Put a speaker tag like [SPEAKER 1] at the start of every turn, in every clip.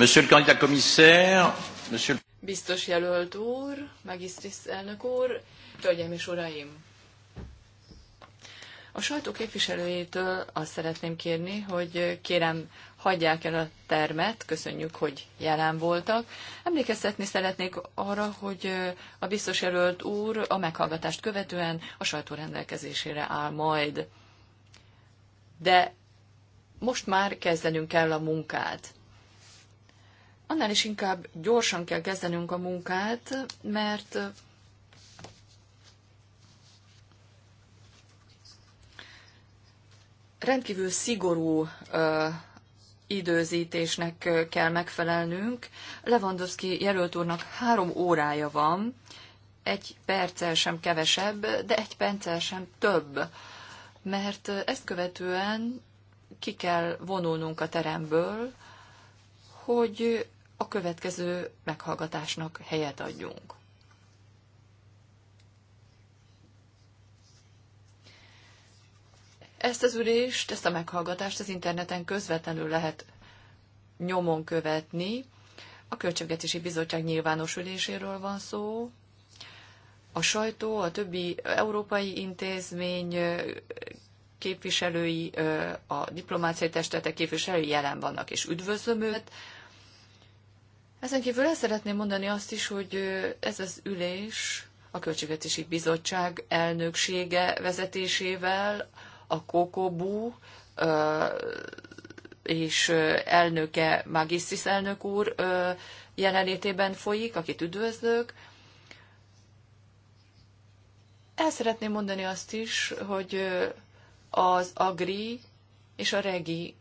[SPEAKER 1] Monsieur le candidat commissaire, monsieur...
[SPEAKER 2] Biztos jelölt úr, magisztris elnök úr, hölgyeim és uraim! A sajtó képviselőjétől azt szeretném kérni, hogy kérem, hagyják el a termet, köszönjük, hogy jelen voltak. Emlékeztetni szeretnék arra, hogy a biztos jelölt úr a meghallgatást követően a sajtó rendelkezésére áll majd. De most már kezdenünk kell a munkát annál is inkább gyorsan kell kezdenünk a munkát, mert rendkívül szigorú időzítésnek kell megfelelnünk. Lewandowski jelölt úrnak három órája van, egy perccel sem kevesebb, de egy perccel sem több, mert ezt követően ki kell vonulnunk a teremből, hogy a következő meghallgatásnak helyet adjunk. Ezt az ülést, ezt a meghallgatást az interneten közvetlenül lehet nyomon követni. A Költségvetési Bizottság nyilvános üléséről van szó. A sajtó, a többi európai intézmény képviselői, a diplomáciai testetek képviselői jelen vannak, és üdvözlöm őt. Ezen kívül el szeretném mondani azt is, hogy ez az ülés a Költségvetési Bizottság elnöksége vezetésével, a Kokobú és elnöke magisztis elnök úr jelenlétében folyik, akit üdvözlök. El szeretném mondani azt is, hogy az Agri és a Regi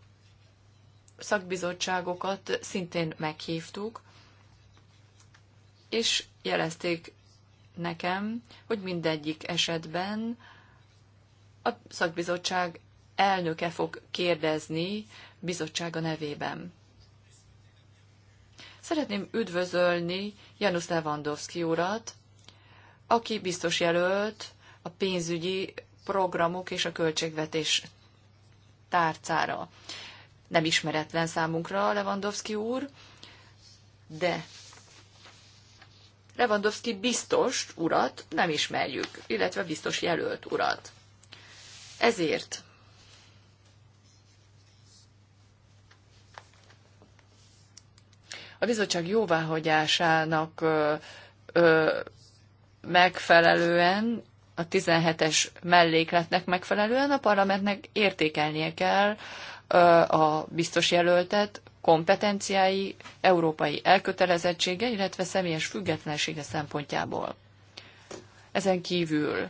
[SPEAKER 2] szakbizottságokat szintén meghívtuk, és jelezték nekem, hogy mindegyik esetben a szakbizottság elnöke fog kérdezni bizottsága nevében. Szeretném üdvözölni Janusz Lewandowski urat, aki biztos jelölt a pénzügyi programok és a költségvetés tárcára. Nem ismeretlen számunkra Lewandowski úr, de Lewandowski biztos urat nem ismerjük, illetve biztos jelölt urat. Ezért a bizottság jóváhagyásának ö, ö, megfelelően, a 17-es mellékletnek megfelelően a parlamentnek értékelnie kell ö, a biztos jelöltet, kompetenciái, európai elkötelezettsége, illetve személyes függetlensége szempontjából. Ezen kívül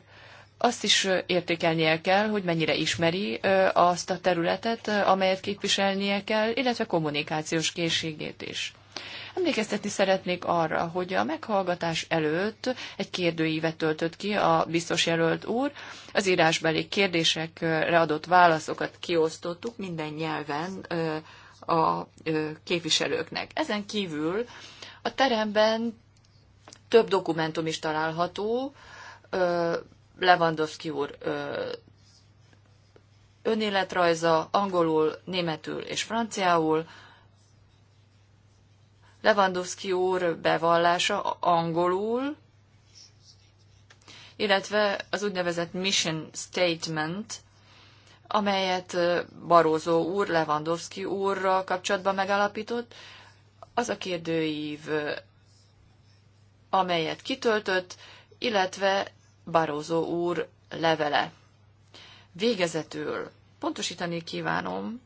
[SPEAKER 2] azt is értékelnie kell, hogy mennyire ismeri azt a területet, amelyet képviselnie kell, illetve kommunikációs
[SPEAKER 3] készségét
[SPEAKER 2] is. Emlékeztetni szeretnék arra, hogy a meghallgatás előtt egy kérdőívet töltött ki a biztos jelölt úr. Az írásbeli kérdésekre adott válaszokat kiosztottuk minden nyelven a képviselőknek. Ezen kívül a teremben több dokumentum is található. Lewandowski úr önéletrajza angolul, németül és franciául, Lewandowski úr bevallása angolul, illetve az úgynevezett mission statement amelyet Barózó úr, Lewandowski úrral kapcsolatban megalapított, az a kérdőív, amelyet kitöltött, illetve Barózó úr levele. Végezetül pontosítani kívánom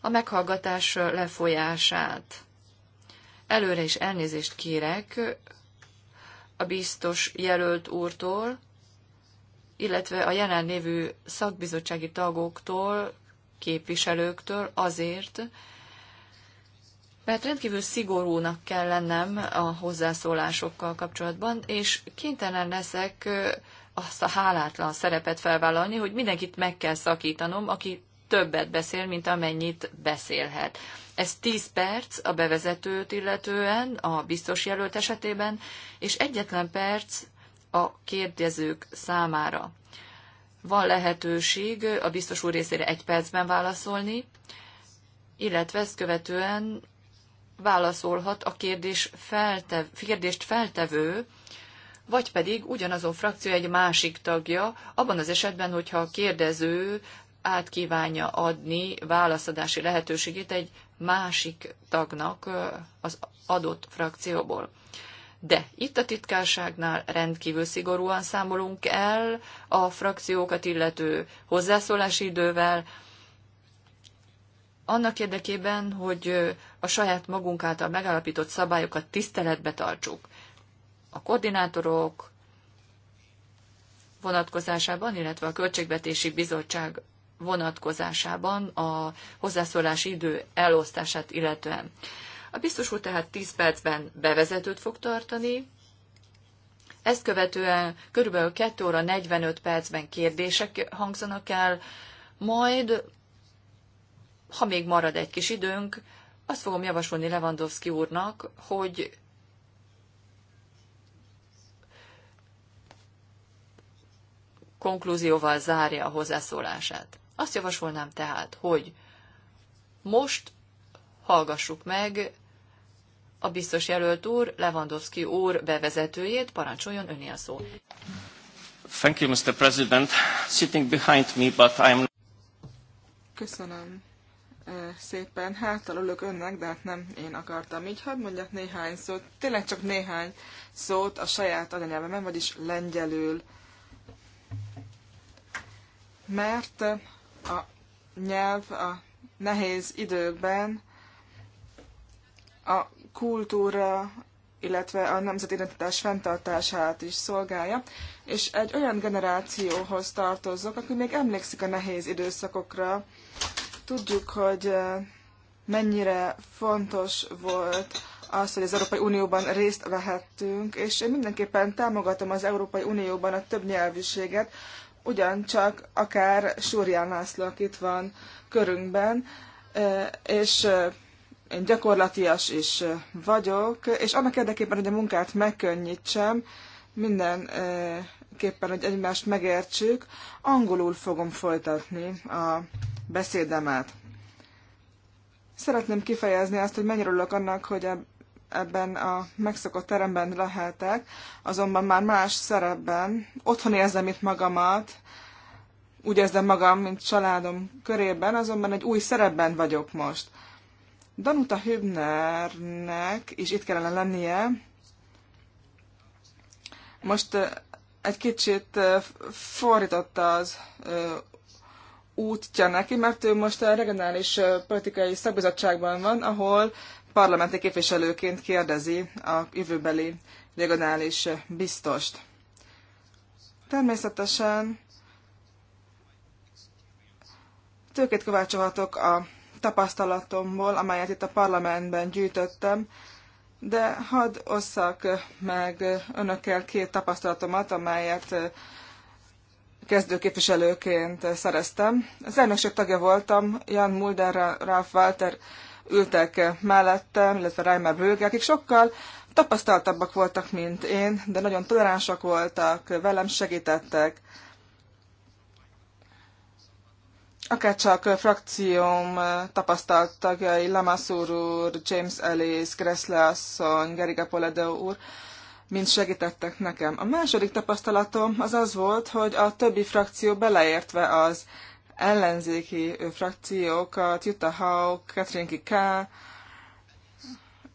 [SPEAKER 2] a meghallgatás lefolyását. Előre is elnézést kérek a biztos jelölt úrtól, illetve a jelenlévő szakbizottsági tagoktól, képviselőktől azért, mert rendkívül szigorúnak kell lennem a hozzászólásokkal kapcsolatban, és kénytelen leszek azt a hálátlan szerepet felvállalni, hogy mindenkit meg kell szakítanom, aki többet beszél, mint amennyit beszélhet. Ez 10 perc a bevezetőt illetően, a biztos jelölt esetében, és egyetlen perc a kérdezők számára. Van lehetőség a biztos úr részére egy percben válaszolni, illetve ezt követően válaszolhat a kérdés feltev, kérdést feltevő, vagy pedig ugyanazon frakció egy másik tagja, abban az esetben, hogyha a kérdező át kívánja adni válaszadási lehetőségét egy másik tagnak az adott frakcióból de itt a titkárságnál rendkívül szigorúan számolunk el a frakciókat illető hozzászólási idővel, annak érdekében, hogy a saját magunk által megállapított szabályokat tiszteletbe tartsuk. A koordinátorok vonatkozásában, illetve a Költségvetési Bizottság vonatkozásában a hozzászólási idő elosztását illetően. A biztos úr tehát 10 percben bevezetőt fog tartani, ezt követően körülbelül 2 óra 45 percben kérdések hangzanak el, majd, ha még marad egy kis időnk, azt fogom javasolni Lewandowski úrnak, hogy konklúzióval zárja a hozzászólását. Azt javasolnám tehát, hogy most hallgassuk meg a biztos jelölt úr, Lewandowski úr bevezetőjét. Parancsoljon öné a szó.
[SPEAKER 1] Thank you, Mr. President. Sitting behind me, but I'm...
[SPEAKER 4] Köszönöm eh, szépen. Háttal ülök önnek, de hát nem én akartam így. Hadd mondjak néhány szót, tényleg csak néhány szót a saját anyanyelvemen, vagyis lengyelül. Mert a nyelv a nehéz időkben a kultúra, illetve a nemzeti identitás fenntartását is szolgálja, és egy olyan generációhoz tartozok, aki még emlékszik a nehéz időszakokra. Tudjuk, hogy mennyire fontos volt az, hogy az Európai Unióban részt vehettünk, és én mindenképpen támogatom az Európai Unióban a többnyelvűséget, ugyancsak akár Súrján László, itt van körünkben, és én gyakorlatias is vagyok, és annak érdekében, hogy a munkát megkönnyítsem, mindenképpen, hogy egymást megértsük, angolul fogom folytatni a beszédemet. Szeretném kifejezni azt, hogy mennyire örülök annak, hogy ebben a megszokott teremben lehetek, azonban már más szerepben, otthon érzem itt magamat, úgy érzem magam, mint családom körében, azonban egy új szerepben vagyok most. Danuta Hübnernek is itt kellene lennie. Most egy kicsit fordította az útja neki, mert ő most a regionális politikai szakbizottságban van, ahol parlamenti képviselőként kérdezi a jövőbeli regionális biztost. Természetesen tőkét kovácsolhatok a tapasztalatomból, amelyet itt a parlamentben gyűjtöttem, de hadd osszak meg önökkel két tapasztalatomat, amelyet kezdőképviselőként szereztem. Az elnökség tagja voltam, Jan Mulder, Ralph Walter ültek mellettem, illetve Reimer Böge, akik sokkal tapasztaltabbak voltak, mint én, de nagyon toleránsak voltak, velem segítettek, akárcsak frakcióm tapasztalt tagjai, Lamassur úr, James Ellis, Gressle asszony, Geriga Poledo úr, mind segítettek nekem. A második tapasztalatom az az volt, hogy a többi frakció beleértve az ellenzéki frakciókat, Jutta Haug, Katrin K.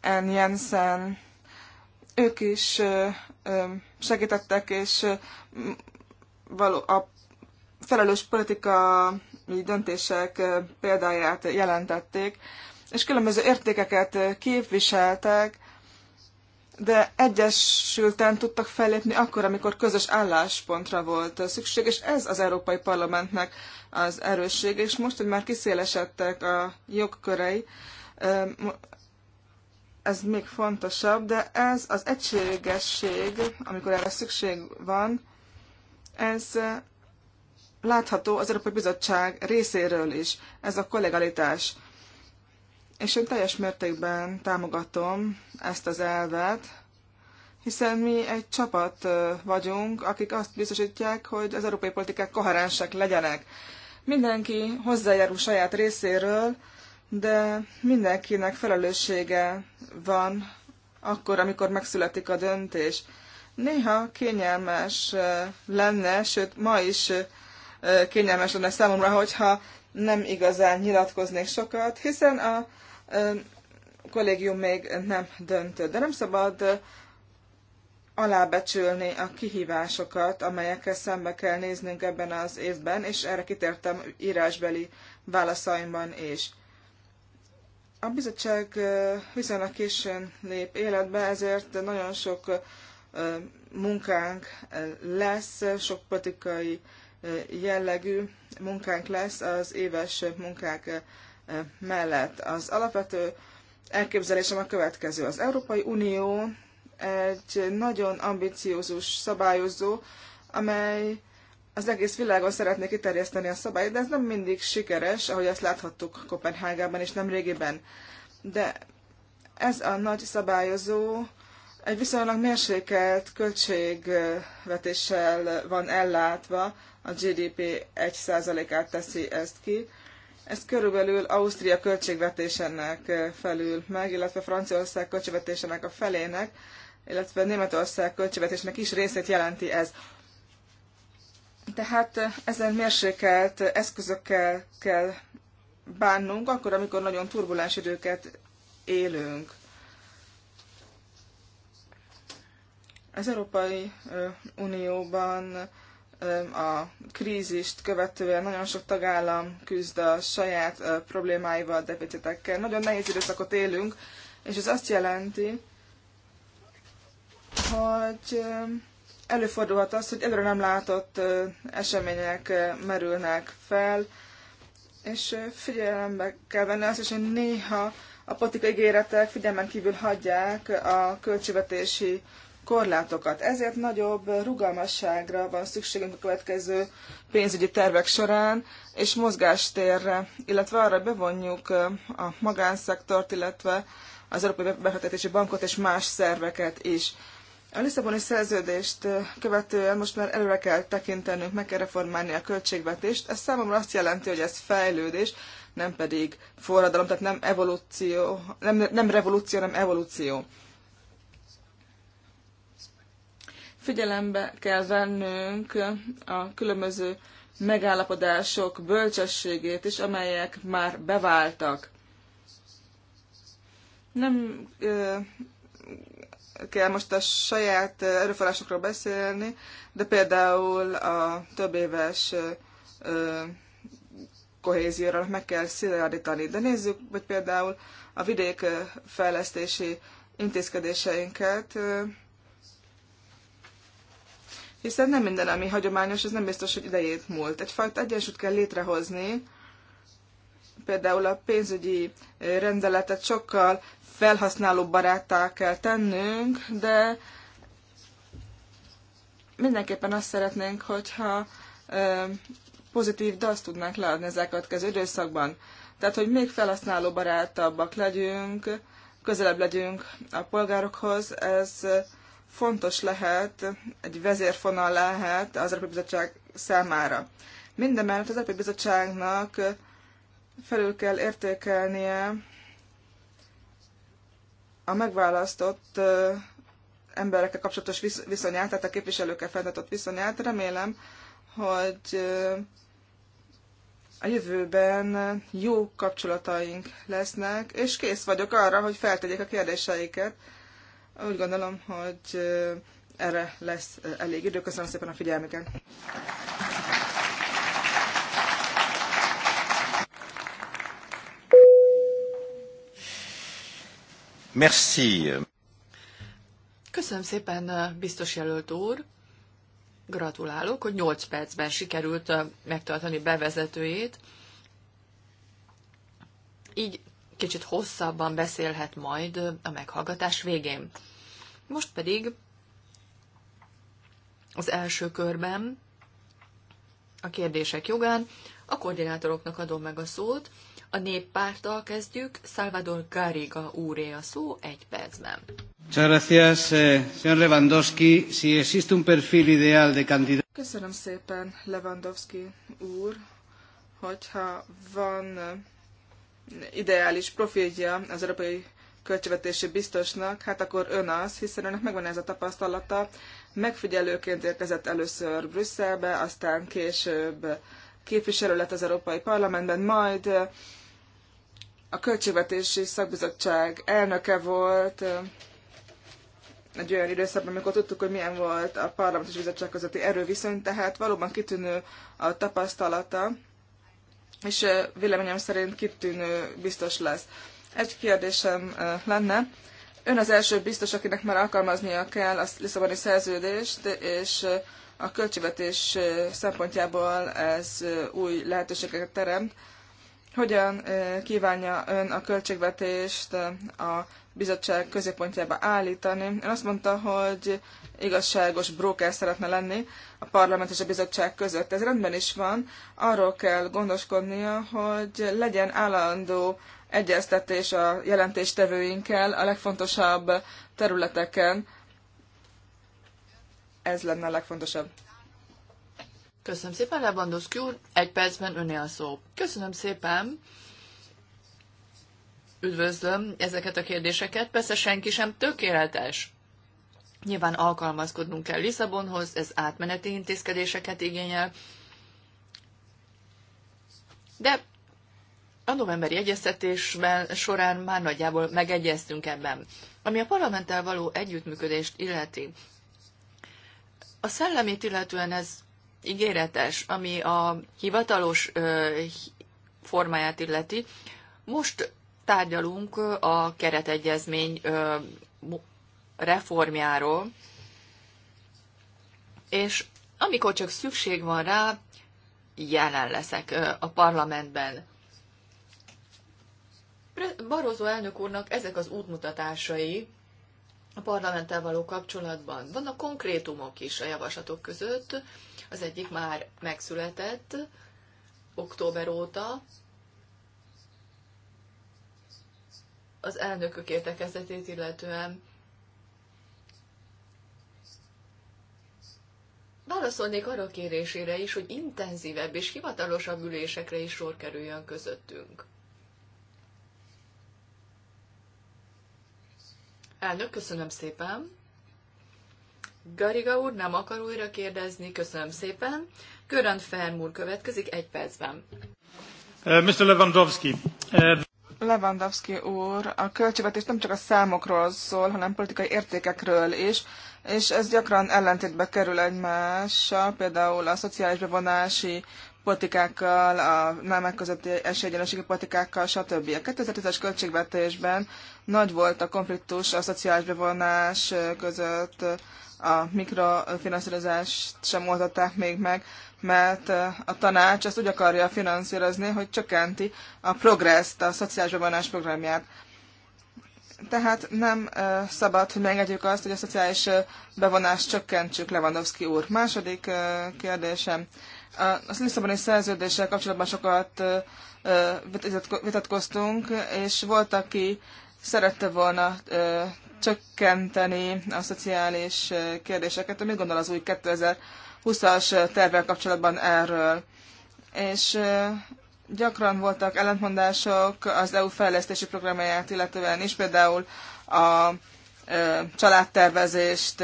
[SPEAKER 4] Ann Jensen, ők is segítettek, és való, a felelős politika döntések példáját jelentették, és különböző értékeket képviseltek, de egyesülten tudtak fellépni akkor, amikor közös álláspontra volt szükség, és ez az Európai Parlamentnek az erősség, és most, hogy már kiszélesedtek a jogkörei, ez még fontosabb, de ez az egységesség, amikor erre szükség van, ez látható az Európai Bizottság részéről is, ez a kollegalitás. És én teljes mértékben támogatom ezt az elvet, hiszen mi egy csapat vagyunk, akik azt biztosítják, hogy az európai politikák koherensek legyenek. Mindenki hozzájárul saját részéről, de mindenkinek felelőssége van akkor, amikor megszületik a döntés. Néha kényelmes lenne, sőt ma is kényelmes lenne számomra, hogyha nem igazán nyilatkoznék sokat, hiszen a kollégium még nem döntött. De nem szabad alábecsülni a kihívásokat, amelyekkel szembe kell néznünk ebben az évben, és erre kitértem írásbeli válaszaimban is. A bizottság viszonylag későn lép életbe, ezért nagyon sok munkánk lesz, sok politikai jellegű munkánk lesz az éves munkák eh, mellett. Az alapvető elképzelésem a következő. Az Európai Unió egy nagyon ambiciózus szabályozó, amely az egész világon szeretné kiterjeszteni a szabályt, de ez nem mindig sikeres, ahogy azt láthattuk Kopenhágában és nem régiben. De ez a nagy szabályozó egy viszonylag mérsékelt költségvetéssel van ellátva, a GDP 1%-át teszi ezt ki. Ez körülbelül Ausztria költségvetésének eh, felül meg, illetve Franciaország költségvetésének a felének, illetve Németország költségvetésnek is részét jelenti ez. Tehát eh, ezen mérsékelt eszközökkel kell bánnunk, akkor, amikor nagyon turbulens időket élünk. Az Európai eh, Unióban a krízist követően nagyon sok tagállam küzd a saját problémáival, deficitekkel. Nagyon nehéz időszakot élünk, és ez azt jelenti, hogy előfordulhat az, hogy előre nem látott események merülnek fel, és figyelembe kell venni azt is, hogy néha a politikai ígéretek figyelmen kívül hagyják a költségvetési korlátokat. Ezért nagyobb rugalmasságra van szükségünk a következő pénzügyi tervek során, és mozgástérre, illetve arra bevonjuk a magánszektort, illetve az Európai Befektetési Bankot és más szerveket is. A Lisszaboni szerződést követően most már előre kell tekintenünk, meg kell reformálni a költségvetést. Ez számomra azt jelenti, hogy ez fejlődés, nem pedig forradalom, tehát nem evolúció, nem, nem revolúció, nem evolúció. Figyelembe kell vennünk a különböző megállapodások bölcsességét is, amelyek már beváltak. Nem kell most a saját erőforrásokról beszélni, de például a több éves kohézióra meg kell szilárdítani. De nézzük, hogy például a vidékfejlesztési intézkedéseinket hiszen nem minden, ami hagyományos, ez nem biztos, hogy idejét múlt. Egyfajta egyensúlyt kell létrehozni, például a pénzügyi rendeletet sokkal felhasználó baráttá kell tennünk, de mindenképpen azt szeretnénk, hogyha pozitív dasz tudnánk leadni az elkövetkező időszakban. Tehát, hogy még felhasználó barátabbak legyünk, közelebb legyünk a polgárokhoz, ez fontos lehet, egy vezérfonal lehet az Európai Bizottság számára. Mindemellett az Európai Bizottságnak felül kell értékelnie a megválasztott emberekkel kapcsolatos viszonyát, tehát a képviselőkkel feltartott viszonyát. Remélem, hogy a jövőben jó kapcsolataink lesznek, és kész vagyok arra, hogy feltegyék a kérdéseiket úgy gondolom, hogy erre lesz elég idő. Köszönöm szépen a figyelmüket!
[SPEAKER 1] Merci.
[SPEAKER 2] Köszönöm szépen, biztos jelölt úr. Gratulálok, hogy 8 percben sikerült megtartani bevezetőjét. Így kicsit hosszabban beszélhet majd a meghallgatás végén. Most pedig az első körben a kérdések jogán a koordinátoroknak adom meg a szót. A néppárttal kezdjük. Salvador Garriga úré a szó egy percben.
[SPEAKER 1] Eh,
[SPEAKER 4] Köszönöm szépen, Lewandowski úr, hogyha van ideális profilja az európai költségvetési biztosnak, hát akkor ön az, hiszen önnek megvan ez a tapasztalata. Megfigyelőként érkezett először Brüsszelbe, aztán később képviselő lett az Európai Parlamentben, majd a Költségvetési Szakbizottság elnöke volt egy olyan időszakban, amikor tudtuk, hogy milyen volt a parlament és bizottság közötti erőviszony, tehát valóban kitűnő a tapasztalata és véleményem szerint kitűnő biztos lesz. Egy kérdésem lenne. Ön az első biztos, akinek már alkalmaznia kell a Lisszaboni szerződést, és a költségvetés szempontjából ez új lehetőségeket teremt. Hogyan kívánja ön a költségvetést a bizottság középpontjába állítani. Ön azt mondta, hogy igazságos broker szeretne lenni a parlament és a bizottság között. Ez rendben is van. Arról kell gondoskodnia, hogy legyen állandó egyeztetés a jelentéstevőinkkel a legfontosabb területeken. Ez lenne a legfontosabb. Köszönöm szépen, Lewandowski úr.
[SPEAKER 2] Egy percben öné a szó. Köszönöm szépen üdvözlöm ezeket a kérdéseket. Persze senki sem tökéletes. Nyilván alkalmazkodnunk kell Lisszabonhoz, ez átmeneti intézkedéseket igényel. De a novemberi egyeztetésben során már nagyjából megegyeztünk ebben. Ami a parlamenttel való együttműködést illeti, a szellemét illetően ez ígéretes, ami a hivatalos ö, formáját illeti. Most tárgyalunk a keretegyezmény reformjáról, és amikor csak szükség van rá, jelen leszek a parlamentben. Barozó elnök úrnak ezek az útmutatásai a parlamenttel való kapcsolatban. Vannak konkrétumok is a javaslatok között, az egyik már megszületett október óta, az elnökök értekezetét illetően. Válaszolnék arra kérésére is, hogy intenzívebb és hivatalosabb ülésekre is sor kerüljön közöttünk. Elnök, köszönöm szépen. Gariga úr nem akar újra kérdezni, köszönöm szépen. Görön Fermúr következik
[SPEAKER 4] egy percben.
[SPEAKER 1] Uh, Mr. Lewandowski. Uh...
[SPEAKER 4] Lewandowski úr, a költségvetés nem csak a számokról szól, hanem politikai értékekről is, és ez gyakran ellentétbe kerül egymással, például a szociális bevonási politikákkal, a nemek közötti esélyegyenlőségi politikákkal, stb. A 2010-es költségvetésben nagy volt a konfliktus a szociális bevonás között, a mikrofinanszírozást sem oldották még meg, mert a tanács azt úgy akarja finanszírozni, hogy csökkenti a progresszt, a szociális bevonás programját. Tehát nem szabad, hogy megengedjük azt, hogy a szociális bevonást csökkentsük, Lewandowski úr. Második kérdésem. A Lisszaboni szerződéssel kapcsolatban sokat vitatkoztunk, és volt, aki szerette volna csökkenteni a szociális kérdéseket. Mit gondol az új 2000 20-as tervvel kapcsolatban erről. És gyakran voltak ellentmondások az EU fejlesztési programját illetően is, például a családtervezést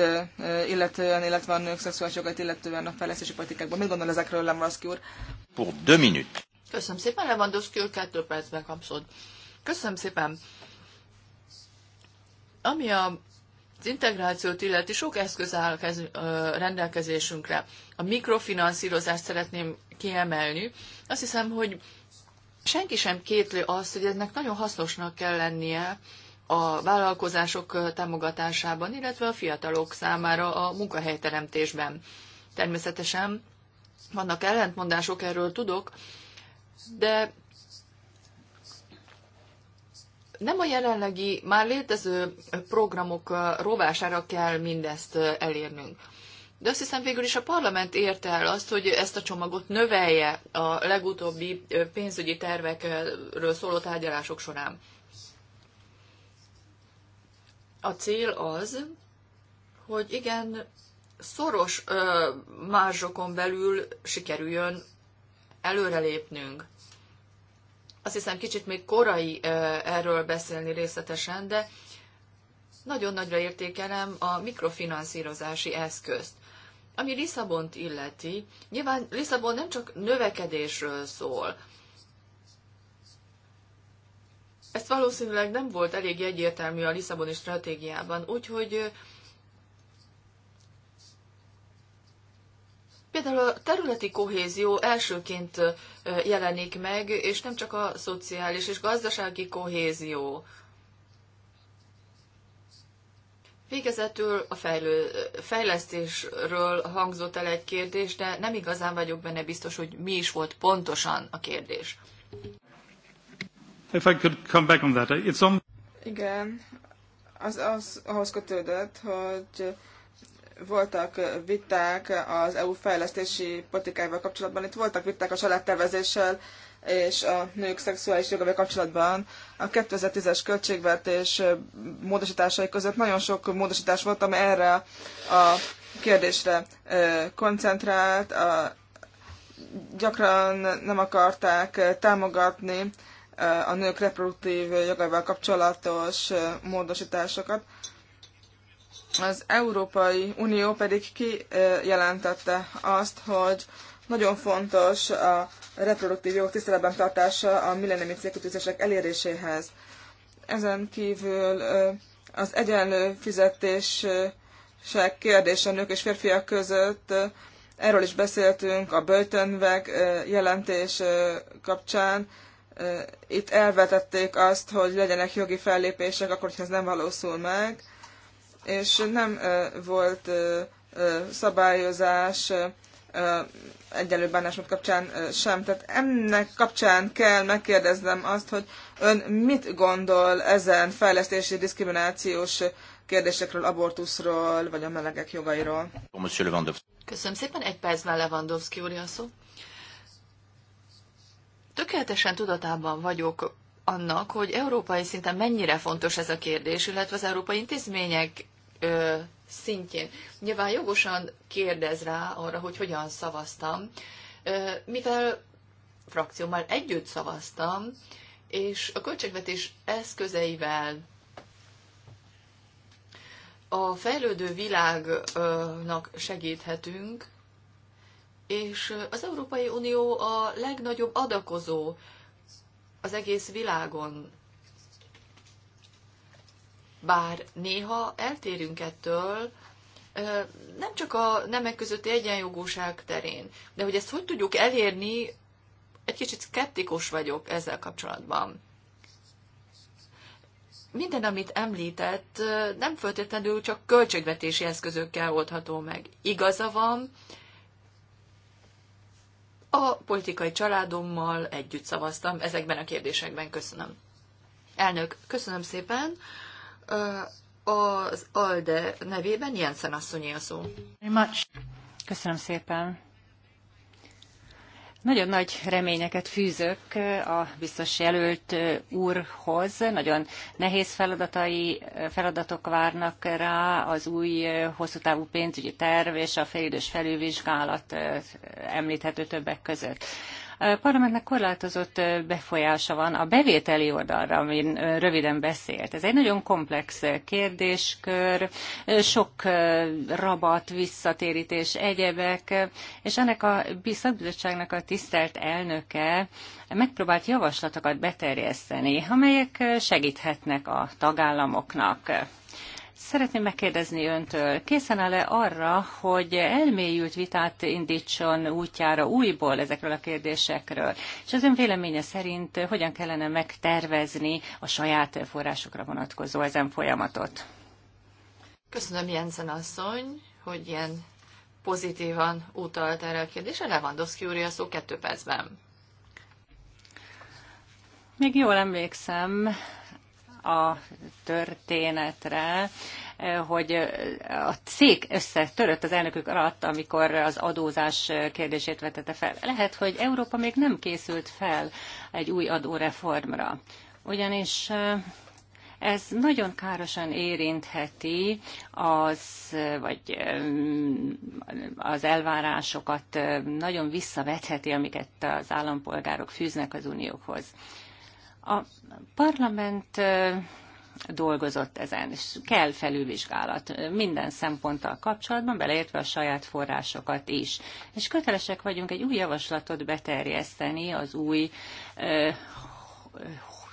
[SPEAKER 4] illetően, illetve a nők szexuális jogait illetően a fejlesztési politikákban. Mit gondol ezekről Lewandowski úr? Köszönöm szépen, Lewandowski úr, kettő percben kapszod. Köszönöm szépen.
[SPEAKER 2] Ami a az integrációt illeti sok eszköz áll kez, rendelkezésünkre. A mikrofinanszírozást szeretném kiemelni. Azt hiszem, hogy senki sem kétli azt, hogy ennek nagyon hasznosnak kell lennie a vállalkozások támogatásában, illetve a fiatalok számára a munkahelyteremtésben. Természetesen vannak ellentmondások, erről tudok, de nem a jelenlegi, már létező programok rovására kell mindezt elérnünk. De azt hiszem végül is a parlament érte el azt, hogy ezt a csomagot növelje a legutóbbi pénzügyi tervekről szóló tárgyalások során. A cél az, hogy igen, szoros ö, mázsokon belül sikerüljön előrelépnünk. Azt hiszem, kicsit még korai erről beszélni részletesen, de nagyon nagyra értékelem a mikrofinanszírozási eszközt. Ami Lisszabont illeti, nyilván Lisszabon nem csak növekedésről szól. Ezt valószínűleg nem volt elég egyértelmű a Lisszaboni stratégiában, úgyhogy Például a területi kohézió elsőként jelenik meg, és nem csak a szociális és gazdasági kohézió. Végezetül a fejlő, fejlesztésről hangzott el egy kérdés, de nem igazán vagyok benne biztos, hogy mi is volt
[SPEAKER 4] pontosan a kérdés.
[SPEAKER 2] If I could come back on that. It's on...
[SPEAKER 4] Igen, az, az ahhoz kötődött, hogy voltak viták az EU fejlesztési politikájával kapcsolatban, itt voltak viták a családtervezéssel és a nők szexuális jogával kapcsolatban. A 2010-es költségvetés módosításai között nagyon sok módosítás volt, ami erre a kérdésre koncentrált, a, gyakran nem akarták támogatni a nők reproduktív jogával kapcsolatos módosításokat. Az Európai Unió pedig kijelentette azt, hogy nagyon fontos a reproduktív jogok tiszteletben tartása a millenniumi célkötőzések eléréséhez. Ezen kívül az egyenlő fizetések kérdése nők és férfiak között, erről is beszéltünk a börtönveg jelentés kapcsán. Itt elvetették azt, hogy legyenek jogi fellépések, akkor, hogyha ez nem valósul meg és nem volt szabályozás egyenlő bánásmód kapcsán sem. Tehát ennek kapcsán kell megkérdeznem azt, hogy ön mit gondol ezen fejlesztési diszkriminációs kérdésekről, abortuszról, vagy a melegek jogairól?
[SPEAKER 2] Köszönöm szépen, egy percben Lewandowski úr szó. Tökéletesen tudatában vagyok annak, hogy európai szinten mennyire fontos ez a kérdés, illetve az európai intézmények ö, szintjén. Nyilván jogosan kérdez rá arra, hogy hogyan szavaztam, ö, mivel frakciómmal együtt szavaztam, és a költségvetés eszközeivel a fejlődő világnak segíthetünk, és az Európai Unió a legnagyobb adakozó az egész világon. Bár néha eltérünk ettől, nem csak a nemek közötti egyenjogúság terén, de hogy ezt hogy tudjuk elérni, egy kicsit szkeptikus vagyok ezzel kapcsolatban. Minden, amit említett, nem feltétlenül csak költségvetési eszközökkel oldható meg. Igaza van, a politikai családommal együtt szavaztam ezekben a kérdésekben. Köszönöm. Elnök, köszönöm szépen az ALDE nevében Jensen asszonyi a szó.
[SPEAKER 3] Köszönöm szépen. Nagyon nagy reményeket fűzök a biztos jelölt úrhoz. Nagyon nehéz feladatai, feladatok várnak rá az új hosszú távú pénzügyi terv és a félidős felülvizsgálat említhető többek között. A parlamentnek korlátozott befolyása van a bevételi oldalra, amin röviden beszélt. Ez egy nagyon komplex kérdéskör, sok rabat, visszatérítés, egyebek, és ennek a bizottságnak a tisztelt elnöke megpróbált javaslatokat beterjeszteni, amelyek segíthetnek a tagállamoknak. Szeretném megkérdezni öntől, készen áll-e arra, hogy elmélyült vitát indítson útjára újból ezekről a kérdésekről? És az ön véleménye szerint hogyan kellene megtervezni a saját forrásokra vonatkozó ezen folyamatot?
[SPEAKER 2] Köszönöm Jensen asszony, hogy ilyen pozitívan utalt erre a kérdésre. Lewandowski úr, a szó kettő percben.
[SPEAKER 3] Még jól emlékszem, a történetre, hogy a cég összetörött az elnökük alatt, amikor az adózás kérdését vetette fel. Lehet, hogy Európa még nem készült fel egy új adóreformra. Ugyanis eh, ez nagyon károsan érintheti az, vagy eh, az elvárásokat, eh, nagyon visszavetheti, amiket az állampolgárok fűznek az unióhoz. A parlament dolgozott ezen, és kell felülvizsgálat minden szemponttal kapcsolatban, beleértve a saját forrásokat is. És kötelesek vagyunk egy új javaslatot beterjeszteni az új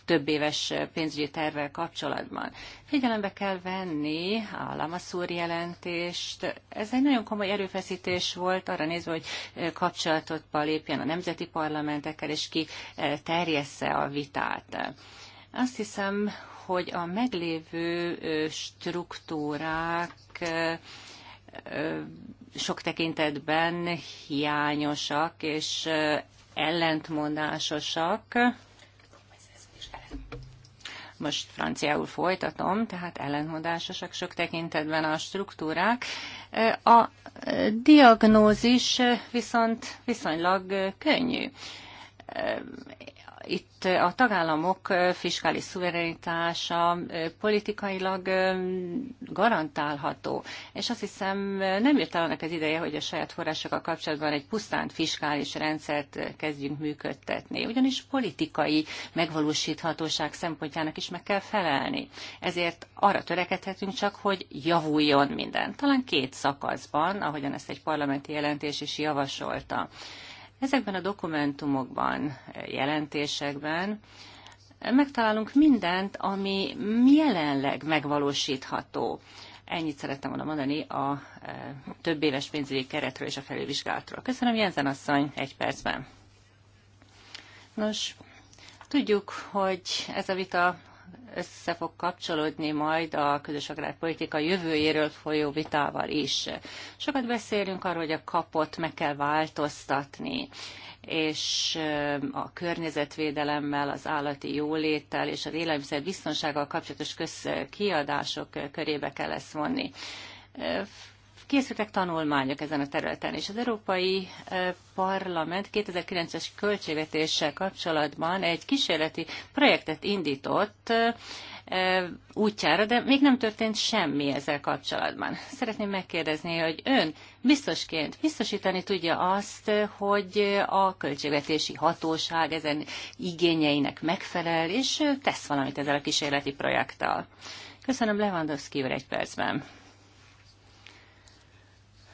[SPEAKER 3] több éves pénzügyi tervvel kapcsolatban. Figyelembe kell venni a Lamaszúr jelentést. Ez egy nagyon komoly erőfeszítés volt arra nézve, hogy eh, kapcsolatotba lépjen a nemzeti parlamentekkel, és ki eh, terjessze a vitát. Azt hiszem, hogy a meglévő struktúrák sok tekintetben hiányosak és ellentmondásosak most franciául folytatom, tehát ellenmondásosak sok tekintetben a struktúrák. Eh, a eh, diagnózis eh, viszont viszonylag könnyű itt a tagállamok fiskális szuverenitása politikailag garantálható, és azt hiszem nem jött el annak az ideje, hogy a saját forrásokkal kapcsolatban egy pusztán fiskális rendszert kezdjünk működtetni, ugyanis politikai megvalósíthatóság szempontjának is meg kell felelni. Ezért arra törekedhetünk csak, hogy javuljon minden. Talán két szakaszban, ahogyan ezt egy parlamenti jelentés is javasolta. Ezekben a dokumentumokban, jelentésekben megtalálunk mindent, ami jelenleg megvalósítható. Ennyit szerettem volna mondani a e, több éves pénzügyi keretről és a felülvizsgálatról. Köszönöm, Jensen asszony, egy percben. Nos, tudjuk, hogy ez a vita össze fog kapcsolódni majd a közös agrárpolitika jövőjéről folyó vitával is. Sokat beszélünk arról, hogy a kapot meg kell változtatni és a környezetvédelemmel, az állati jóléttel és az élelmiszer biztonsággal kapcsolatos közkiadások körébe kell ezt vonni Készültek tanulmányok ezen a területen, és az Európai Parlament 2009-es költségvetéssel kapcsolatban egy kísérleti projektet indított útjára, de még nem történt semmi ezzel kapcsolatban. Szeretném megkérdezni, hogy ön biztosként biztosítani tudja azt, hogy a költségvetési hatóság ezen igényeinek megfelel, és tesz valamit ezzel a kísérleti projekttel. Köszönöm Lewandowski úr egy percben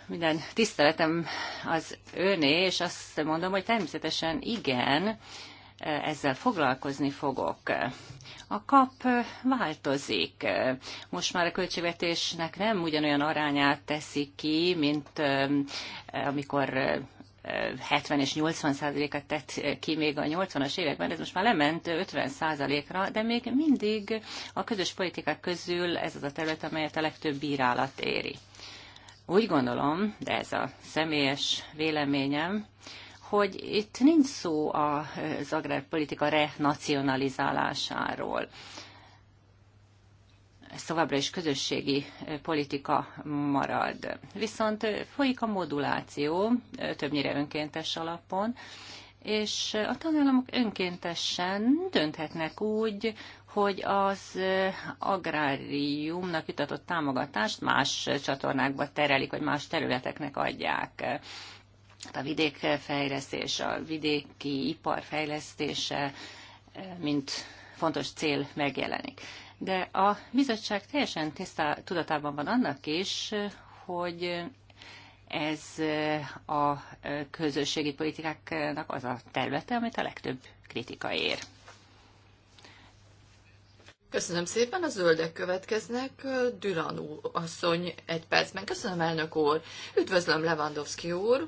[SPEAKER 3] minden tiszteletem az öné, és azt mondom, hogy természetesen igen, ezzel foglalkozni fogok. A kap változik. Most már a költségvetésnek nem ugyanolyan arányát teszi ki, mint amikor 70 és 80 százalékat tett ki még a 80-as években, ez most már lement 50 százalékra, de még mindig a közös politikák közül ez az a terület, amelyet a legtöbb bírálat éri. Úgy gondolom, de ez a személyes véleményem, hogy itt nincs szó az agrárpolitika renacionalizálásáról. Ez továbbra is közösségi politika marad. Viszont folyik a moduláció, többnyire önkéntes alapon, és a tagállamok önkéntesen dönthetnek úgy, hogy az eh, agráriumnak jutatott támogatást más eh, csatornákba terelik, vagy más területeknek adják hát a vidékfejlesztés, a vidéki ipar fejlesztése, eh, mint fontos cél megjelenik. De a bizottság teljesen tiszta tudatában van annak is, hogy ez a közösségi politikáknak az a területe, amit a legtöbb kritika ér. Köszönöm szépen,
[SPEAKER 2] a zöldek következnek. Düranú asszony egy percben. Köszönöm, elnök úr. Üdvözlöm, Lewandowski úr.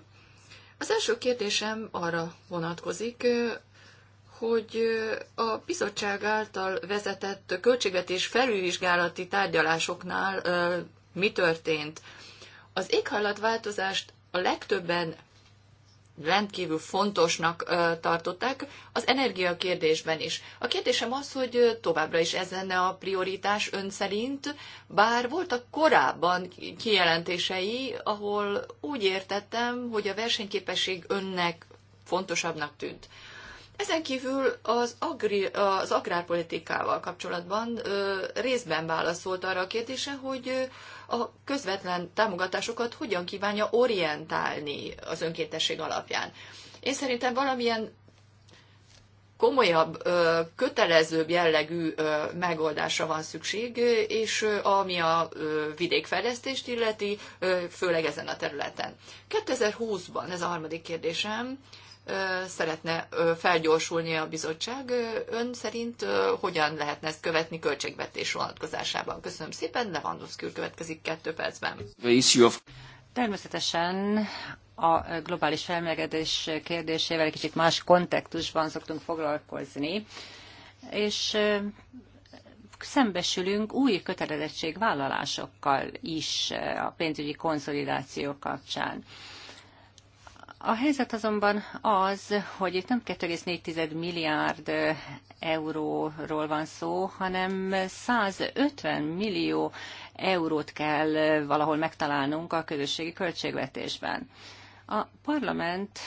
[SPEAKER 2] Az első kérdésem arra vonatkozik, hogy a bizottság által vezetett költségvetés felülvizsgálati tárgyalásoknál mi történt. Az éghajlatváltozást a legtöbben rendkívül fontosnak tartották az energiakérdésben is. A kérdésem az, hogy továbbra is ez lenne a prioritás ön szerint, bár voltak korábban kijelentései, ahol úgy értettem, hogy a versenyképesség önnek fontosabbnak tűnt. Ezen kívül az, agri, az agrárpolitikával kapcsolatban ö, részben válaszolt arra a kérdése, hogy ö, a közvetlen támogatásokat hogyan kívánja orientálni az önkéntesség alapján. Én szerintem valamilyen komolyabb, kötelezőbb jellegű megoldásra van szükség, és ami a vidékfejlesztést illeti, főleg ezen a területen. 2020-ban, ez a harmadik kérdésem, szeretne felgyorsulni a bizottság. Ön szerint hogyan lehetne ezt követni költségvetés
[SPEAKER 3] vonatkozásában? Köszönöm szépen, De Lewandowski következik kettő percben. Természetesen a globális felmelegedés kérdésével egy kicsit más kontextusban szoktunk foglalkozni, és szembesülünk új kötelezettségvállalásokkal is a pénzügyi konszolidáció kapcsán. A helyzet azonban az, hogy itt nem 2,4 milliárd euróról van szó, hanem 150 millió eurót kell valahol megtalálnunk a közösségi költségvetésben. A parlament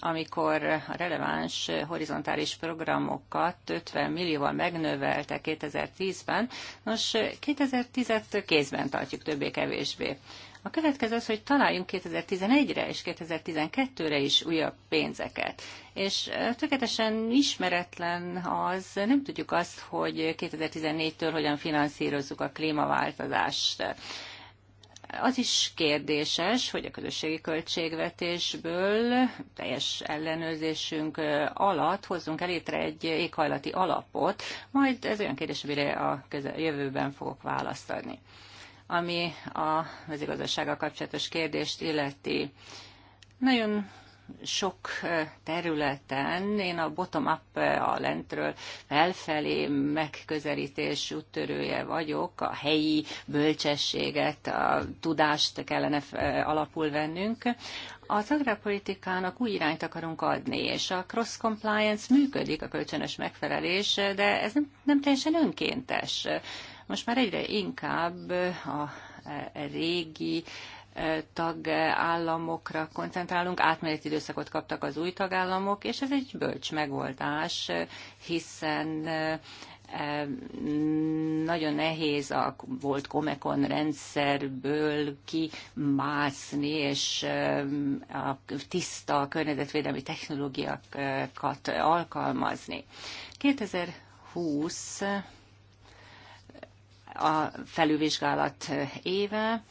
[SPEAKER 3] amikor a releváns horizontális programokat 50 millióval megnövelte 2010-ben, nos 2010-et kézben tartjuk többé-kevésbé. A következő az, hogy találjunk 2011-re és 2012-re is újabb pénzeket. És tökéletesen ismeretlen az, nem tudjuk azt, hogy 2014-től hogyan finanszírozzuk a klímaváltozást az is kérdéses, hogy a közösségi költségvetésből teljes ellenőrzésünk alatt hozzunk el létre egy éghajlati alapot, majd ez olyan kérdés, amire a jövőben fogok választ adni ami a mezőgazdasággal kapcsolatos kérdést illeti. Nagyon sok területen én a bottom-up, a lentről felfelé megközelítés úttörője vagyok, a helyi bölcsességet, a tudást kellene alapul vennünk. Az agrárpolitikának új irányt akarunk adni, és a cross-compliance működik, a kölcsönös megfelelés, de ez nem, nem teljesen önkéntes. Most már egyre inkább a e, régi e, tagállamokra koncentrálunk, átmeneti időszakot kaptak az új tagállamok, és ez egy bölcs megoldás, hiszen e, nagyon nehéz a volt Comecon rendszerből kimászni, és a tiszta környezetvédelmi technológiákat alkalmazni. 2020 a felülvizsgálat éve,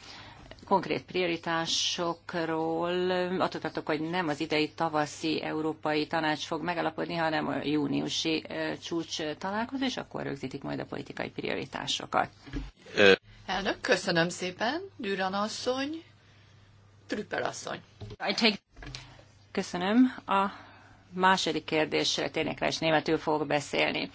[SPEAKER 3] konkrét prioritásokról attól tartok, hogy nem az idei tavaszi európai tanács fog megalapodni, hanem a júniusi csúcs találkozó, és akkor rögzítik majd a politikai prioritásokat.
[SPEAKER 2] Elnök, köszönöm szépen. Düran asszony,
[SPEAKER 3] Trüppel asszony. Köszönöm. A második kérdésre Tényleg rá, németül fogok beszélni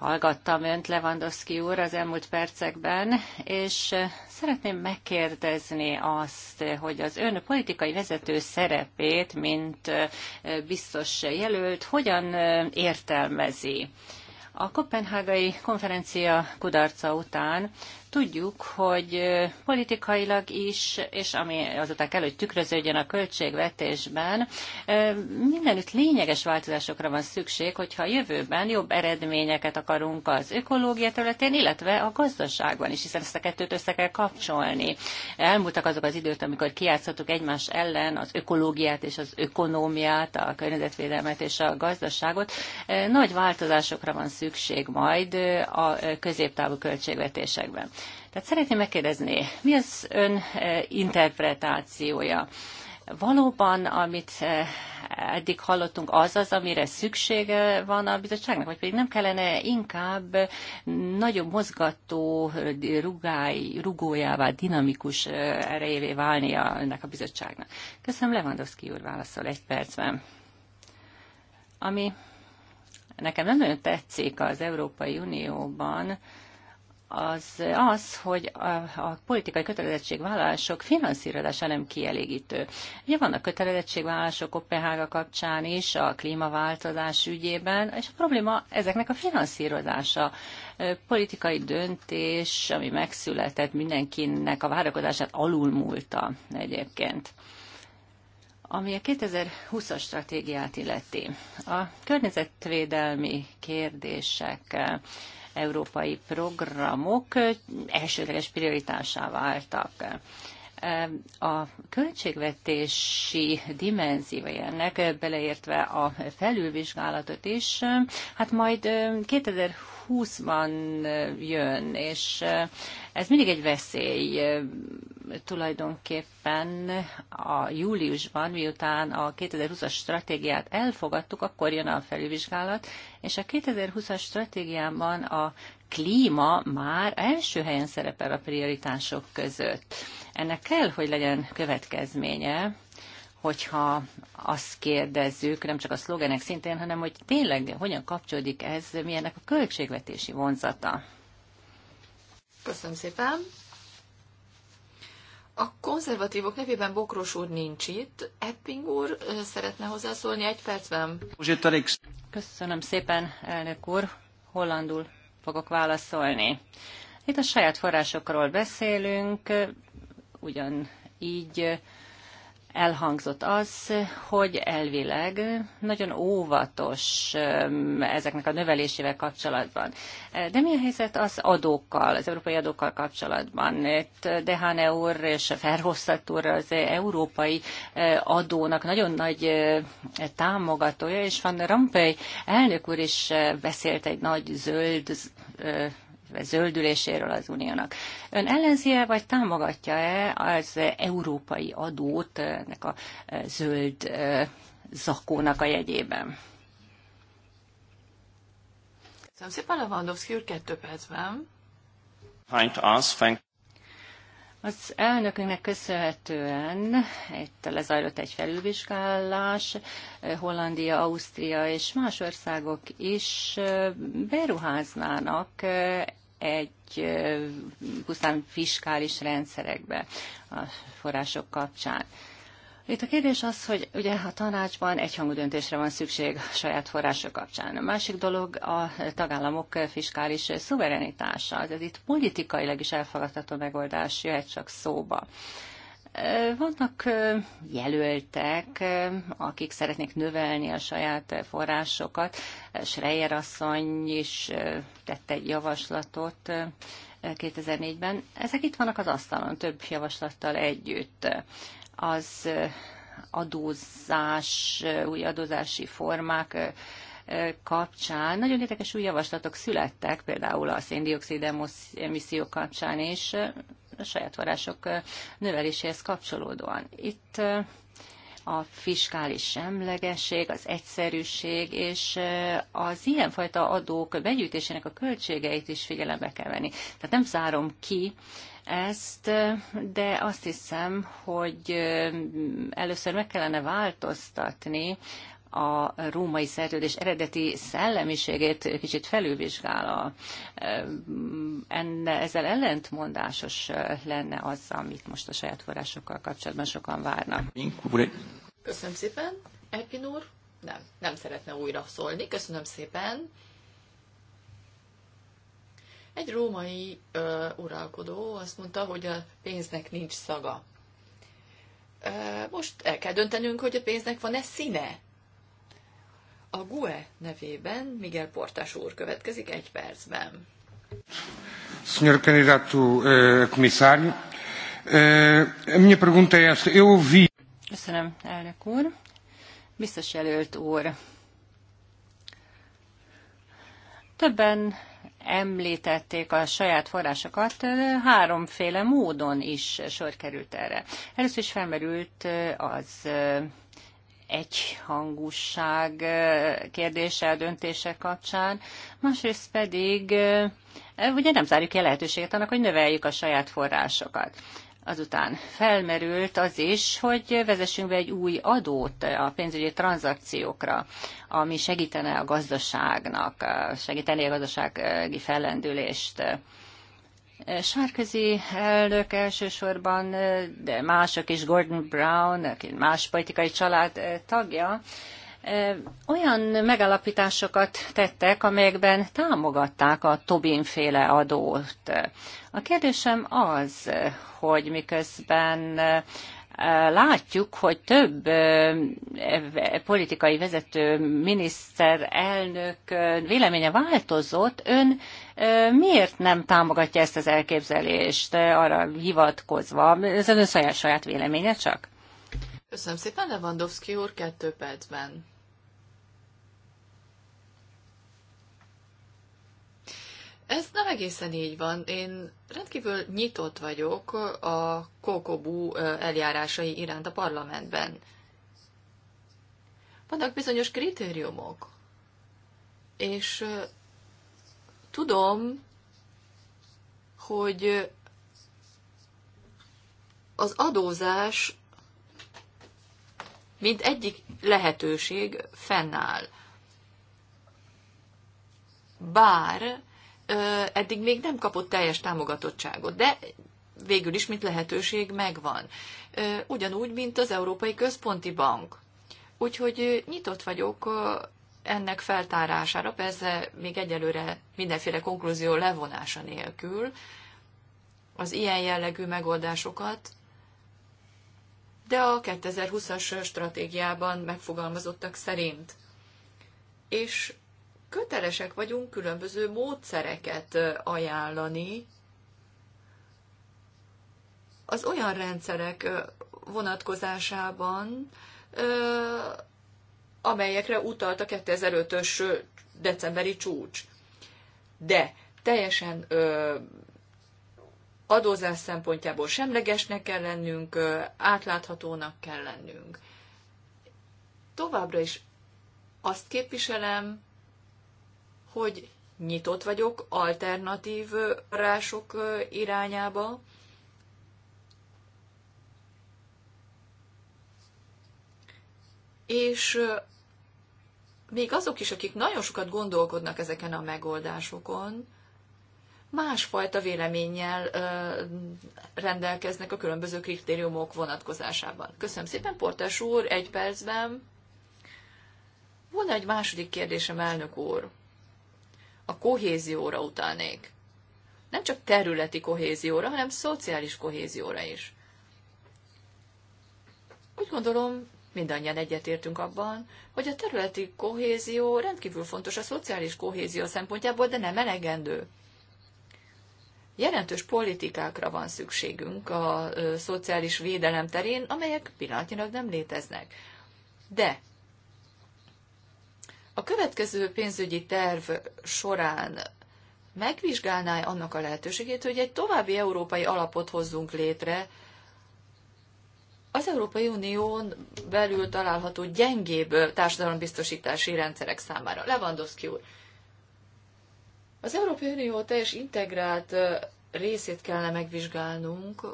[SPEAKER 3] hallgattam önt, Lewandowski úr, az elmúlt percekben, és szeretném megkérdezni azt, hogy az ön politikai vezető szerepét, mint biztos jelölt, hogyan értelmezi? A kopenhágai konferencia kudarca után Tudjuk, hogy politikailag is, és ami azután kell, hogy tükröződjön a költségvetésben, mindenütt lényeges változásokra van szükség, hogyha a jövőben jobb eredményeket akarunk az ökológia területén, illetve a gazdaságban is, hiszen ezt a kettőt össze kell kapcsolni. Elmúltak azok az időt, amikor kiátszottuk egymás ellen az ökológiát és az ökonómiát, a környezetvédelmet és a gazdaságot. Nagy változásokra van szükség majd a középtávú költségvetésekben. Tehát szeretném megkérdezni, mi az ön eh, interpretációja? Valóban, amit eh, eddig hallottunk, az az, amire szüksége van a bizottságnak, vagy pedig nem kellene inkább nagyobb mozgató, eh, rugály, rugójává, dinamikus erejévé válnia ennek a bizottságnak? Köszönöm, Lewandowski úr válaszol egy percben. Ami nekem nem nagyon tetszik az Európai Unióban, az az, hogy a, a politikai kötelezettségvállalások finanszírozása nem kielégítő. Ugye vannak kötelezettségvállalások Kopenhága kapcsán is, a klímaváltozás ügyében, és a probléma ezeknek a finanszírozása. Politikai döntés, ami megszületett mindenkinek a várakozását alulmúlta egyébként ami a 2020-as stratégiát illeti. A környezetvédelmi kérdések európai programok elsődleges prioritásá váltak. A költségvetési dimenziója ennek, beleértve a felülvizsgálatot is, hát majd 2020 20 ban jön, és ez mindig egy veszély tulajdonképpen a júliusban, miután a 2020-as stratégiát elfogadtuk, akkor jön a felülvizsgálat, és a 2020-as stratégiában a klíma már első helyen szerepel a prioritások között. Ennek kell, hogy legyen következménye, hogyha azt kérdezzük, nem csak a szlogenek szintén, hanem hogy tényleg hogyan kapcsolódik ez, milyennek a költségvetési vonzata.
[SPEAKER 2] Köszönöm szépen. A konzervatívok nevében
[SPEAKER 3] Bokros úr nincs itt. Epping úr szeretne hozzászólni egy percben. Köszönöm szépen, elnök úr. Hollandul fogok válaszolni. Itt a saját forrásokról beszélünk, ugyan így elhangzott az, hogy elvileg nagyon óvatos ezeknek a növelésével kapcsolatban. De mi a helyzet az adókkal, az európai adókkal kapcsolatban? Dehane úr és Ferhosszat úr az európai adónak nagyon nagy támogatója, és Van Rompuy elnök úr is beszélt egy nagy zöld zöldüléséről az uniónak. Ön ellenzi-e, vagy támogatja-e az európai adót ennek a e, zöld e, zakónak a jegyében?
[SPEAKER 2] Köszönöm szépen, Lewandowski úr, kettő
[SPEAKER 3] Az elnökünknek köszönhetően itt lezajlott egy felülvizsgálás, e, Hollandia, Ausztria és más országok is beruháznának egy pusztán fiskális rendszerekbe a források kapcsán. Itt a kérdés az, hogy ugye a tanácsban egyhangú döntésre van szükség a saját források kapcsán. A másik dolog a tagállamok fiskális szuverenitása. Ez itt politikailag is elfogadható megoldás jöhet csak szóba. Vannak jelöltek, akik szeretnék növelni a saját forrásokat. Schreier asszony is tette egy javaslatot 2004-ben. Ezek itt vannak az asztalon, több javaslattal együtt. Az adózás, új adózási formák kapcsán nagyon érdekes új javaslatok születtek, például a széndiokszid emisszió kapcsán is a saját források növeléséhez kapcsolódóan. Itt a fiskális semlegesség, az egyszerűség, és az ilyenfajta adók begyűjtésének a költségeit is figyelembe kell venni. Tehát nem zárom ki ezt, de azt hiszem, hogy először meg kellene változtatni a római szerződés eredeti szellemiségét kicsit felülvizsgál. A, eh, ezzel ellentmondásos eh, lenne az, amit most a saját forrásokkal kapcsolatban sokan
[SPEAKER 1] várnak.
[SPEAKER 2] Köszönöm szépen. Ekin úr? Nem, nem szeretne újra szólni. Köszönöm szépen. Egy római ö, uralkodó azt mondta, hogy a pénznek nincs szaga. Ö, most el kell döntenünk, hogy a pénznek van-e színe a GUE nevében Miguel Portás úr következik egy percben.
[SPEAKER 1] Senhor candidato a eh, comissário, eh, a minha pergunta é esta. Eu ouvi...
[SPEAKER 3] Köszönöm, elnök úr. Biztos jelölt úr. Többen említették a saját forrásokat, eh, háromféle módon is sor került erre. Először is felmerült az egyhangúság kérdése a döntése kapcsán, másrészt pedig ugye nem zárjuk ki a lehetőséget annak, hogy növeljük a saját forrásokat. Azután felmerült az is, hogy vezessünk be egy új adót a pénzügyi tranzakciókra, ami segítene a gazdaságnak, segítené a gazdasági fellendülést. Sárközi elnök elsősorban, de mások is, Gordon Brown, aki más politikai család tagja, olyan megalapításokat tettek, amelyekben támogatták a Tobin-féle adót. A kérdésem az, hogy miközben látjuk, hogy több politikai vezető, miniszter, elnök véleménye változott. Ön miért nem támogatja ezt az elképzelést arra hivatkozva? Ez az ön saját, saját véleménye csak?
[SPEAKER 2] Köszönöm szépen, Lewandowski úr, kettő percben. Ez nem egészen így van. Én rendkívül nyitott vagyok a kokobú eljárásai iránt a parlamentben. Vannak bizonyos kritériumok, és tudom, hogy az adózás mint egyik lehetőség fennáll. Bár eddig még nem kapott teljes támogatottságot, de végül is, mint lehetőség megvan. Ugyanúgy, mint az Európai Központi Bank. Úgyhogy nyitott vagyok ennek feltárására, persze még egyelőre mindenféle konklúzió levonása nélkül az ilyen jellegű megoldásokat, de a 2020-as stratégiában megfogalmazottak szerint. És kötelesek vagyunk különböző módszereket ajánlani az olyan rendszerek vonatkozásában, amelyekre utalt a 2005-ös decemberi csúcs. De teljesen adózás szempontjából semlegesnek kell lennünk, átláthatónak kell lennünk. Továbbra is azt képviselem, hogy nyitott vagyok alternatív rások irányába, és még azok is, akik nagyon sokat gondolkodnak ezeken a megoldásokon, másfajta véleménnyel rendelkeznek a különböző kritériumok vonatkozásában. Köszönöm szépen, Portes úr, egy percben. Van egy második kérdésem, elnök úr a kohézióra utalnék. Nem csak területi kohézióra, hanem szociális kohézióra is. Úgy gondolom, mindannyian egyetértünk abban, hogy a területi kohézió rendkívül fontos a szociális kohézió szempontjából, de nem elegendő. Jelentős politikákra van szükségünk a szociális védelem terén, amelyek pillanatnyilag nem léteznek. De a következő pénzügyi terv során megvizsgálná annak a lehetőségét, hogy egy további európai alapot hozzunk létre, az Európai Unión belül található gyengébb társadalombiztosítási rendszerek számára. Lewandowski úr, az Európai Unió teljes integrált részét kellene megvizsgálnunk.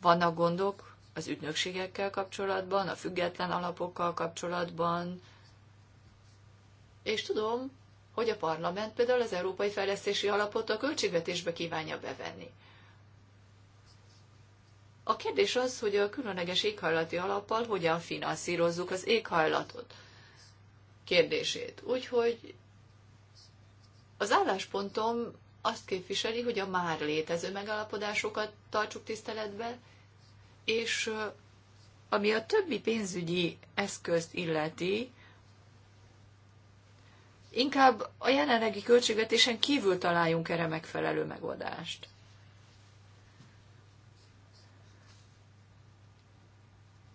[SPEAKER 2] Vannak gondok az ügynökségekkel kapcsolatban, a független alapokkal kapcsolatban, és tudom, hogy a parlament például az Európai Fejlesztési Alapot a költségvetésbe kívánja bevenni. A kérdés az, hogy a különleges éghajlati alappal hogyan finanszírozzuk az éghajlatot kérdését. Úgyhogy az álláspontom azt képviseli, hogy a már létező megállapodásokat tartsuk tiszteletbe, és ami a többi pénzügyi eszközt illeti, inkább a jelenlegi költségvetésen kívül találjunk erre megfelelő megoldást.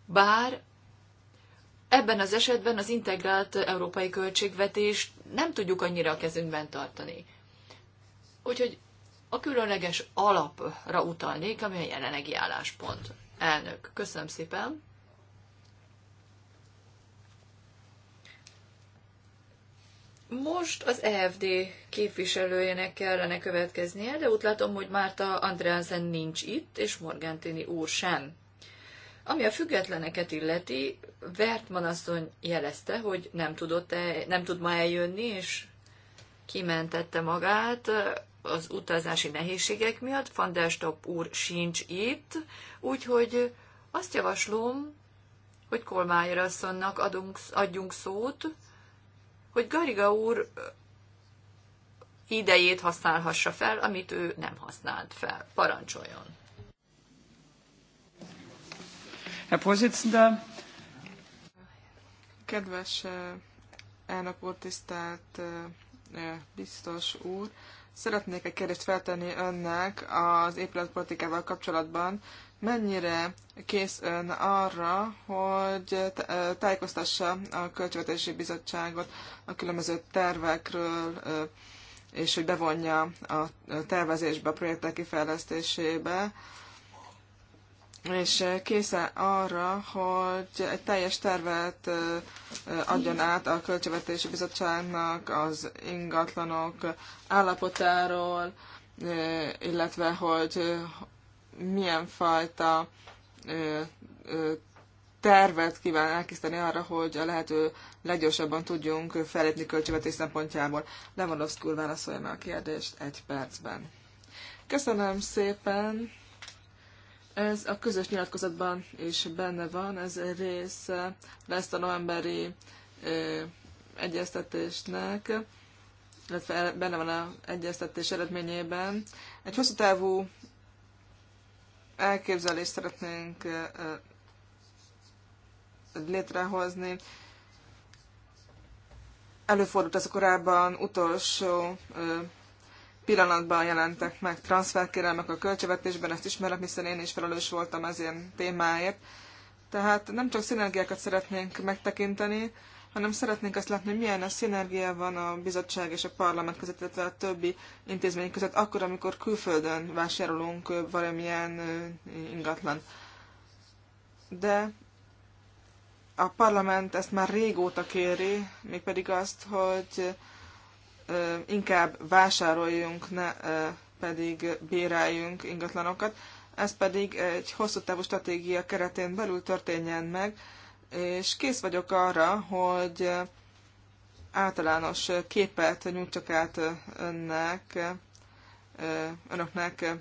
[SPEAKER 2] Bár ebben az esetben az integrált európai költségvetést nem tudjuk annyira a kezünkben tartani. Úgyhogy a különleges alapra utalnék, ami a jelenlegi álláspont. Elnök, köszönöm szépen! Most az EFD képviselőjének kellene következnie, de úgy látom, hogy Márta Andreasen nincs itt, és Morgantini úr sem. Ami a függetleneket illeti, Vertman asszony jelezte, hogy nem, tudott el, nem tud ma eljönni, és kimentette magát az utazási nehézségek miatt. Van der Stopp úr sincs itt, úgyhogy azt javaslom, hogy Kolmájer asszonynak adunk, adjunk szót, hogy Gariga úr idejét használhassa fel, amit ő nem használt
[SPEAKER 4] fel. Parancsoljon! Herr Vorsitzender, kedves elnök úr, tisztelt biztos úr, szeretnék egy kérdést feltenni önnek az épületpolitikával kapcsolatban, mennyire kész ön arra, hogy tájékoztassa a Költségvetési Bizottságot a különböző tervekről, és hogy bevonja a tervezésbe, a projektek kifejlesztésébe, és készen arra, hogy egy teljes tervet adjon át a Költségvetési Bizottságnak az ingatlanok állapotáról, illetve hogy milyen fajta ö, ö, tervet kíván elkészíteni arra, hogy a lehető leggyorsabban tudjunk felépni költségvetés szempontjából. Lewandowski válaszolja meg a kérdést egy percben. Köszönöm szépen! Ez a közös nyilatkozatban is benne van, ez része lesz a novemberi ö, egyeztetésnek, illetve benne van az egyeztetés eredményében. Egy hosszú távú elképzelést szeretnénk létrehozni. Előfordult ez korábban, utolsó pillanatban jelentek meg transferkérelmek a költségvetésben, ezt ismerem, hiszen én is felelős voltam ilyen témáért. Tehát nem csak szinergiákat szeretnénk megtekinteni, hanem szeretnénk azt látni, hogy milyen a szinergia van a bizottság és a parlament között, illetve a többi intézmény között, akkor, amikor külföldön vásárolunk valamilyen ingatlan. De a parlament ezt már régóta kéri, mégpedig azt, hogy inkább vásároljunk, ne pedig béreljünk ingatlanokat. Ez pedig egy hosszú távú stratégia keretén belül történjen meg, és kész vagyok arra, hogy általános képet nyújtsak át önnek, önöknek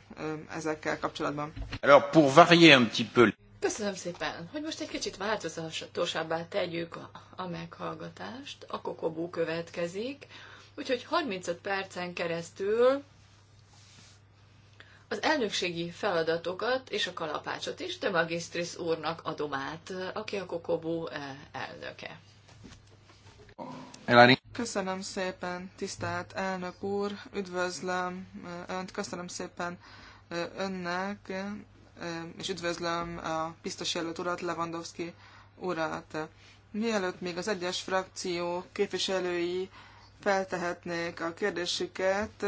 [SPEAKER 4] ezekkel kapcsolatban.
[SPEAKER 1] Alors, pour varier un petit peu...
[SPEAKER 4] Köszönöm szépen, hogy most egy
[SPEAKER 2] kicsit változatosabbá tegyük a meghallgatást. A kokobú következik, úgyhogy 35 percen keresztül az elnökségi feladatokat és a kalapácsot is de Magisztris úrnak adom át,
[SPEAKER 4] aki a Kokobú eh, elnöke. Köszönöm szépen, tisztelt elnök úr, üdvözlöm eh, önt, köszönöm szépen eh, önnek, és üdvözlöm a biztos jelölt urat, Lewandowski urat. Mielőtt még az egyes frakció képviselői feltehetnék a kérdésüket,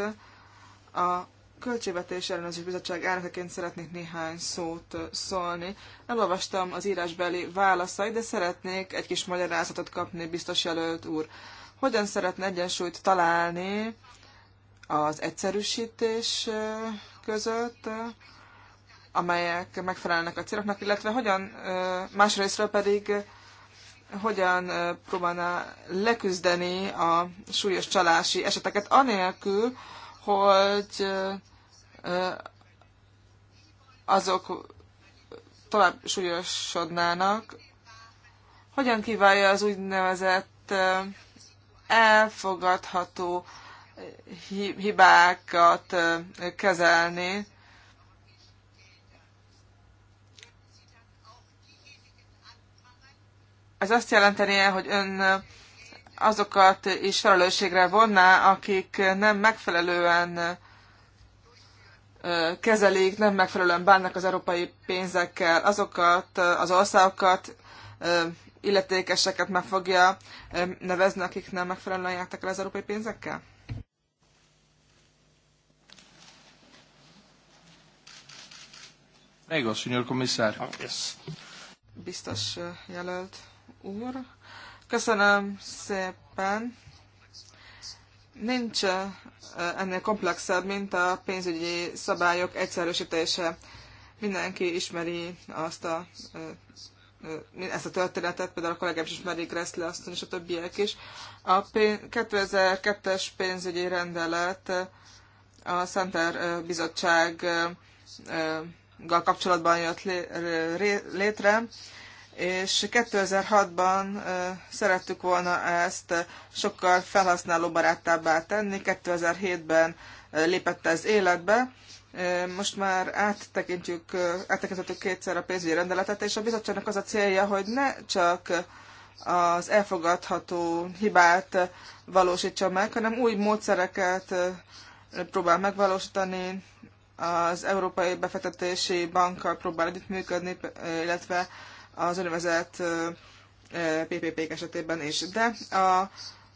[SPEAKER 4] a Költségvetés Ellenőrzés Bizottság elnökeként szeretnék néhány szót szólni. Elolvastam az írásbeli válaszait, de szeretnék egy kis magyarázatot kapni, biztos jelölt úr. Hogyan szeretne egyensúlyt találni az egyszerűsítés között, amelyek megfelelnek a céloknak, illetve hogyan, másrésztről pedig hogyan próbálna leküzdeni a súlyos csalási eseteket, anélkül, hogy azok tovább súlyosodnának. Hogyan kívánja az úgynevezett elfogadható hibákat kezelni? Ez azt jelenteni, hogy ön azokat is felelősségre vonná, akik nem megfelelően kezelik, nem megfelelően bánnak az európai pénzekkel, azokat az országokat, illetékeseket meg fogja nevezni, akik nem megfelelően jártak el az európai pénzekkel?
[SPEAKER 1] Prego, signor commissario. Ah,
[SPEAKER 4] Biztos jelölt úr. Köszönöm szépen. Nincs ennél komplexebb, mint a pénzügyi szabályok egyszerűsítése. Mindenki ismeri azt a, ezt a történetet, például a kollégám is ismeri, Gressle azt, és a többiek is. A 2002-es pénzügyi rendelet a Center Bizottsággal kapcsolatban jött létre, és 2006-ban szerettük volna ezt sokkal felhasználóbarátabbá tenni, 2007-ben lépett ez életbe, most már áttekintjük, áttekintettük kétszer a pénzügyi rendeletet, és a bizottságnak az a célja, hogy ne csak az elfogadható hibát valósítsa meg, hanem új módszereket próbál megvalósítani, az Európai Befektetési Bankkal próbál együttműködni, illetve az úgynevezett PPP-k esetében is. De a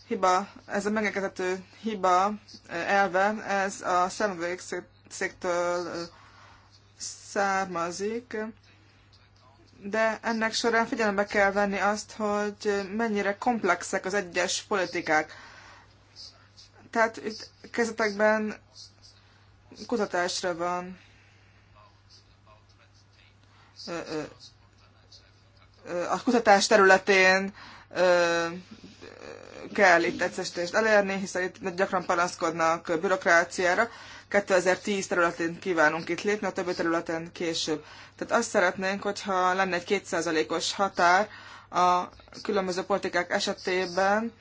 [SPEAKER 4] hiba, ez a megengedhető hiba elve, ez a szemvégszéktől származik, de ennek során figyelembe kell venni azt, hogy mennyire komplexek az egyes politikák. Tehát itt kezdetekben kutatásra van a kutatás területén kell itt egyszerűsítést elérni, hiszen itt gyakran panaszkodnak bürokráciára. 2010 területén kívánunk itt lépni, a többi területen később. Tehát azt szeretnénk, hogyha lenne egy kétszázalékos os határ a különböző politikák esetében,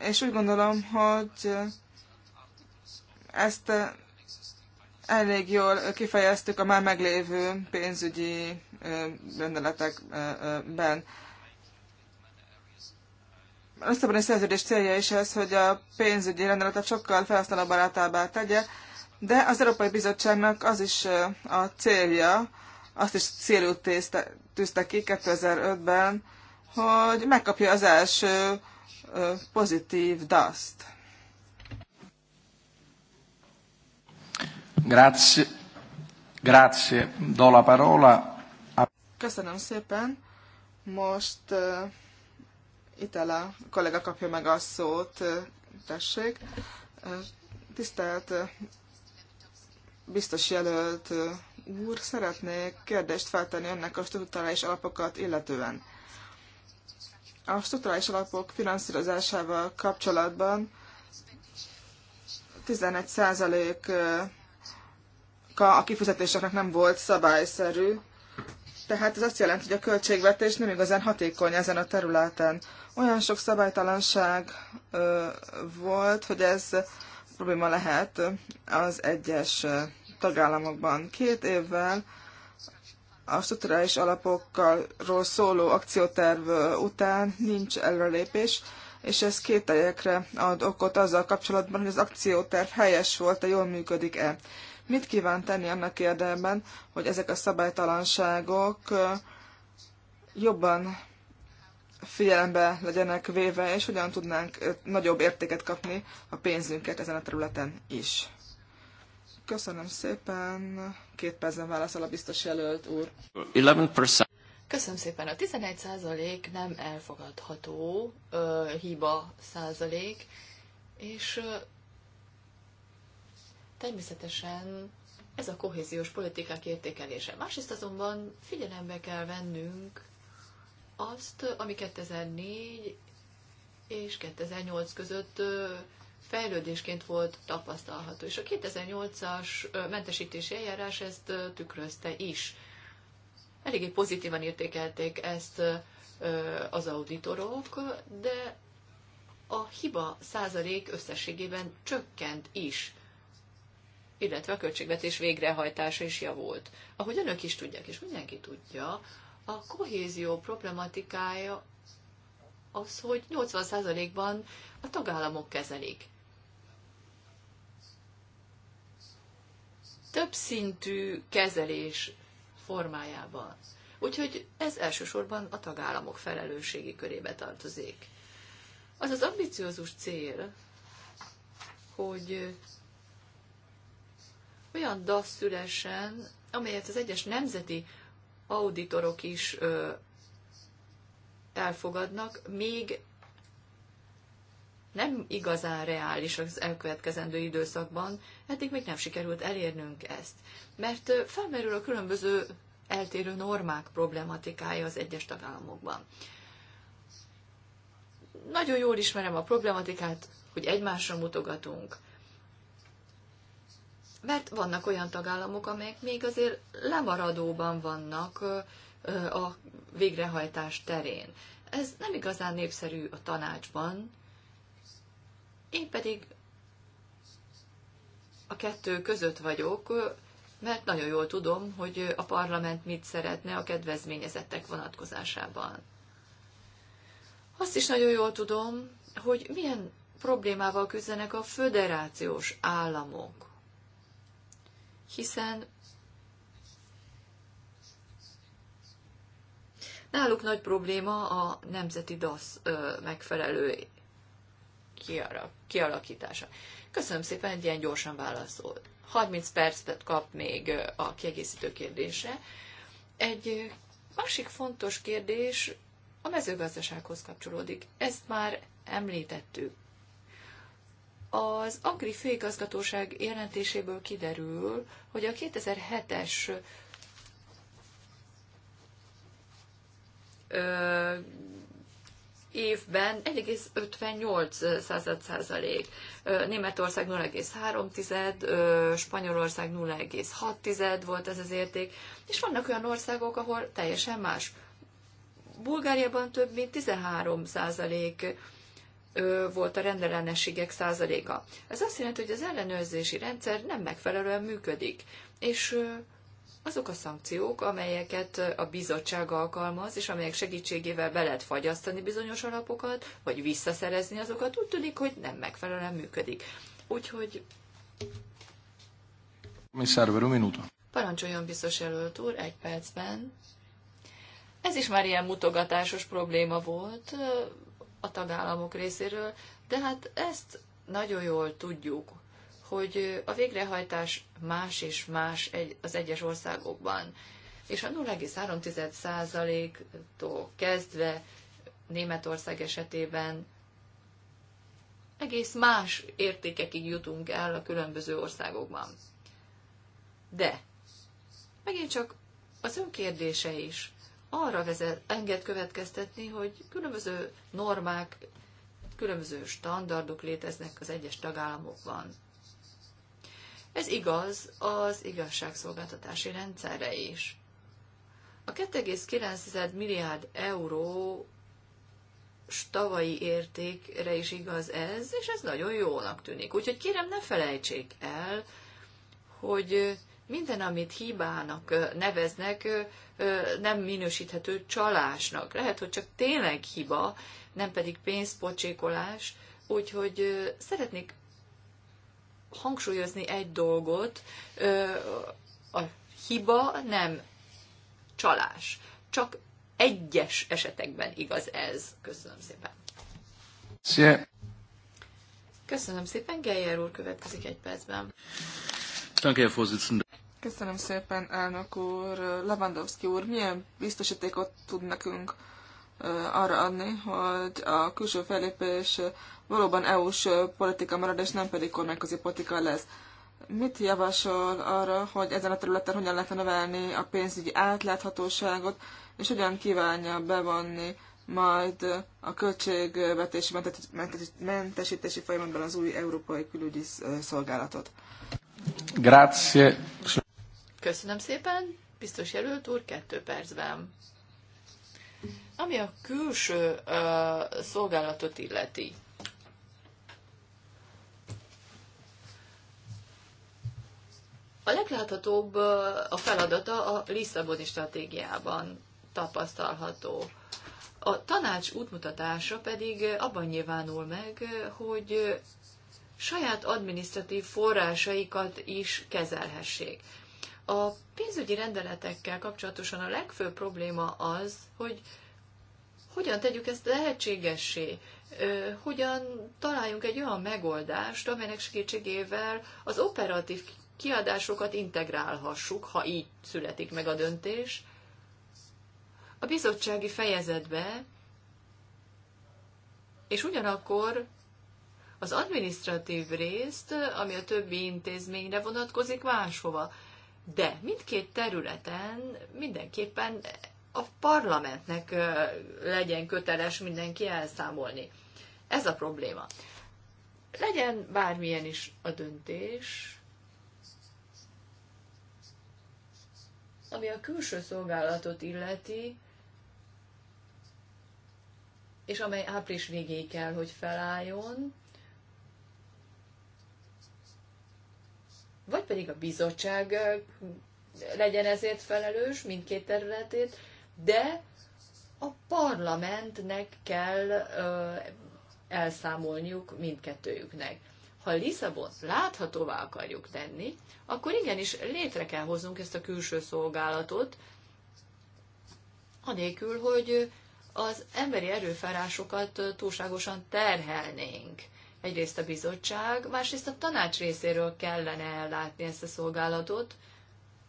[SPEAKER 4] és úgy gondolom, hogy ezt elég jól kifejeztük a már meglévő pénzügyi rendeletekben. A Lisszaboni szerződés célja is ez, hogy a pénzügyi rendeletet sokkal felhasználóbarátábbá tegye, de az Európai Bizottságnak az is a célja, azt is célul tűzte ki 2005-ben, hogy megkapja az első pozitív DAST.
[SPEAKER 1] Grazie. Grazie. Do la parola. A...
[SPEAKER 4] Köszönöm szépen. Most uh, eh, a kollega kapja meg a szót. Uh, tessék. Uh, tisztelt uh, biztos jelölt uh, úr, szeretnék kérdést feltenni önnek a struktúrális alapokat illetően. A struktúrális alapok finanszírozásával kapcsolatban 11% százalék a kifizetéseknek nem volt szabályszerű. Tehát ez azt jelenti, hogy a költségvetés nem igazán hatékony ezen a területen. Olyan sok szabálytalanság ö, volt, hogy ez probléma lehet az egyes tagállamokban. Két évvel a strukturális alapokról szóló akcióterv után nincs előrelépés, és ez kételyekre ad okot azzal kapcsolatban, hogy az akcióterv helyes volt-e, jól működik-e. Mit kíván tenni annak érdemben, hogy ezek a szabálytalanságok jobban figyelembe legyenek véve, és hogyan tudnánk nagyobb értéket kapni a pénzünket ezen a területen is. Köszönöm szépen. Két percben válaszol a biztos jelölt úr.
[SPEAKER 1] 11%.
[SPEAKER 4] Köszönöm szépen. A 11
[SPEAKER 2] százalék nem elfogadható ö, hiba százalék, és Természetesen ez a kohéziós politikák értékelése. Másrészt azonban figyelembe kell vennünk azt, ami 2004 és 2008 között fejlődésként volt tapasztalható. És a 2008-as mentesítési eljárás ezt tükrözte is. Eléggé pozitívan értékelték ezt az auditorok, de a hiba százalék összességében csökkent is illetve a költségvetés végrehajtása is javult. Ahogy önök is tudják, és mindenki tudja, a kohézió problematikája az, hogy 80%-ban a tagállamok kezelik. Több szintű kezelés formájában. Úgyhogy ez elsősorban a tagállamok felelősségi körébe tartozik. Az az ambiciózus cél, hogy olyan DAS szülesen, amelyet az egyes nemzeti auditorok is elfogadnak, még nem igazán reális az elkövetkezendő időszakban, eddig még nem sikerült elérnünk ezt. Mert felmerül a különböző eltérő normák problematikája az egyes tagállamokban. Nagyon jól ismerem a problematikát, hogy egymásra mutogatunk mert vannak olyan tagállamok, amelyek még azért lemaradóban vannak a végrehajtás terén. Ez nem igazán népszerű a tanácsban, én pedig a kettő között vagyok, mert nagyon jól tudom, hogy a parlament mit szeretne a kedvezményezettek vonatkozásában. Azt is nagyon jól tudom, hogy milyen problémával küzdenek a föderációs államok hiszen náluk nagy probléma a nemzeti DASZ megfelelő kialakítása. Köszönöm szépen, egy ilyen gyorsan válaszolt. 30 percet kap még a kiegészítő kérdése. Egy másik fontos kérdés a mezőgazdasághoz kapcsolódik. Ezt már említettük. Az Agri főigazgatóság jelentéséből kiderül, hogy a 2007-es évben 1,58 százalék, Németország 0,3, Spanyolország 0,6 volt ez az érték, és vannak olyan országok, ahol teljesen más. Bulgáriában több mint 13 százalék volt a rendellenességek százaléka. Ez azt jelenti, hogy az ellenőrzési rendszer nem megfelelően működik, és azok a szankciók, amelyeket a bizottság alkalmaz, és amelyek segítségével be lehet fagyasztani bizonyos alapokat, vagy visszaszerezni azokat, úgy tűnik, hogy nem megfelelően működik. Úgyhogy...
[SPEAKER 1] Mi szerverő
[SPEAKER 2] Parancsoljon biztos jelölt úr, egy percben. Ez is már ilyen mutogatásos probléma volt a tagállamok részéről, de hát ezt nagyon jól tudjuk, hogy a végrehajtás más és más az egyes országokban. És a 0,3%-tól kezdve Németország esetében egész más értékekig jutunk el a különböző országokban. De megint csak az önkérdése is, arra vezet, enged következtetni, hogy különböző normák, különböző standardok léteznek az egyes tagállamokban. Ez igaz az igazságszolgáltatási rendszerre is. A 2,9 milliárd euró tavalyi értékre is igaz ez, és ez nagyon jónak tűnik. Úgyhogy kérem, ne felejtsék el, hogy minden, amit hibának neveznek, nem minősíthető csalásnak. Lehet, hogy csak tényleg hiba, nem pedig pénzpocsékolás, úgyhogy szeretnék hangsúlyozni egy dolgot, a hiba nem csalás. Csak egyes esetekben igaz ez. Köszönöm szépen. Szia. Köszönöm
[SPEAKER 4] szépen, Geyer úr következik egy percben.
[SPEAKER 1] Danke, Herr
[SPEAKER 4] Köszönöm szépen, elnök úr. Lewandowski úr, milyen biztosítékot tud nekünk arra adni, hogy a külső fellépés valóban EU-s politika marad, és nem pedig kormányközi politika lesz. Mit javasol arra, hogy ezen a területen hogyan lehet növelni a pénzügyi átláthatóságot, és hogyan kívánja bevonni majd a költségvetési mentesítési folyamatban az új európai külügyi szolgálatot?
[SPEAKER 1] Grazie.
[SPEAKER 2] Köszönöm szépen, biztos jelölt úr, kettő percben. Ami a külső ö, szolgálatot illeti. A legláthatóbb a feladata a Lisszaboni stratégiában tapasztalható. A tanács útmutatása pedig abban nyilvánul meg, hogy saját adminisztratív forrásaikat is kezelhessék. A pénzügyi rendeletekkel kapcsolatosan a legfőbb probléma az, hogy hogyan tegyük ezt lehetségessé, hogyan találjunk egy olyan megoldást, amelynek segítségével az operatív kiadásokat integrálhassuk, ha így születik meg a döntés. A bizottsági fejezetbe, és ugyanakkor az administratív részt, ami a többi intézményre vonatkozik, máshova. De mindkét területen mindenképpen a parlamentnek legyen köteles mindenki elszámolni. Ez a probléma. Legyen bármilyen is a döntés, ami a külső szolgálatot illeti, és amely április végéig kell, hogy felálljon, vagy pedig a bizottság legyen ezért felelős mindkét területét, de a parlamentnek kell ö, elszámolniuk mindkettőjüknek. Ha Lisszabon láthatóvá akarjuk tenni, akkor igenis létre kell hoznunk ezt a külső szolgálatot, anélkül, hogy az emberi erőfárásokat túlságosan terhelnénk egyrészt a bizottság, másrészt a tanács részéről kellene ellátni ezt a szolgálatot,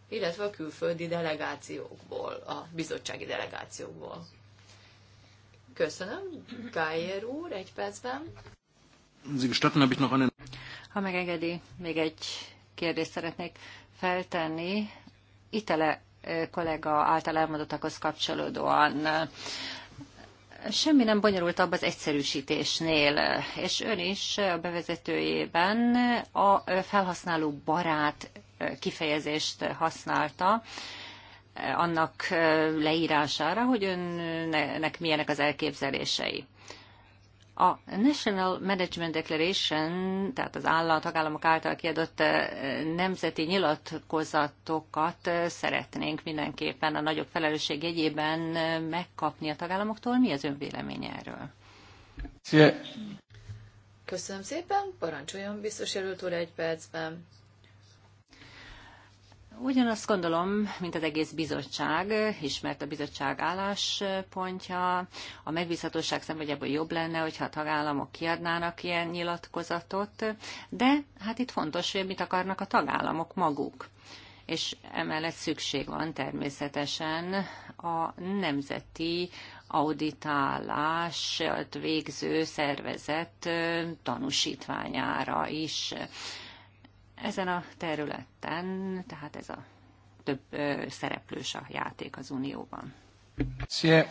[SPEAKER 2] illetve a külföldi delegációkból, a bizottsági delegációkból.
[SPEAKER 3] Köszönöm. Gájer úr, egy percben. Ha megengedi, még egy kérdést szeretnék feltenni. Itele eh, kollega által elmondottakhoz kapcsolódóan semmi nem bonyolultabb az egyszerűsítésnél, és ön is a bevezetőjében a felhasználó barát kifejezést használta, eh, annak eh, leírására, hogy önnek milyenek az elképzelései. A National Management Declaration, tehát az állam, tagállamok által kiadott eh, nemzeti nyilatkozatokat eh, szeretnénk mindenképpen a nagyobb felelősség jegyében eh, megkapni a tagállamoktól. Mi az ön véleménye erről? Szia. Köszönöm szépen,
[SPEAKER 2] parancsoljon biztos jelölt úr egy percben.
[SPEAKER 3] Ugyanazt gondolom, mint az egész bizottság, ismert a bizottság álláspontja, a megbízhatóság szempontjából jobb lenne, hogyha a tagállamok kiadnának ilyen nyilatkozatot, de hát itt fontos, hogy mit akarnak a tagállamok maguk. És emellett szükség van természetesen a nemzeti auditálás végző szervezet tanúsítványára is. Ezen a területen, tehát ez a több ö, szereplős a játék az Unióban. Szia.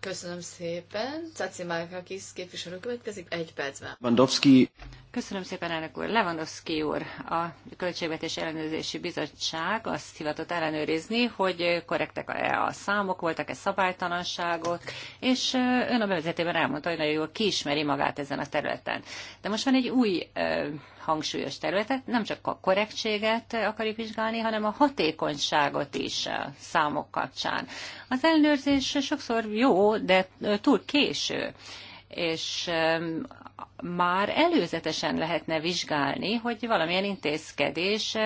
[SPEAKER 3] Köszönöm szépen. Caci kis képviselő következik egy percben.
[SPEAKER 1] Bandowski.
[SPEAKER 3] Köszönöm szépen, elnök úr. Lewandowski úr, a Költségvetés Ellenőrzési Bizottság azt hivatott ellenőrizni, hogy korrektek-e a számok, voltak-e szabálytalanságok, és ön a bevezetében elmondta, hogy nagyon jól kiismeri magát ezen a területen. De most van egy új hangsúlyos területet, nem csak a korrektséget akarjuk vizsgálni, hanem a hatékonyságot is a számok kapcsán. Az ellenőrzés sokszor jó, de túl késő és már előzetesen lehetne vizsgálni, hogy valamilyen intézkedés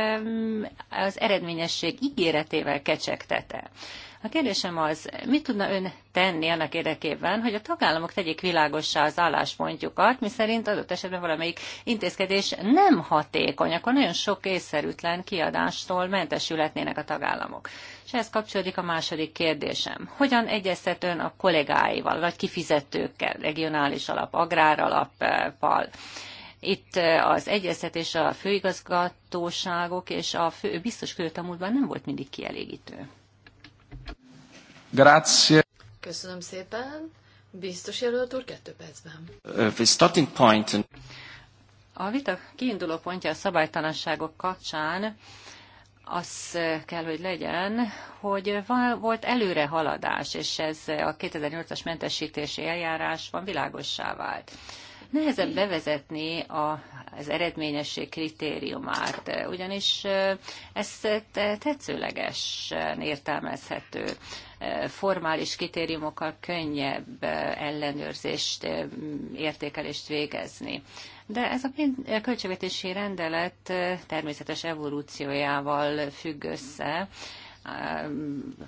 [SPEAKER 3] az eredményesség ígéretével kecsegtete. A kérdésem az, mit tudna ön tenni annak érdekében, hogy a tagállamok tegyék világossá az álláspontjukat, miszerint adott esetben valamelyik intézkedés nem hatékony, akkor nagyon sok észszerűtlen kiadástól mentesülhetnének a tagállamok. És ehhez kapcsolódik a második kérdésem. Hogyan egyeztet ön a kollégáival, vagy kifizetőkkel, regionális alap, agrár alappal? Eh, Itt eh, az egyeztetés a főigazgatóságok és a fő, biztos között a múltban nem volt mindig kielégítő.
[SPEAKER 1] Grazie.
[SPEAKER 2] Köszönöm szépen.
[SPEAKER 3] Biztos jelölt úr, kettő percben.
[SPEAKER 1] Uh, the starting point
[SPEAKER 3] A vita kiinduló pontja a szabálytalanságok kapcsán az kell, hogy legyen, hogy volt előre haladás és ez a 2008-as mentesítési eljárásban világossá vált. Nehezebb bevezetni a, az eredményesség kritériumát, ugyanis eh, ez tetszőlegesen értelmezhető formális kritériumokkal könnyebb ellenőrzést, értékelést végezni. De ez a költségvetési rendelet természetes evolúciójával függ össze,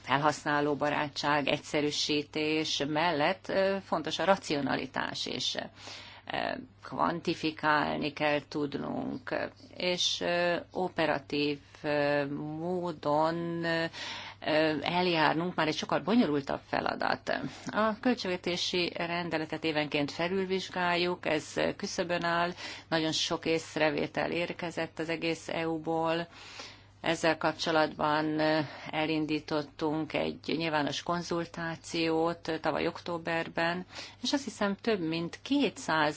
[SPEAKER 3] felhasználó barátság, egyszerűsítés mellett fontos a racionalitás is. Kvantifikálni kell tudnunk, és operatív módon eljárnunk, már egy sokkal bonyolultabb feladat. A költségvetési rendeletet évenként felülvizsgáljuk, ez küszöbön áll, nagyon sok észrevétel érkezett az egész EU-ból, ezzel kapcsolatban elindítottunk egy nyilvános konzultációt tavaly októberben, és azt hiszem több mint 200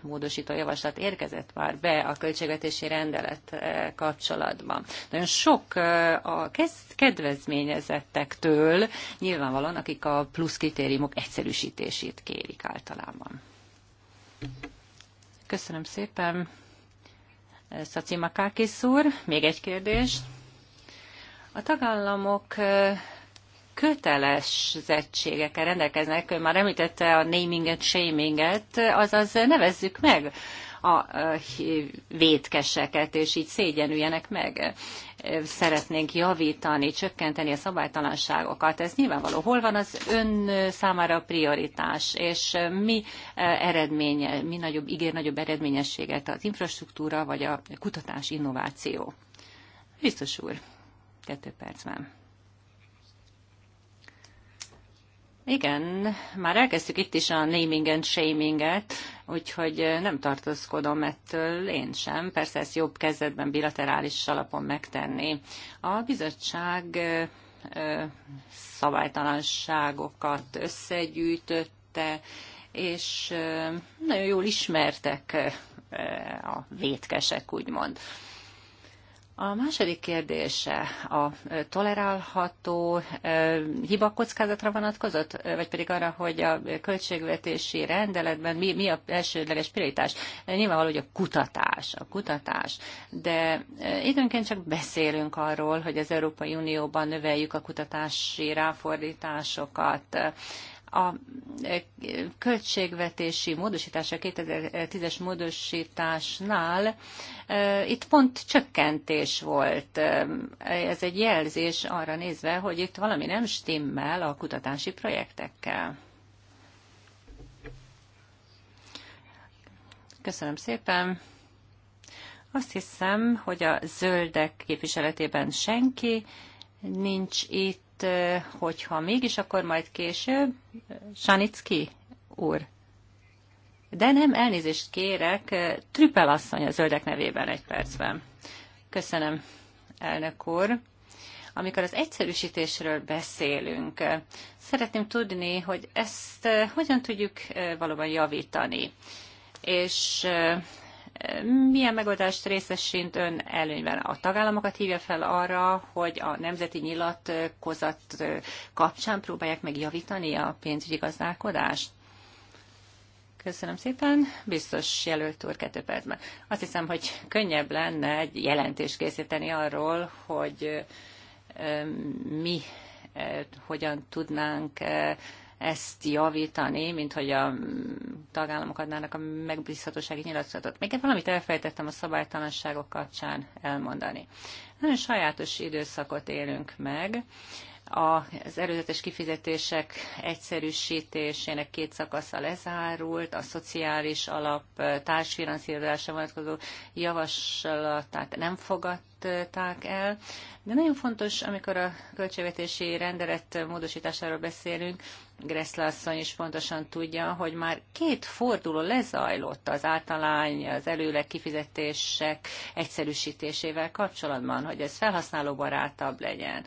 [SPEAKER 3] módosító javaslat érkezett már be a költségvetési rendelet kapcsolatban. Nagyon sok a kedvezményezettektől, nyilvánvalóan akik a plusz kritériumok egyszerűsítését kérik általában. Köszönöm szépen! Szacimakákis úr, még egy kérdés. A tagállamok kötelezettségekkel rendelkeznek, ön már említette a naminget, shaminget, azaz nevezzük meg a vétkeseket, és így szégyenüljenek meg. Szeretnénk javítani, csökkenteni a szabálytalanságokat. Ez nyilvánvaló. Hol van az ön számára a prioritás, és mi eredménye, mi nagyobb, ígér nagyobb eredményességet az infrastruktúra, vagy a kutatás, innováció? Biztos úr, kettő már. Igen, már elkezdtük itt is a naming and shaming-et, úgyhogy nem tartózkodom ettől én sem. Persze ezt jobb kezdetben bilaterális alapon megtenni. A bizottság szabálytalanságokat összegyűjtötte, és nagyon jól ismertek a vétkesek, úgymond. A második kérdése a tolerálható hibakockázatra vonatkozott, vagy pedig arra, hogy a költségvetési rendeletben mi, mi a elsődleges prioritás? Nyilvánvaló, hogy a kutatás, a kutatás. De időnként csak beszélünk arról, hogy az Európai Unióban növeljük a kutatási ráfordításokat a e, költségvetési módosítása, 2010-es módosításnál e, itt pont csökkentés volt. E, ez egy jelzés arra nézve, hogy itt valami nem stimmel a kutatási projektekkel. Köszönöm szépen. Azt hiszem, hogy a zöldek képviseletében senki nincs itt mert hát, hogyha mégis, akkor majd később Sanicki úr. De nem, elnézést kérek, Trüppel asszony a zöldek nevében egy percben. Köszönöm, elnök úr. Amikor az egyszerűsítésről beszélünk, szeretném tudni, hogy ezt hogyan tudjuk valóban javítani. És milyen megoldást részesint ön előnyben? A tagállamokat hívja fel arra, hogy a nemzeti nyilatkozat kapcsán próbálják megjavítani a pénzügyi gazdálkodást? Köszönöm szépen. Biztos jelölt úr kettő percben. Azt hiszem, hogy könnyebb lenne egy jelentést készíteni arról, hogy mi hogyan tudnánk ezt javítani, mint hogy a tagállamok adnának a megbízhatósági nyilatkozatot. Még valamit elfejtettem a szabálytalanságok kapcsán elmondani. Nagyon sajátos időszakot élünk meg az előzetes kifizetések egyszerűsítésének két szakasza lezárult, a szociális alap társfinanszírozása vonatkozó javaslatát nem fogadták el, de nagyon fontos, amikor a költségvetési rendelet módosításáról beszélünk, Gressle asszony is pontosan tudja, hogy már két forduló lezajlott az általány, az előleg kifizetések egyszerűsítésével kapcsolatban, hogy ez felhasználóbarátabb legyen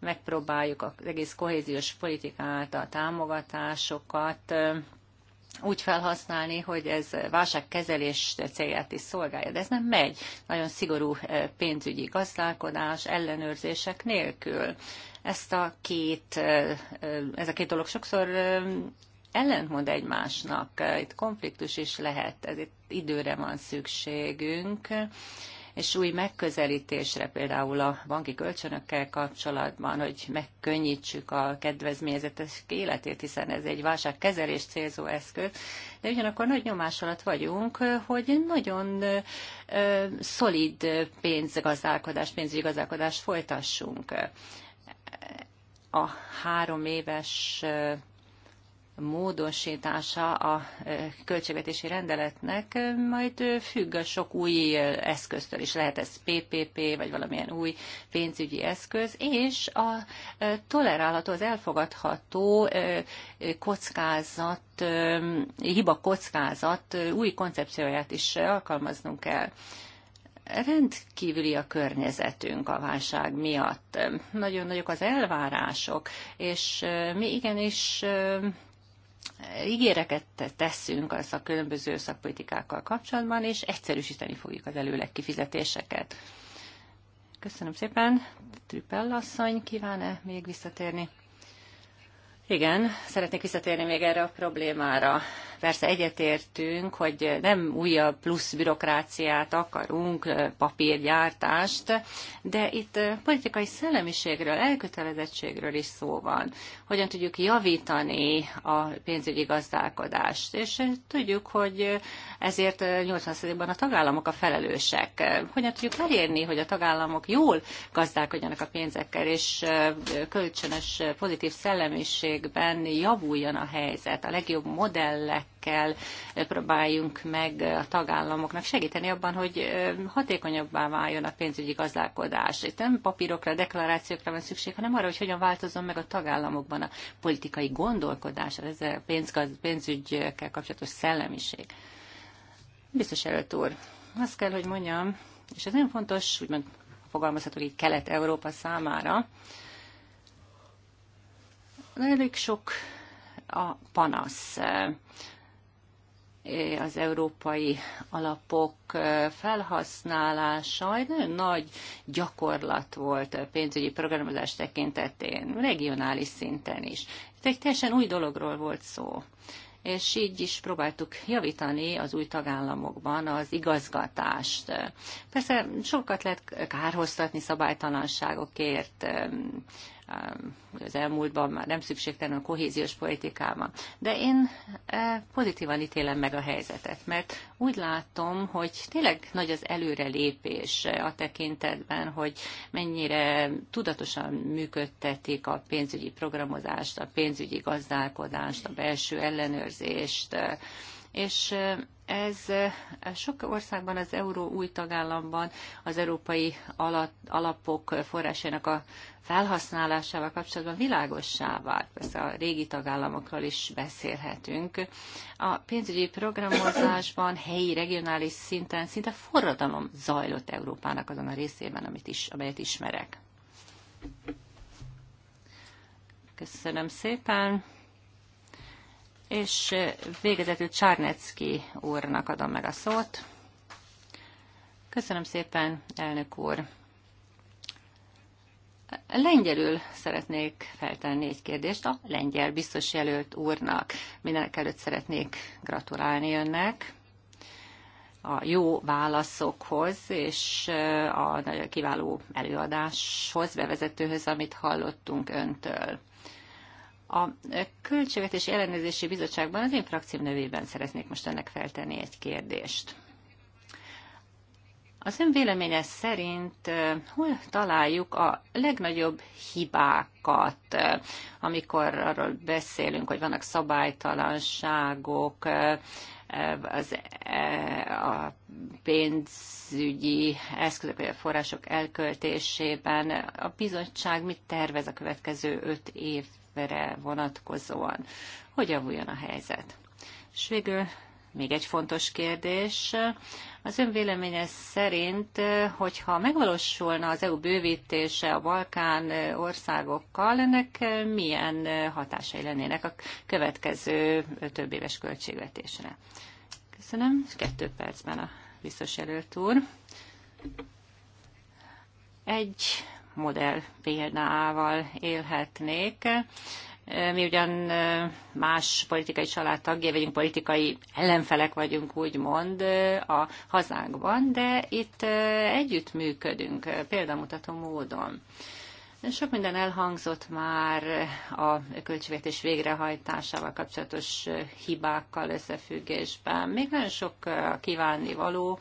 [SPEAKER 3] megpróbáljuk az egész kohéziós politikát, a támogatásokat úgy felhasználni, hogy ez válságkezelés célját is szolgálja. De ez nem megy. Nagyon szigorú pénzügyi gazdálkodás, ellenőrzések nélkül. Ezt a két, ez a két dolog sokszor ellentmond egymásnak. Itt konfliktus is lehet, ez itt időre van szükségünk és új megközelítésre, például a banki kölcsönökkel kapcsolatban, hogy megkönnyítsük a kedvezményezetes életét, hiszen ez egy válságkezelés célzó eszköz, de ugyanakkor nagy nyomás alatt vagyunk, hogy nagyon szolid pénzgazdálkodás, pénzügyi gazdálkodást folytassunk. A három éves módosítása a költségvetési rendeletnek majd függ a sok új eszköztől is. Lehet ez PPP, vagy valamilyen új pénzügyi eszköz, és a tolerálható, az elfogadható kockázat, hiba kockázat új koncepcióját is alkalmaznunk kell rendkívüli a környezetünk a válság miatt. Nagyon nagyok az elvárások, és mi igenis ígéreket teszünk az a különböző szakpolitikákkal kapcsolatban, és egyszerűsíteni fogjuk az előleg kifizetéseket. Köszönöm szépen. Trüppel asszony kíván-e még visszatérni? Igen, szeretnék visszatérni még erre a problémára. Persze egyetértünk, hogy nem újabb plusz bürokráciát akarunk, papírgyártást, de itt politikai szellemiségről, elkötelezettségről is szó van. Hogyan tudjuk javítani a pénzügyi gazdálkodást, és tudjuk, hogy ezért 80%-ban a tagállamok a felelősek. Hogyan tudjuk elérni, hogy a tagállamok jól gazdálkodjanak a pénzekkel, és kölcsönös pozitív szellemiségben javuljon a helyzet, a legjobb modellek ezekkel próbáljunk meg a tagállamoknak segíteni abban, hogy hatékonyabbá váljon a pénzügyi gazdálkodás. Itt nem papírokra, deklarációkra van szükség, hanem arra, hogy hogyan változzon meg a tagállamokban a politikai gondolkodás, ez a pénzgaz, pénzügyekkel kapcsolatos szellemiség. Biztos előtt úr, azt kell, hogy mondjam, és ez nagyon fontos, úgymond fogalmazhatok így Kelet-Európa számára, elég sok a panasz az európai alapok felhasználása egy nagyon nagy gyakorlat volt a pénzügyi programozás tekintetén, regionális szinten is. Itt egy teljesen új dologról volt szó és így is próbáltuk javítani az új tagállamokban az igazgatást. Persze sokat lehet kárhoztatni szabálytalanságokért, az elmúltban már nem szükségtelen a kohéziós politikában. De én e, pozitívan ítélem meg a helyzetet, mert úgy látom, hogy tényleg nagy az előrelépés a tekintetben, hogy mennyire tudatosan működtetik a pénzügyi programozást, a pénzügyi gazdálkodást, a belső ellenőrzést, és eh, ez eh, sok országban, az euró új tagállamban az európai alapok forrásának a felhasználásával kapcsolatban világossá vált. Persze a régi tagállamokról is beszélhetünk. A pénzügyi programozásban helyi, regionális szinten szinte forradalom zajlott Európának azon a részében, amit is, amelyet ismerek. Köszönöm szépen! és végezetül Csárnecki úrnak adom meg a szót. Köszönöm szépen, elnök úr. Lengyelül szeretnék feltenni egy kérdést a lengyel biztos jelölt úrnak. Mindenek előtt szeretnék gratulálni önnek a jó válaszokhoz és a nagyon kiváló előadáshoz, bevezetőhöz, amit hallottunk öntől. A Költségvetési Ellenőrzési Bizottságban az én frakcióm nevében szeretnék most ennek feltenni egy kérdést. Az ön véleménye szerint hol találjuk a legnagyobb hibákat, amikor arról beszélünk, hogy vannak szabálytalanságok, az, a pénzügyi eszközök vagy a források elköltésében. A bizottság mit tervez a következő öt év? szervekre vonatkozóan. Hogy javuljon a helyzet? És végül még egy fontos kérdés. Az ön véleménye szerint, hogyha megvalósulna az EU bővítése a Balkán országokkal, ennek milyen hatásai lennének a következő több éves költségvetésre? Köszönöm. Kettő percben a biztos jelölt úr. Egy modell példával élhetnék. Mi ugyan más politikai család tagjai vagyunk, politikai ellenfelek vagyunk, úgymond a hazánkban, de itt együttműködünk példamutató módon. Sok minden elhangzott már a költségvetés végrehajtásával kapcsolatos hibákkal összefüggésben. Még nagyon sok kívánni való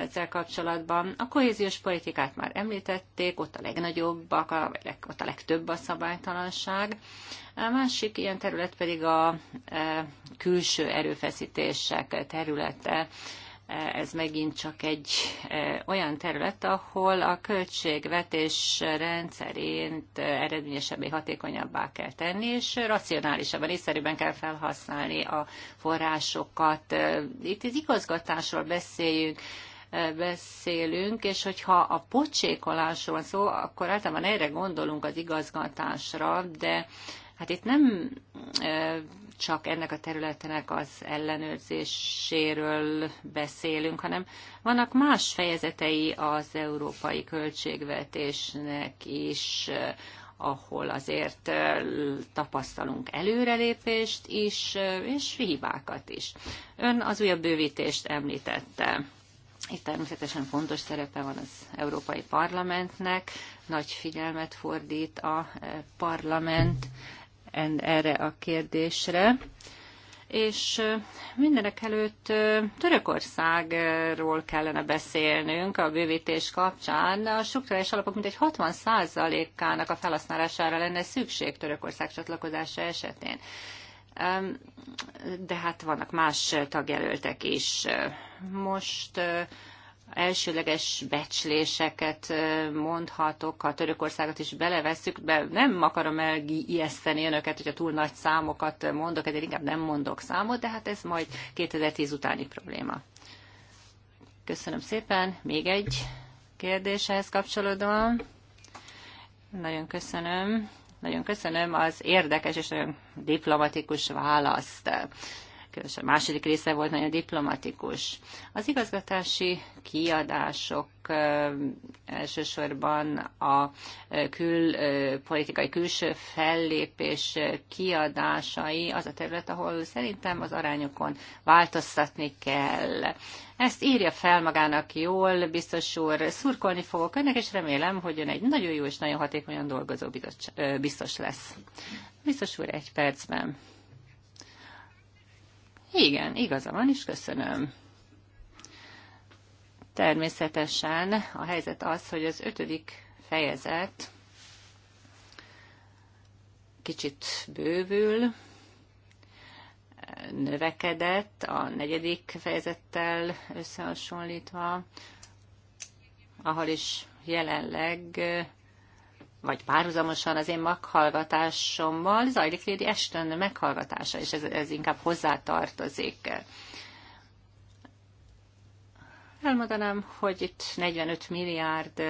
[SPEAKER 3] ezzel kapcsolatban. A kohéziós politikát már említették, ott a legnagyobb, a, vagy ott a legtöbb a szabálytalanság. A másik ilyen terület pedig a e, külső erőfeszítések területe ez megint csak egy e, olyan terület, ahol a költségvetés rendszerint e, eredményesebbé, hatékonyabbá kell tenni, és racionálisabban, észszerűbben kell felhasználni a forrásokat. E, itt az igazgatásról beszéljünk, beszélünk, és hogyha a pocsékolásról van szó, akkor általában erre gondolunk az igazgatásra, de Hát itt nem csak ennek a területnek az ellenőrzéséről beszélünk, hanem vannak más fejezetei az európai költségvetésnek is, ahol azért tapasztalunk előrelépést is, és hibákat is. Ön az újabb bővítést említette. Itt természetesen fontos szerepe van az Európai Parlamentnek, nagy figyelmet fordít a parlament erre a kérdésre. És mindenek előtt Törökországról kellene beszélnünk a bővítés kapcsán. A struktúrális alapok mintegy 60%-ának a felhasználására lenne szükség Törökország csatlakozása esetén. De hát vannak más tagjelöltek is. Most elsőleges becsléseket mondhatok, ha Törökországot is belevesszük, de nem akarom elijeszteni önöket, hogyha túl nagy számokat mondok, ezért inkább nem mondok számot, de hát ez majd 2010 utáni probléma. Köszönöm szépen. Még egy kérdéshez kapcsolódóan. Nagyon köszönöm. Nagyon köszönöm az érdekes és nagyon diplomatikus választ és a második része volt nagyon diplomatikus. Az igazgatási kiadások elsősorban a kül, politikai külső fellépés kiadásai az a terület, ahol szerintem az arányokon változtatni kell. Ezt írja fel magának jól, biztos úr, szurkolni fogok önnek, és remélem, hogy ön egy nagyon jó és nagyon hatékonyan dolgozó biztos lesz. Biztos úr, egy percben. Igen, igaza van, és köszönöm. Természetesen a helyzet az, hogy az ötödik fejezet kicsit bővül, növekedett a negyedik fejezettel összehasonlítva, ahol is jelenleg vagy párhuzamosan az én meghallgatásommal zajlik Lady Ashton meghallgatása, és ez, ez inkább hozzátartozik. Elmondanám, hogy itt 45 milliárd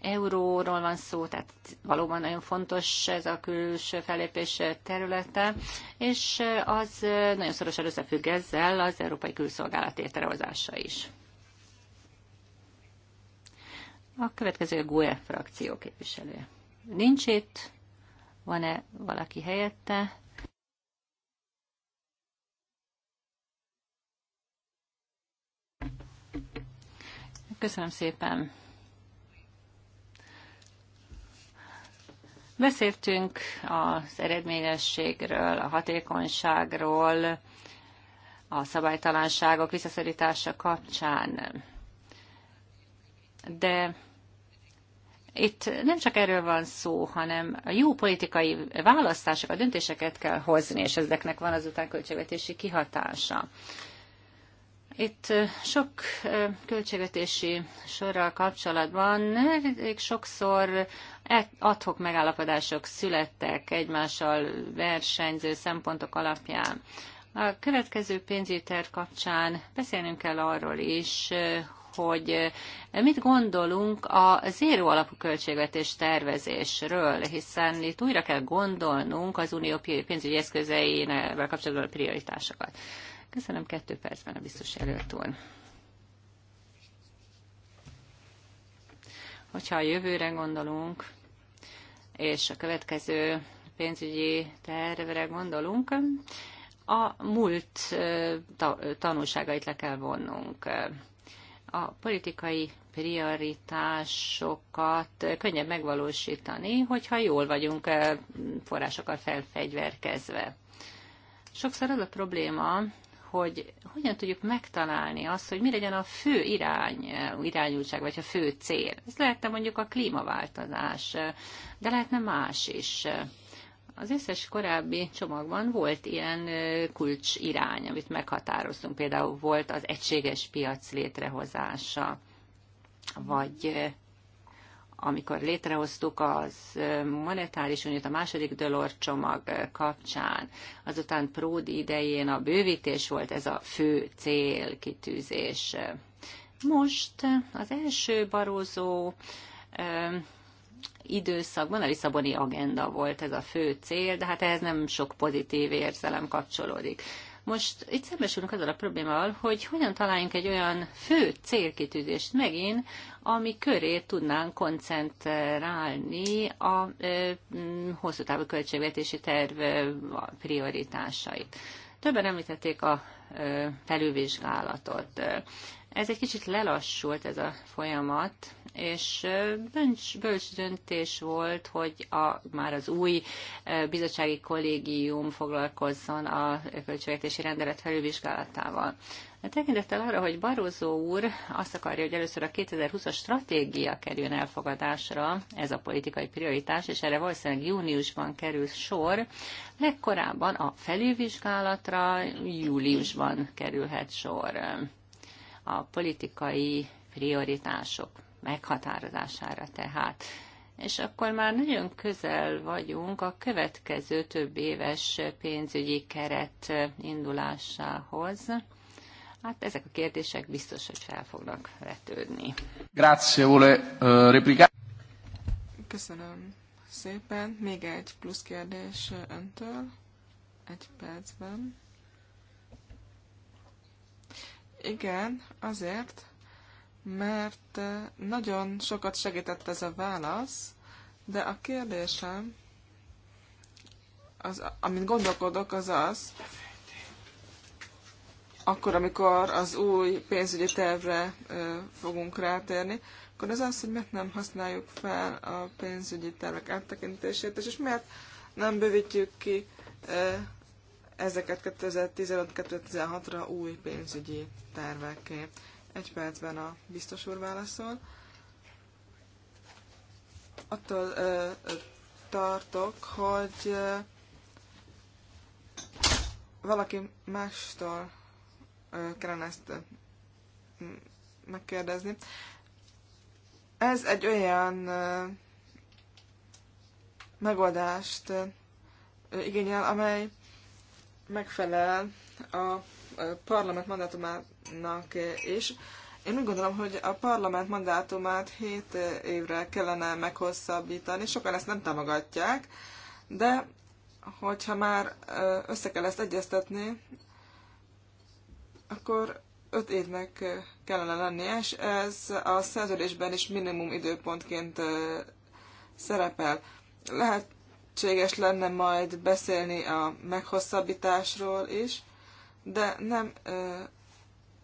[SPEAKER 3] euróról van szó, tehát valóban nagyon fontos ez a külső fellépés területe, és az nagyon szorosan összefügg ezzel az Európai Külszolgálat létrehozása is. A következő a GUE frakció képviselője. Nincs itt, van-e valaki helyette? Köszönöm szépen. Beszéltünk az eredményességről, a hatékonyságról, a szabálytalanságok visszaszorítása kapcsán, de itt nem csak erről van szó, hanem a jó politikai választásokat, döntéseket kell hozni, és ezeknek van azután költségvetési kihatása. Itt sok költségvetési sorral kapcsolatban elég sokszor e-, adhok megállapodások születtek egymással versenyző szempontok alapján. A következő terv kapcsán beszélnünk kell arról is, hogy eh, mit gondolunk a zéró alapú költségvetés tervezésről, hiszen itt újra kell gondolnunk az unió pénzügyi eszközeinek kapcsolatban a prioritásokat. Köszönöm kettő percben a biztos jelölt úr. Hogyha a jövőre gondolunk, és a következő pénzügyi tervre gondolunk, a múlt eh, tanulságait le kell vonnunk a politikai prioritásokat könnyebb megvalósítani, hogyha jól vagyunk eh, forrásokkal felfegyverkezve. Sokszor az a probléma, hogy hogyan tudjuk megtalálni azt, hogy mi legyen a fő irány, eh, irányultság, vagy a fő cél. Ez lehetne mondjuk a klímaváltozás, eh, de lehetne más is. Az összes korábbi csomagban volt ilyen kulcs irány, amit meghatároztunk. Például volt az egységes piac létrehozása, vagy amikor létrehoztuk az monetáris uniót a második Delors csomag kapcsán, azután Pródi idején a bővítés volt ez a fő célkitűzés. Most az első barózó időszakban a Lisszaboni agenda volt ez a fő cél, de hát ehhez nem sok pozitív érzelem kapcsolódik. Most itt szembesülünk azzal a problémával, hogy hogyan találjunk egy olyan fő célkitűzést megint, ami köré tudnánk koncentrálni a ö, hosszú távú költségvetési terv ö, prioritásait. Többen említették a felülvizsgálatot. Ez egy kicsit lelassult ez a folyamat, és bölcs, bölcs döntés volt, hogy a, már az új bizottsági kollégium foglalkozzon a költségvetési rendelet felülvizsgálatával. Tekintettel arra, hogy Barózó úr azt akarja, hogy először a 2020-as stratégia kerüljön elfogadásra, ez a politikai prioritás, és erre valószínűleg júniusban kerül sor, legkorábban a felülvizsgálatra júliusban kerülhet sor a politikai prioritások meghatározására tehát. És akkor már nagyon közel vagyunk a következő több éves pénzügyi keret indulásához. Hát ezek a kérdések biztos, hogy fel fognak vetődni.
[SPEAKER 1] Grazie, vole eh,
[SPEAKER 4] Köszönöm szépen. Még egy plusz kérdés öntől. Egy percben. Igen, azért, mert eh, nagyon sokat segített ez a válasz, de a kérdésem, az, amit gondolkodok, az az, akkor, amikor az új pénzügyi tervre ö, eh, fogunk rátérni, akkor az az, hogy miért nem használjuk fel a pénzügyi tervek áttekintését, és, és miért nem bővítjük ki ö, eh, ezeket 2015-2016-ra új pénzügyi tervekké. Egy percben a biztos úr válaszol. Attól ö, ö, tartok, hogy ö, valaki mástól ö, kellene ezt ö, megkérdezni. Ez egy olyan ö, megoldást ö, igényel, amely megfelel a parlament mandátumának is. Én úgy gondolom, hogy a parlament mandátumát 7 évre kellene meghosszabbítani. Sokan ezt nem támogatják, de hogyha már össze kell ezt egyeztetni, akkor 5 évnek kellene lennie, és ez a szerződésben is minimum időpontként szerepel. Lehet lehetséges lenne majd beszélni a meghosszabbításról is, de nem ö,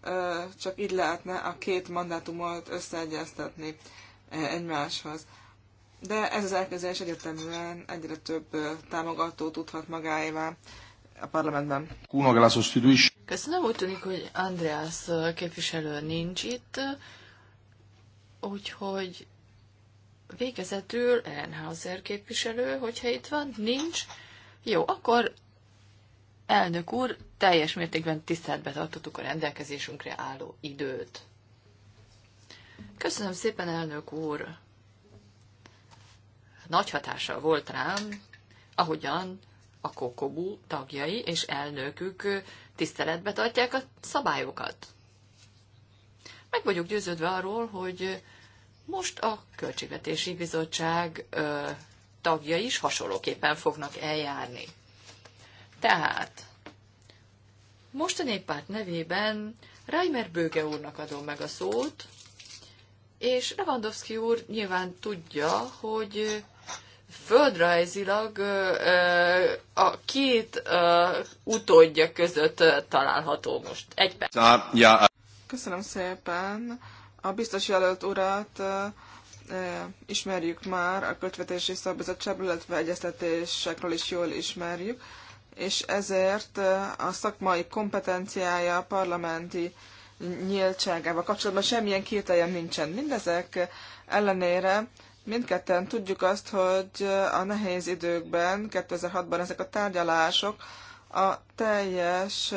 [SPEAKER 4] ö, csak így lehetne a két mandátumot összeegyeztetni egymáshoz. De ez az elképzelés egyértelműen egyre több támogató tudhat magáévá a parlamentben. Köszönöm, úgy tűnik, hogy Andreas képviselő nincs itt,
[SPEAKER 2] úgyhogy Végezetül Ehrenhauser képviselő, hogyha itt van, nincs. Jó, akkor elnök úr, teljes mértékben tiszteletbe tartottuk a rendelkezésünkre álló időt. Köszönöm szépen, elnök úr! Nagy hatással volt rám, ahogyan a kokobú tagjai és elnökük tiszteletbe tartják a szabályokat. Meg vagyok győződve arról, hogy most a Költségvetési Bizottság ö, tagja is hasonlóképpen fognak eljárni. Tehát most a néppárt nevében Reimer Bőge úrnak adom meg a szót, és Lewandowski úr nyilván tudja, hogy földrajzilag a két utódja
[SPEAKER 4] között található most. Egy perc. Köszönöm szépen. A biztos jelölt urat ismerjük már, a költvetési szakbizottságból, illetve egyeztetésekről is jól ismerjük, és ezért a szakmai kompetenciája, a parlamenti nyíltságával kapcsolatban semmilyen kételjem nincsen. Mindezek ellenére mindketten tudjuk azt, hogy a nehéz időkben, 2006-ban ezek a tárgyalások a teljes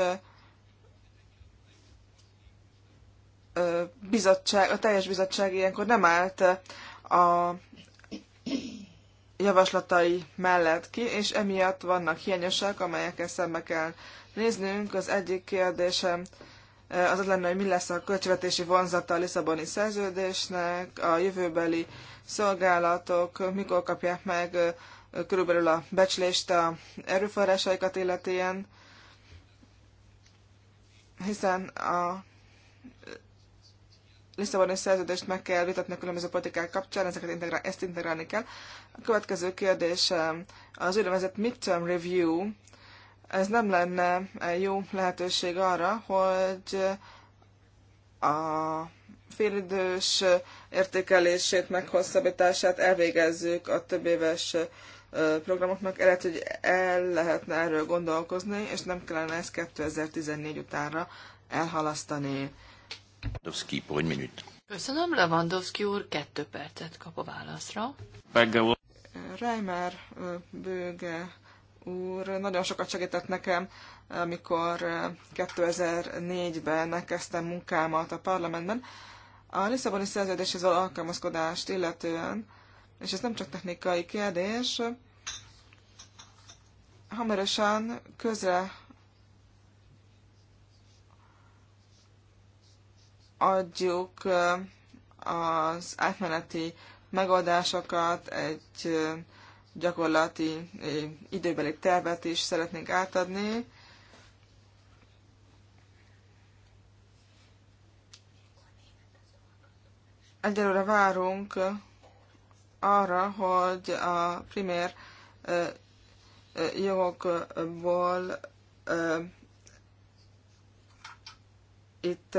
[SPEAKER 4] bizottság, a teljes bizottság ilyenkor nem állt a javaslatai mellett ki, és emiatt vannak hiányosak, amelyekkel szembe kell néznünk. Az egyik kérdésem az az lenne, hogy mi lesz a költségvetési vonzata a Lisszaboni szerződésnek, a jövőbeli szolgálatok mikor kapják meg körülbelül a becslést a erőforrásaikat illetően, hiszen a Lisszaboni szerződést meg kell vitatni a különböző politikák kapcsán, ezeket integrál, ezt integrálni kell. A következő kérdés az úgynevezett midterm review. Ez nem lenne jó lehetőség arra, hogy a félidős értékelését, meghosszabbítását elvégezzük a több éves programoknak, lehet, hogy el lehetne erről gondolkozni, és nem kellene ezt 2014 utánra elhalasztani.
[SPEAKER 1] Lewandowski, pour une minute.
[SPEAKER 4] Köszönöm, Lewandowski úr, kettő percet kap a válaszra. Reimer Bőge úr nagyon sokat segített nekem, amikor 2004-ben kezdtem munkámat a parlamentben. A Lisszaboni szerződéshez való alkalmazkodást illetően, és ez nem csak technikai kérdés, hamarosan közre adjuk az átmeneti megoldásokat, egy gyakorlati időbeli tervet is szeretnénk átadni. Egyelőre várunk arra, hogy a primér jogokból itt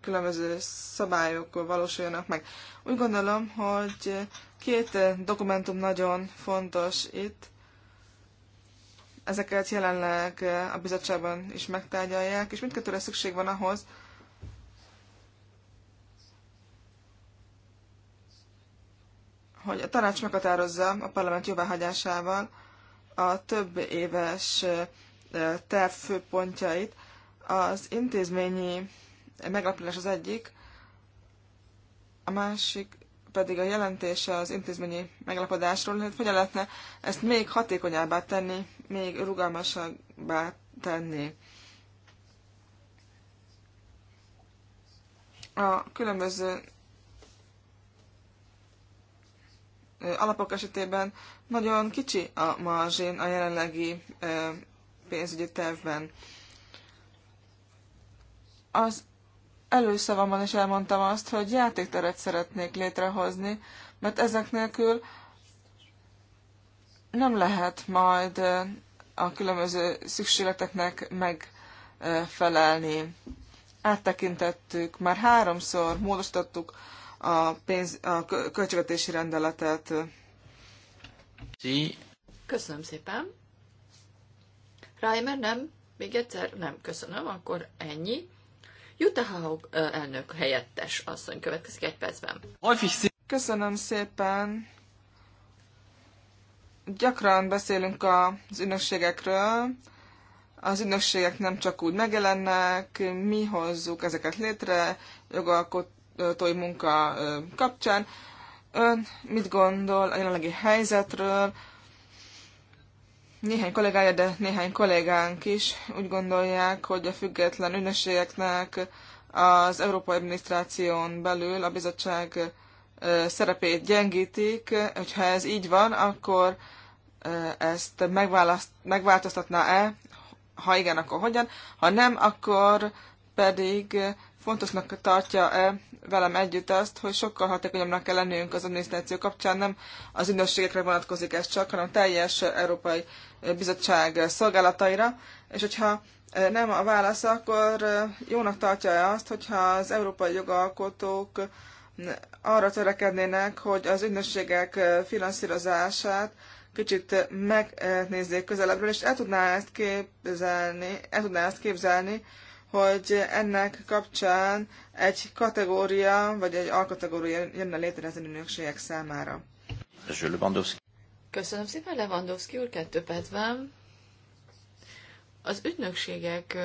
[SPEAKER 4] különböző szabályok valósuljanak meg. Úgy gondolom, hogy két dokumentum nagyon fontos itt. Ezeket jelenleg a bizottságban is megtárgyalják, és mindkettőre szükség van ahhoz, hogy a tanács meghatározza a parlament jóváhagyásával a több éves terv főpontjait, az intézményi megalapulás az egyik, a másik pedig a jelentése az intézményi megalapodásról, hogy hogyan lehetne ezt még hatékonyabbá tenni, még rugalmasabbá tenni. A különböző alapok esetében nagyon kicsi a marzsin a jelenlegi pénzügyi tervben. Az előszavamban is elmondtam azt, hogy játékteret szeretnék létrehozni, mert ezek nélkül nem lehet majd a különböző szükségleteknek megfelelni. Áttekintettük, már háromszor módosítottuk a, pénz, a költségvetési rendeletet.
[SPEAKER 2] Köszönöm szépen. Reimer, nem? Még egyszer? Nem, köszönöm. Akkor ennyi. Jutta Haug elnök helyettes asszony következik
[SPEAKER 4] egy percben. Köszönöm szépen. Gyakran beszélünk az ügynökségekről. Az ügynökségek nem csak úgy megjelennek, mi hozzuk ezeket létre jogalkotói munka kapcsán. Ön mit gondol a jelenlegi helyzetről, néhány kollégája, de néhány kollégánk is úgy gondolják, hogy a független ünnepségeknek az Európai Adminisztráción belül a bizottság szerepét gyengítik, hogyha ez így van, akkor ezt megváltoztatná-e, ha igen, akkor hogyan, ha nem, akkor pedig fontosnak tartja-e velem együtt azt, hogy sokkal hatékonyabbnak kell lennünk az adminisztráció kapcsán, nem az ügynökségekre vonatkozik ez csak, hanem teljes Európai Bizottság szolgálataira, és hogyha e, nem a válasz, akkor e, jónak tartja-e azt, hogyha az európai jogalkotók e, arra törekednének, hogy az ügynökségek finanszírozását kicsit megnézzék közelebbről, és el tudná ezt képzelni, el tudná ezt képzelni hogy ennek kapcsán egy kategória, vagy egy alkategória jönne létre az ügynökségek számára. Köszönöm szépen, Lewandowski úr, kettő van. Az ügynökségek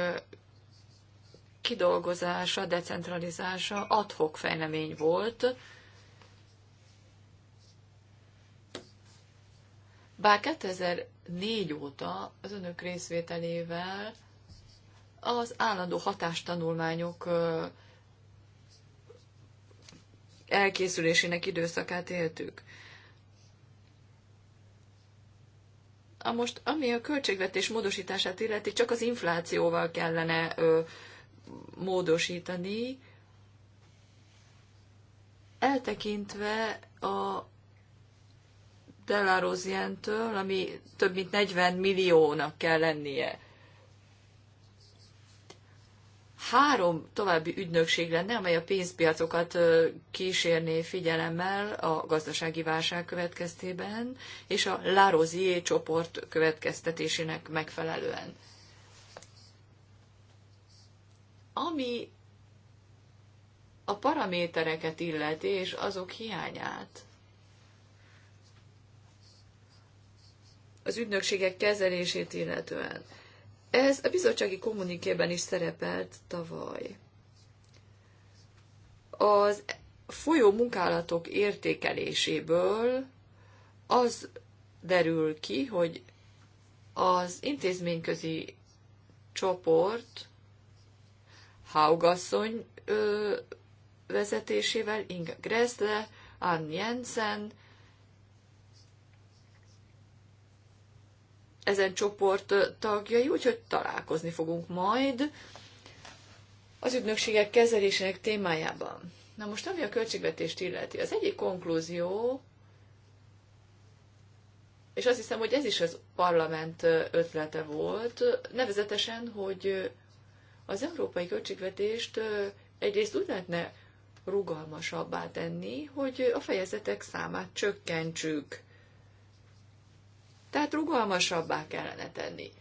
[SPEAKER 2] kidolgozása, decentralizása adhok fejlemény volt, bár 2004 óta az önök részvételével az állandó hatástanulmányok elkészülésének időszakát éltük. A most, ami a költségvetés módosítását illeti, csak az inflációval kellene ö, módosítani, eltekintve a Delarosientől, ami több mint 40 milliónak kell lennie három további ügynökség lenne, amely a pénzpiacokat kísérné figyelemmel a gazdasági válság következtében, és a Larosier csoport következtetésének megfelelően. Ami a paramétereket illeti, és azok hiányát, az ügynökségek kezelését illetően ez a bizottsági kommunikében is szerepelt tavaly. Az folyó munkálatok értékeléséből az derül ki, hogy az intézményközi csoport Haugasszony vezetésével, Inga Gressle, Ann Jensen, ezen csoport tagjai, úgyhogy találkozni fogunk majd az ügynökségek kezelésének témájában. Na most, ami a költségvetést illeti, az egyik konklúzió, és azt hiszem, hogy ez is az parlament ötlete volt, nevezetesen, hogy az európai költségvetést egyrészt úgy lehetne rugalmasabbá tenni, hogy a fejezetek számát csökkentsük. Tehát rugalmasabbá kellene tenni.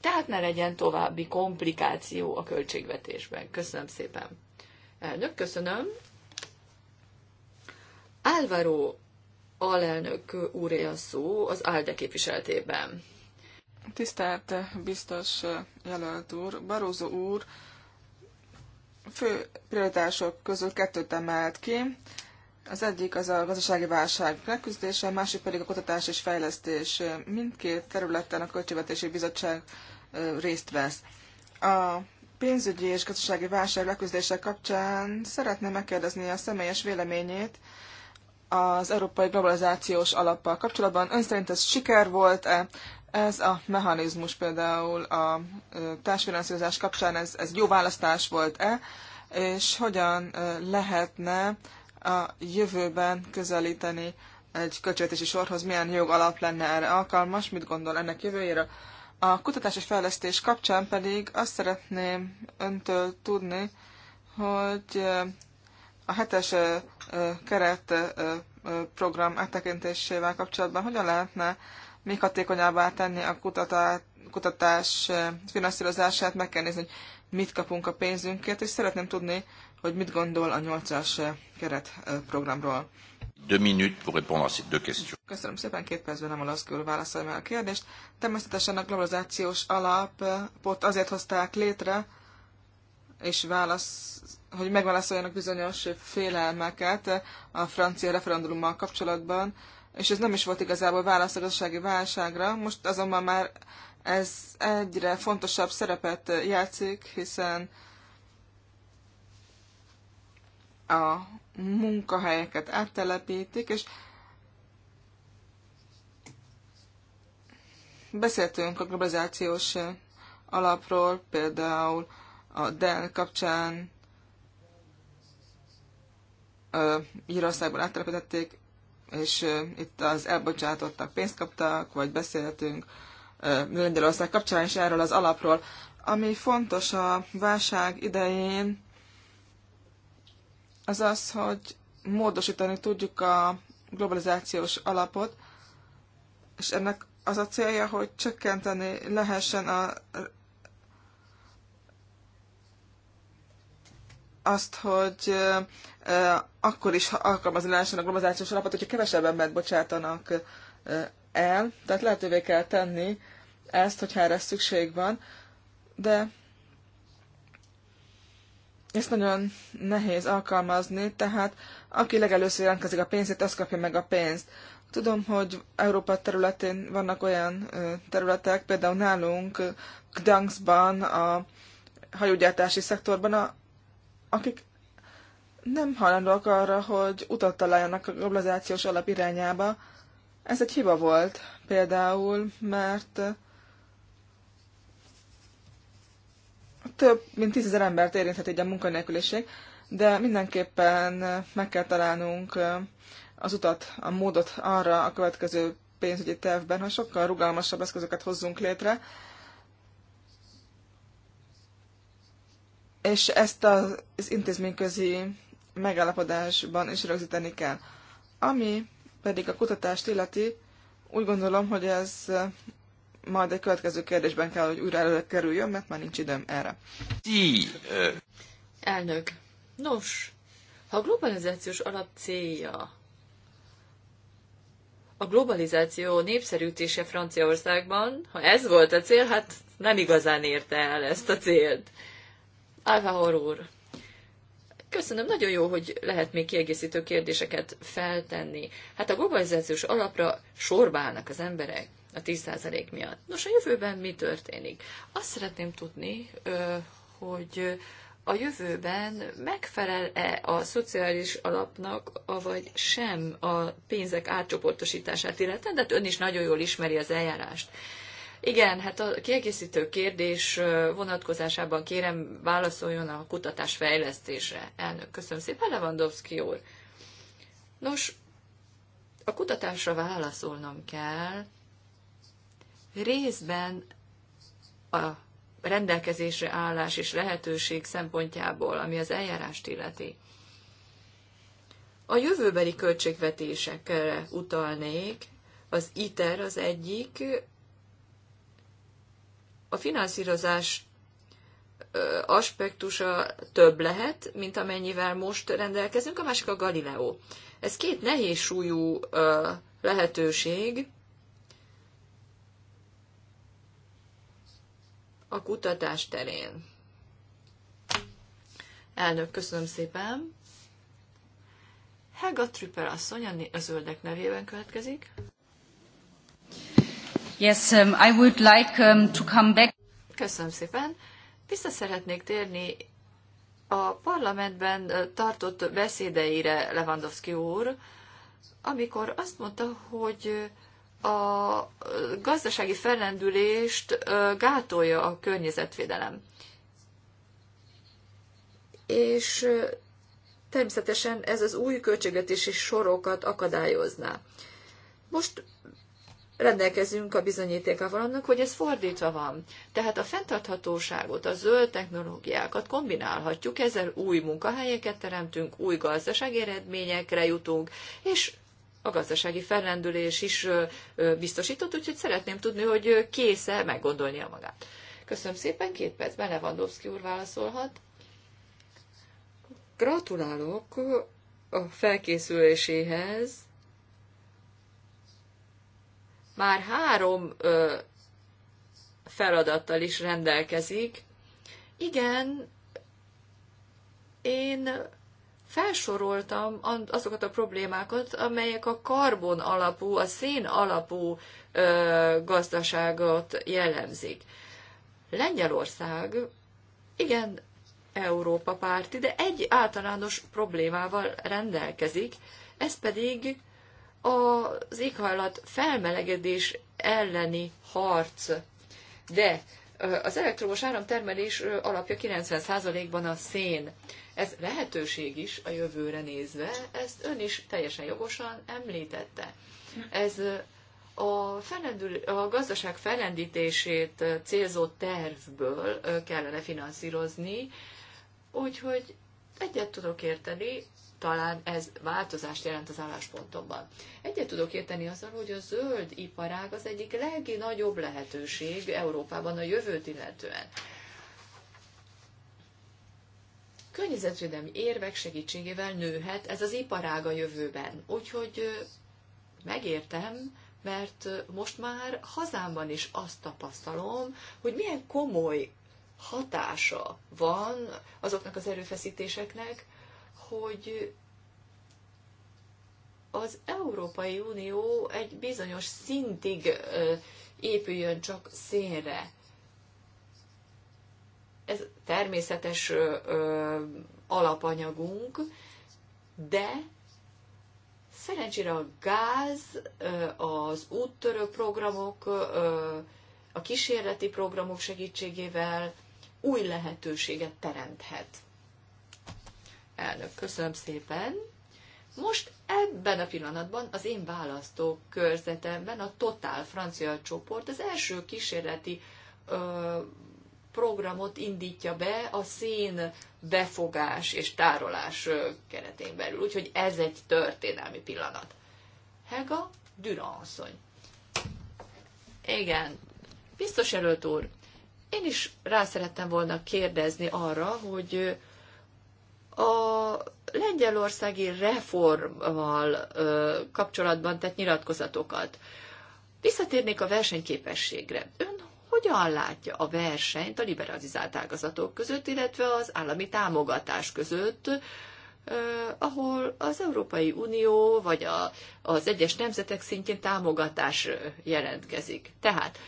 [SPEAKER 2] Tehát ne legyen további komplikáció a költségvetésben. Köszönöm szépen. Elnök, köszönöm. Álvaro alelnök úré a szó
[SPEAKER 4] az ALDE képviseletében. Tisztelt biztos jelölt úr, Barózó úr fő prioritások közül kettőt emelt ki. Az egyik az a gazdasági válság leküzdése, a másik pedig a kutatás és fejlesztés. Mindkét területen a Költségvetési Bizottság részt vesz. A pénzügyi és gazdasági válság leküzdése kapcsán szeretném megkérdezni a személyes véleményét az európai globalizációs alappal kapcsolatban. Ön szerint ez siker volt-e? Ez a mechanizmus például a társfinanszírozás kapcsán, ez, ez jó választás volt-e, és hogyan lehetne a jövőben közelíteni egy költségvetési sorhoz, milyen jogalap lenne erre alkalmas, mit gondol ennek jövőjére. A kutatás és fejlesztés kapcsán pedig azt szeretném öntől tudni, hogy a hetes keret program áttekintésével kapcsolatban hogyan lehetne még hatékonyabbá tenni a kutatá, kutatás eh, finanszírozását, meg kell nézni, hogy mit kapunk a pénzünkért, és szeretném tudni, hogy mit gondol a 8-as eh, keretprogramról. Eh, Köszönöm szépen, két percben nem olaszkül válaszolj meg a kérdést. Természetesen a globalizációs alapot azért hozták létre, és válasz, hogy megválaszoljanak bizonyos félelmeket a francia referendummal kapcsolatban, és ez nem is volt igazából válasz a gazdasági válságra, most azonban már ez egyre fontosabb szerepet játszik, hiszen a munkahelyeket áttelepítik, és beszéltünk a globalizációs alapról, például a Dell kapcsán Írországból áttelepítették és itt az elbocsátottak pénzt kaptak, vagy beszéltünk Lengyelország kapcsán is erről az alapról. Ami fontos a válság idején, az az, hogy módosítani tudjuk a globalizációs alapot, és ennek az a célja, hogy csökkenteni lehessen a azt, hogy akkor is alkalmazni lehessen a globalizációs alapot, hogyha kevesebb embert bocsátanak el, tehát lehetővé kell tenni ezt, hogyha erre szükség van, de ezt nagyon nehéz alkalmazni, tehát aki legelőször jelentkezik a pénzét, az kapja meg a pénzt. Tudom, hogy Európa területén vannak olyan területek, például nálunk Gdanskban, a hajógyártási szektorban a akik nem hajlandóak arra, hogy utat találjanak a globalizációs alap irányába. Ez egy hiba volt például, mert több mint tízezer embert érinthet így a munkanélküliség, de mindenképpen meg kell találnunk az utat, a módot arra a következő pénzügyi tervben, ha sokkal rugalmasabb eszközöket hozzunk létre, és ezt az intézményközi megállapodásban is rögzíteni kell. Ami pedig a kutatást illeti, úgy gondolom, hogy ez majd egy következő kérdésben kell, hogy újra előre kerüljön, mert már nincs időm erre. Elnök, nos, ha a
[SPEAKER 2] globalizációs alap célja a globalizáció népszerűtése Franciaországban, ha ez volt a cél, hát nem igazán érte el ezt a célt. Álvahor úr, köszönöm, nagyon jó, hogy lehet még kiegészítő kérdéseket feltenni. Hát a globalizációs alapra sorbálnak az emberek a 10% miatt. Nos, a jövőben mi történik? Azt szeretném tudni, hogy a jövőben megfelel-e a szociális alapnak, vagy sem a pénzek átcsoportosítását illetve, de hát ön is nagyon jól ismeri az eljárást. Igen, hát a kiegészítő kérdés vonatkozásában kérem válaszoljon a kutatás fejlesztésre. Elnök, köszönöm szépen, Lewandowski úr. Nos, a kutatásra válaszolnom kell. Részben a rendelkezésre állás és lehetőség szempontjából, ami az eljárást illeti. A jövőbeli költségvetésekre utalnék, az ITER az egyik, a finanszírozás aspektusa több lehet, mint amennyivel most rendelkezünk, a másik a Galileo. Ez két nehéz súlyú lehetőség a kutatás terén. Elnök, köszönöm szépen. Helga Tripper asszony a zöldek nevében következik.
[SPEAKER 3] Yes, um, I would like um, to come back.
[SPEAKER 2] Köszönöm szépen. Vissza szeretnék térni a parlamentben tartott beszédeire Lewandowski úr, amikor azt mondta, hogy a gazdasági fellendülést gátolja a környezetvédelem. És természetesen ez az új költségvetési sorokat akadályozná. Most rendelkezünk a bizonyítékával annak, hogy ez fordítva van. Tehát a fenntarthatóságot, a zöld technológiákat kombinálhatjuk, ezzel új munkahelyeket teremtünk, új gazdasági eredményekre jutunk, és a gazdasági fellendülés is biztosított, úgyhogy szeretném tudni, hogy késze meggondolnia magát. Köszönöm szépen, két percben Lewandowski úr válaszolhat. Gratulálok a felkészüléséhez, már három ö, feladattal is rendelkezik. Igen, én felsoroltam azokat a problémákat, amelyek a karbon alapú, a szén alapú ö, gazdaságot jellemzik. Lengyelország, igen, Európa párti, de egy általános problémával rendelkezik, ez pedig az éghajlat felmelegedés elleni harc. De az elektromos áramtermelés alapja 90%-ban a szén. Ez lehetőség is a jövőre nézve, ezt ön is teljesen jogosan említette. Ez a, felendül, a gazdaság felendítését célzó tervből kellene finanszírozni, úgyhogy egyet tudok érteni, talán ez változást jelent az álláspontomban. Egyet tudok érteni azzal, hogy a zöld iparág az egyik legnagyobb lehetőség Európában a jövőt illetően. Környezetvédelmi érvek segítségével nőhet ez az iparág a jövőben. Úgyhogy megértem, mert most már hazámban is azt tapasztalom, hogy milyen komoly hatása van azoknak az erőfeszítéseknek, hogy az Európai Unió egy bizonyos szintig épüljön csak szénre. Ez természetes alapanyagunk, de szerencsére a gáz, az úttörő programok, a kísérleti programok segítségével új lehetőséget teremthet. Elnök, köszönöm szépen. Most ebben a pillanatban az én választó körzetemben a Total francia csoport az első kísérleti ö, programot indítja be a szén befogás és tárolás keretén belül. Úgyhogy ez egy történelmi pillanat. Hega Duranszony. Igen, biztos előtt úr, én is rá szerettem volna kérdezni arra, hogy a lengyelországi reformmal kapcsolatban tett nyilatkozatokat. Visszatérnék a versenyképességre. Ön hogyan látja a versenyt a liberalizált ágazatok között, illetve az állami támogatás között, ahol az Európai Unió vagy a, az egyes nemzetek szintjén támogatás jelentkezik. Tehát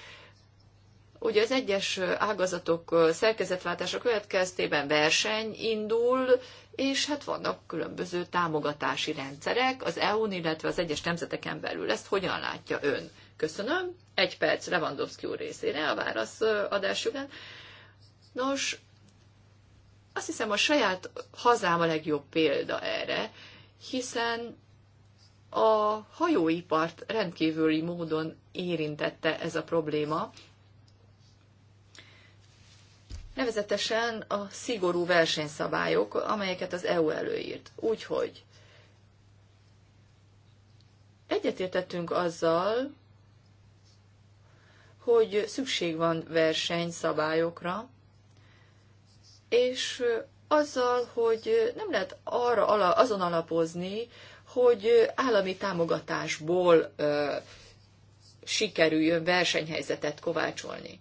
[SPEAKER 2] Ugye az egyes ágazatok szerkezetváltása következtében verseny indul, és hát vannak különböző támogatási rendszerek az EU-n, illetve az egyes nemzeteken belül. Ezt hogyan látja ön? Köszönöm. Egy perc Lewandowski úr részére a válasz adás Nos, azt hiszem a saját hazám a legjobb példa erre, hiszen a hajóipart rendkívüli módon érintette ez a probléma, nevezetesen a szigorú versenyszabályok, amelyeket az EU előírt. Úgyhogy egyetértettünk azzal, hogy szükség van versenyszabályokra, és azzal, hogy nem lehet arra azon alapozni, hogy állami támogatásból ö, sikerüljön versenyhelyzetet kovácsolni.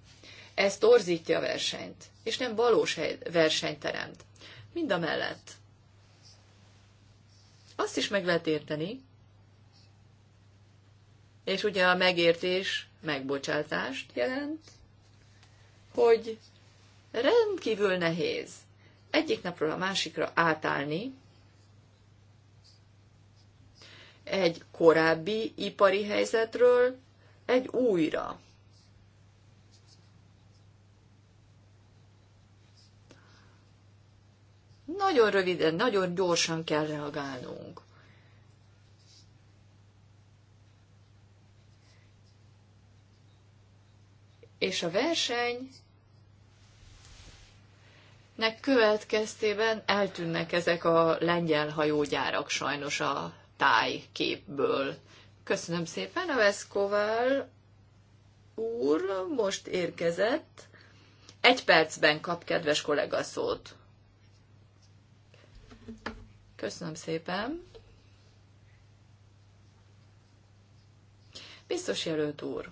[SPEAKER 2] Ez torzítja a versenyt és nem valós versenyt teremt. Mind a mellett. Azt is meg lehet érteni, és ugye a megértés megbocsátást jelent, hogy rendkívül nehéz egyik napról a másikra átállni egy korábbi ipari helyzetről egy újra. Nagyon röviden, nagyon gyorsan kell reagálnunk. És a verseny nek következtében eltűnnek ezek a lengyel hajógyárak sajnos a tájképből. Köszönöm szépen, a Veszkovál úr most érkezett. Egy percben kap kedves kollega szót. Köszönöm szépen. Biztos jelölt úr.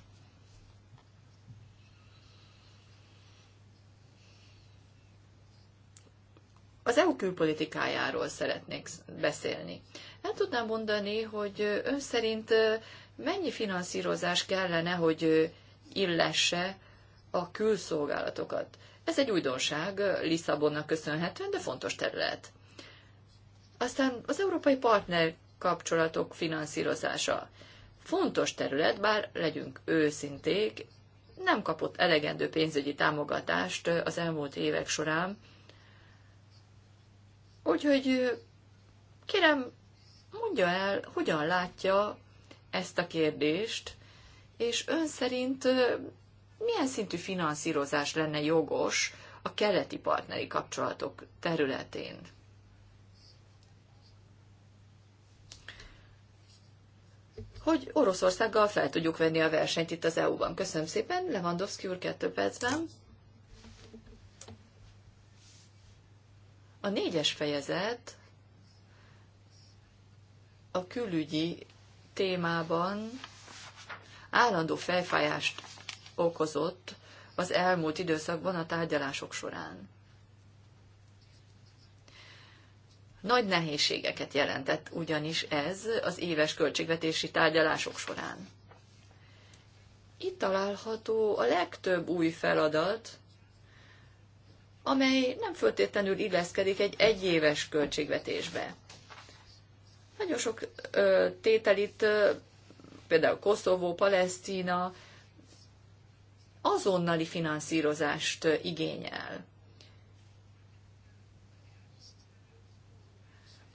[SPEAKER 2] Az EU külpolitikájáról szeretnék beszélni. El tudnám mondani, hogy ön szerint mennyi finanszírozás kellene, hogy illesse a külszolgálatokat? Ez egy újdonság, Lisszabonnak köszönhetően, de fontos terület. Aztán az európai partner kapcsolatok finanszírozása. Fontos terület, bár legyünk őszinték, nem kapott elegendő pénzügyi támogatást az elmúlt évek során. Úgyhogy kérem, mondja el, hogyan látja ezt a kérdést, és ön szerint milyen szintű finanszírozás lenne jogos a keleti partneri kapcsolatok területén? hogy Oroszországgal fel tudjuk venni a versenyt itt az EU-ban. Köszönöm szépen, Lewandowski úr kettő percben. A négyes fejezet a külügyi témában állandó fejfájást okozott az elmúlt időszakban a tárgyalások során. Nagy nehézségeket jelentett ugyanis ez az éves költségvetési tárgyalások során. Itt található a legtöbb új feladat, amely nem föltétlenül illeszkedik egy egyéves költségvetésbe. Nagyon sok ö, itt, ö, például Koszovó, Palesztina, azonnali finanszírozást igényel.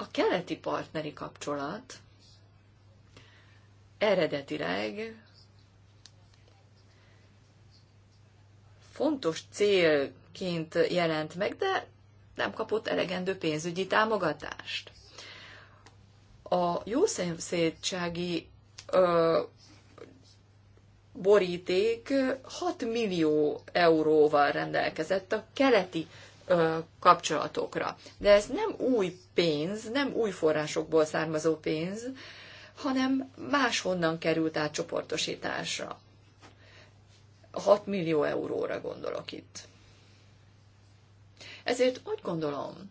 [SPEAKER 2] A keleti partneri kapcsolat eredetileg fontos célként jelent meg, de nem kapott elegendő pénzügyi támogatást. A jószomszédsági boríték 6 millió euróval rendelkezett a keleti kapcsolatokra. De ez nem új pénz, nem új forrásokból származó pénz, hanem máshonnan került át csoportosításra. 6 millió euróra gondolok itt. Ezért úgy gondolom,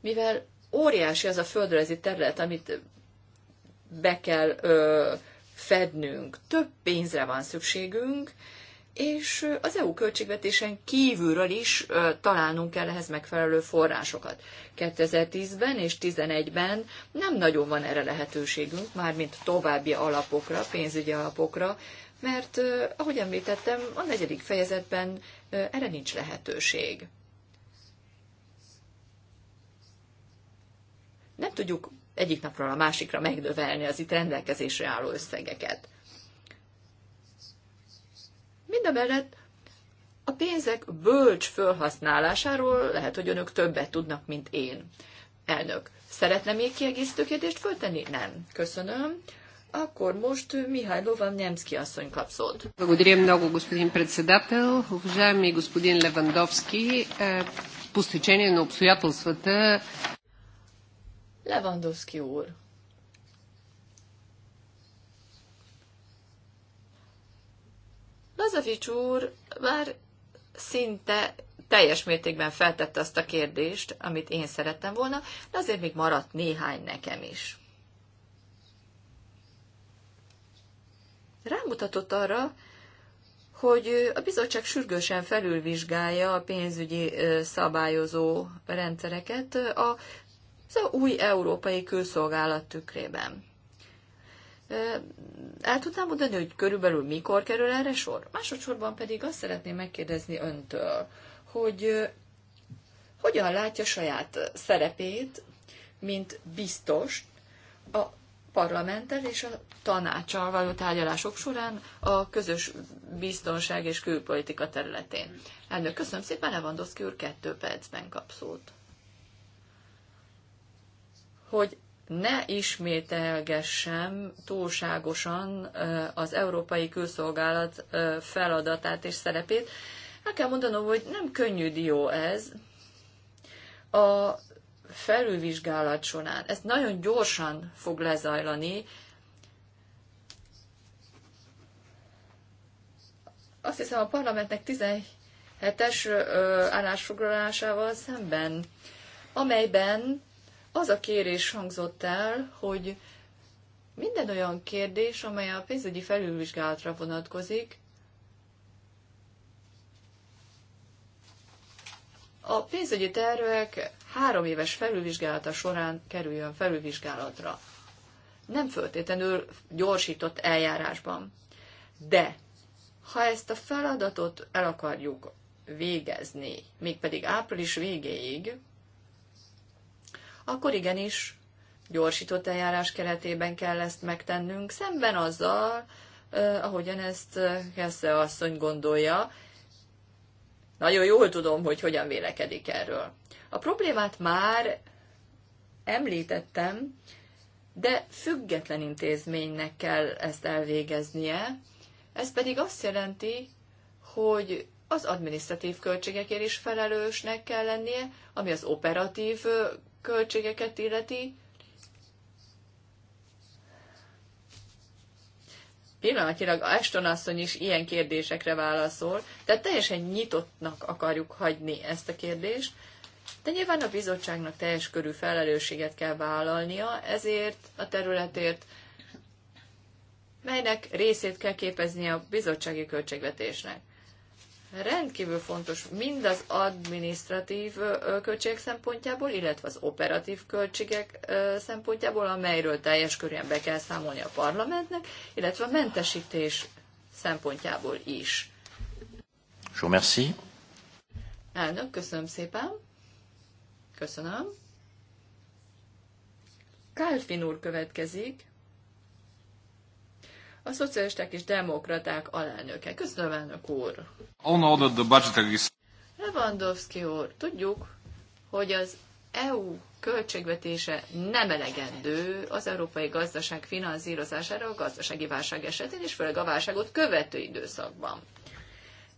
[SPEAKER 2] mivel óriási az a földrajzi terület, amit be kell ö, fednünk, több pénzre van szükségünk, és az EU költségvetésen kívülről is találnunk kell ehhez megfelelő forrásokat. 2010-ben és 2011-ben nem nagyon van erre lehetőségünk, mármint további alapokra, pénzügyi alapokra, mert ahogy említettem, a negyedik fejezetben erre nincs lehetőség. Nem tudjuk egyik napról a másikra megnövelni az itt rendelkezésre álló összegeket. Mindemellett a pénzek bölcs felhasználásáról lehet, hogy önök többet tudnak, mint én. Elnök, szeretne még kiegészítő kérdést föltenni? Nem. Köszönöm. Akkor most Mihály Lovan Nemszki asszony kap szót.
[SPEAKER 3] Благодаря много, господин председател. Уважаеми господин Левандовски, по стечение на обстоятелствата...
[SPEAKER 2] Левандовски úr, Lazavics úr már szinte teljes mértékben feltette azt a kérdést, amit én szerettem volna, de azért még maradt néhány nekem is. Rámutatott arra, hogy a bizottság sürgősen felülvizsgálja a pénzügyi szabályozó rendszereket a az új európai külszolgálat tükrében. El tudnám mondani, hogy körülbelül mikor kerül erre sor? Másodszorban pedig azt szeretném megkérdezni öntől, hogy hogyan látja saját szerepét, mint biztos a parlamenttel és a tanácsal való tárgyalások során a közös biztonság és külpolitika területén. Elnök, köszönöm szépen, Lewandowski úr kettő percben kap szót. Hogy ne ismételgessem túlságosan az Európai Külszolgálat feladatát és szerepét. El kell mondanom, hogy nem könnyű dió ez. A felülvizsgálat során ez nagyon gyorsan fog lezajlani, azt hiszem a parlamentnek 17-es állásfoglalásával szemben, amelyben az a kérés hangzott el, hogy minden olyan kérdés, amely a pénzügyi felülvizsgálatra vonatkozik, a pénzügyi tervek három éves felülvizsgálata során kerüljön felülvizsgálatra. Nem föltétlenül gyorsított eljárásban. De ha ezt a feladatot el akarjuk végezni, mégpedig április végéig, akkor igenis gyorsított eljárás keretében kell ezt megtennünk, szemben azzal, ahogyan ezt Kesze asszony gondolja. Nagyon jól tudom, hogy hogyan vélekedik erről. A problémát már említettem, de független intézménynek kell ezt elvégeznie. Ez pedig azt jelenti, hogy az adminisztratív költségekért is felelősnek kell lennie, ami az operatív költségeket illeti, pillanatilag Ashton asszony is ilyen kérdésekre válaszol, tehát teljesen nyitottnak akarjuk hagyni ezt a kérdést, de nyilván a bizottságnak teljes körű felelősséget kell vállalnia ezért a területért, melynek részét kell képezni a bizottsági költségvetésnek rendkívül fontos mind az adminisztratív költségek szempontjából, illetve az operatív költségek szempontjából, amelyről teljes körűen be kell számolni a parlamentnek, illetve a mentesítés szempontjából is. Jó, merci. Elnök, köszönöm szépen. Köszönöm. Kálfin úr következik a szocialisták és demokraták alelnöke. Köszönöm, elnök úr! Lewandowski úr, tudjuk, hogy az EU költségvetése nem elegendő az európai gazdaság finanszírozására a gazdasági válság esetén, és főleg a válságot követő időszakban.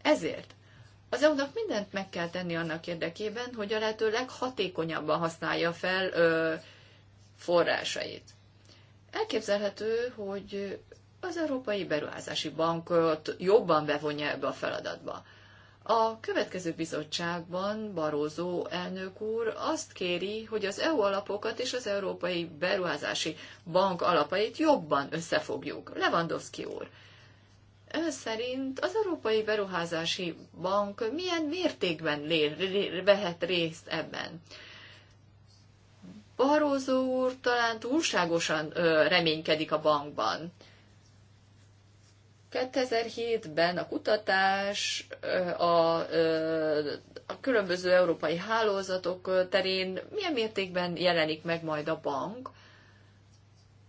[SPEAKER 2] Ezért az EU-nak mindent meg kell tenni annak érdekében, hogy a lehető leghatékonyabban használja fel ö, forrásait. Elképzelhető, hogy az Európai Beruházási Bankot jobban bevonja ebbe a feladatba. A következő bizottságban Barózó elnök úr azt kéri, hogy az EU alapokat és az Európai Beruházási Bank alapait jobban összefogjuk. Lewandowski úr, ön szerint az Európai Beruházási Bank milyen mértékben lé- vehet részt ebben? Barózó úr talán túlságosan ö, reménykedik a bankban. 2007-ben a kutatás a, a különböző európai hálózatok terén milyen mértékben jelenik meg majd a bank,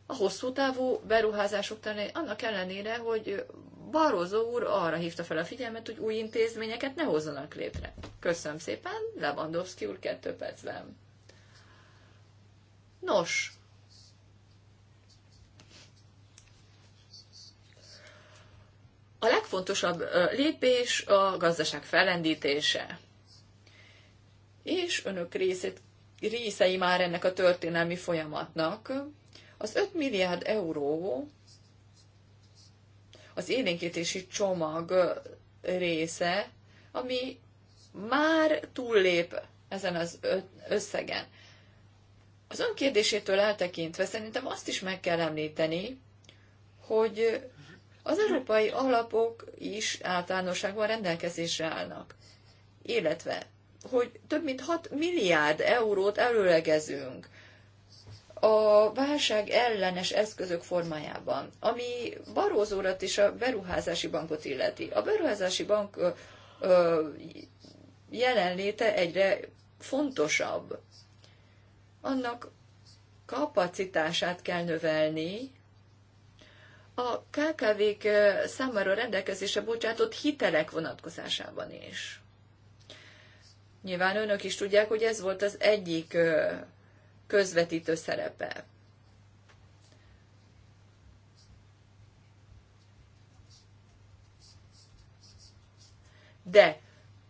[SPEAKER 2] a hosszú távú beruházások terén, annak ellenére, hogy Barroso úr arra hívta fel a figyelmet, hogy új intézményeket ne hozzanak létre. Köszönöm szépen, Lewandowski úr kettő percben. Nos, A legfontosabb lépés a gazdaság fellendítése. És önök részét, részei már ennek a történelmi folyamatnak. Az 5 milliárd euró az élénkítési csomag része, ami már túllép ezen az összegen. Az önkérdésétől eltekintve szerintem azt is meg kell említeni, hogy az európai alapok is általánosságban rendelkezésre állnak, illetve hogy több mint 6 milliárd eurót előlegezünk a válság ellenes eszközök formájában, ami Barózórat és a beruházási bankot illeti. A beruházási bank jelenléte egyre fontosabb. Annak kapacitását kell növelni, a KKV-k számára rendelkezésre bocsátott hitelek vonatkozásában is. Nyilván önök is tudják, hogy ez volt az egyik közvetítő szerepe. De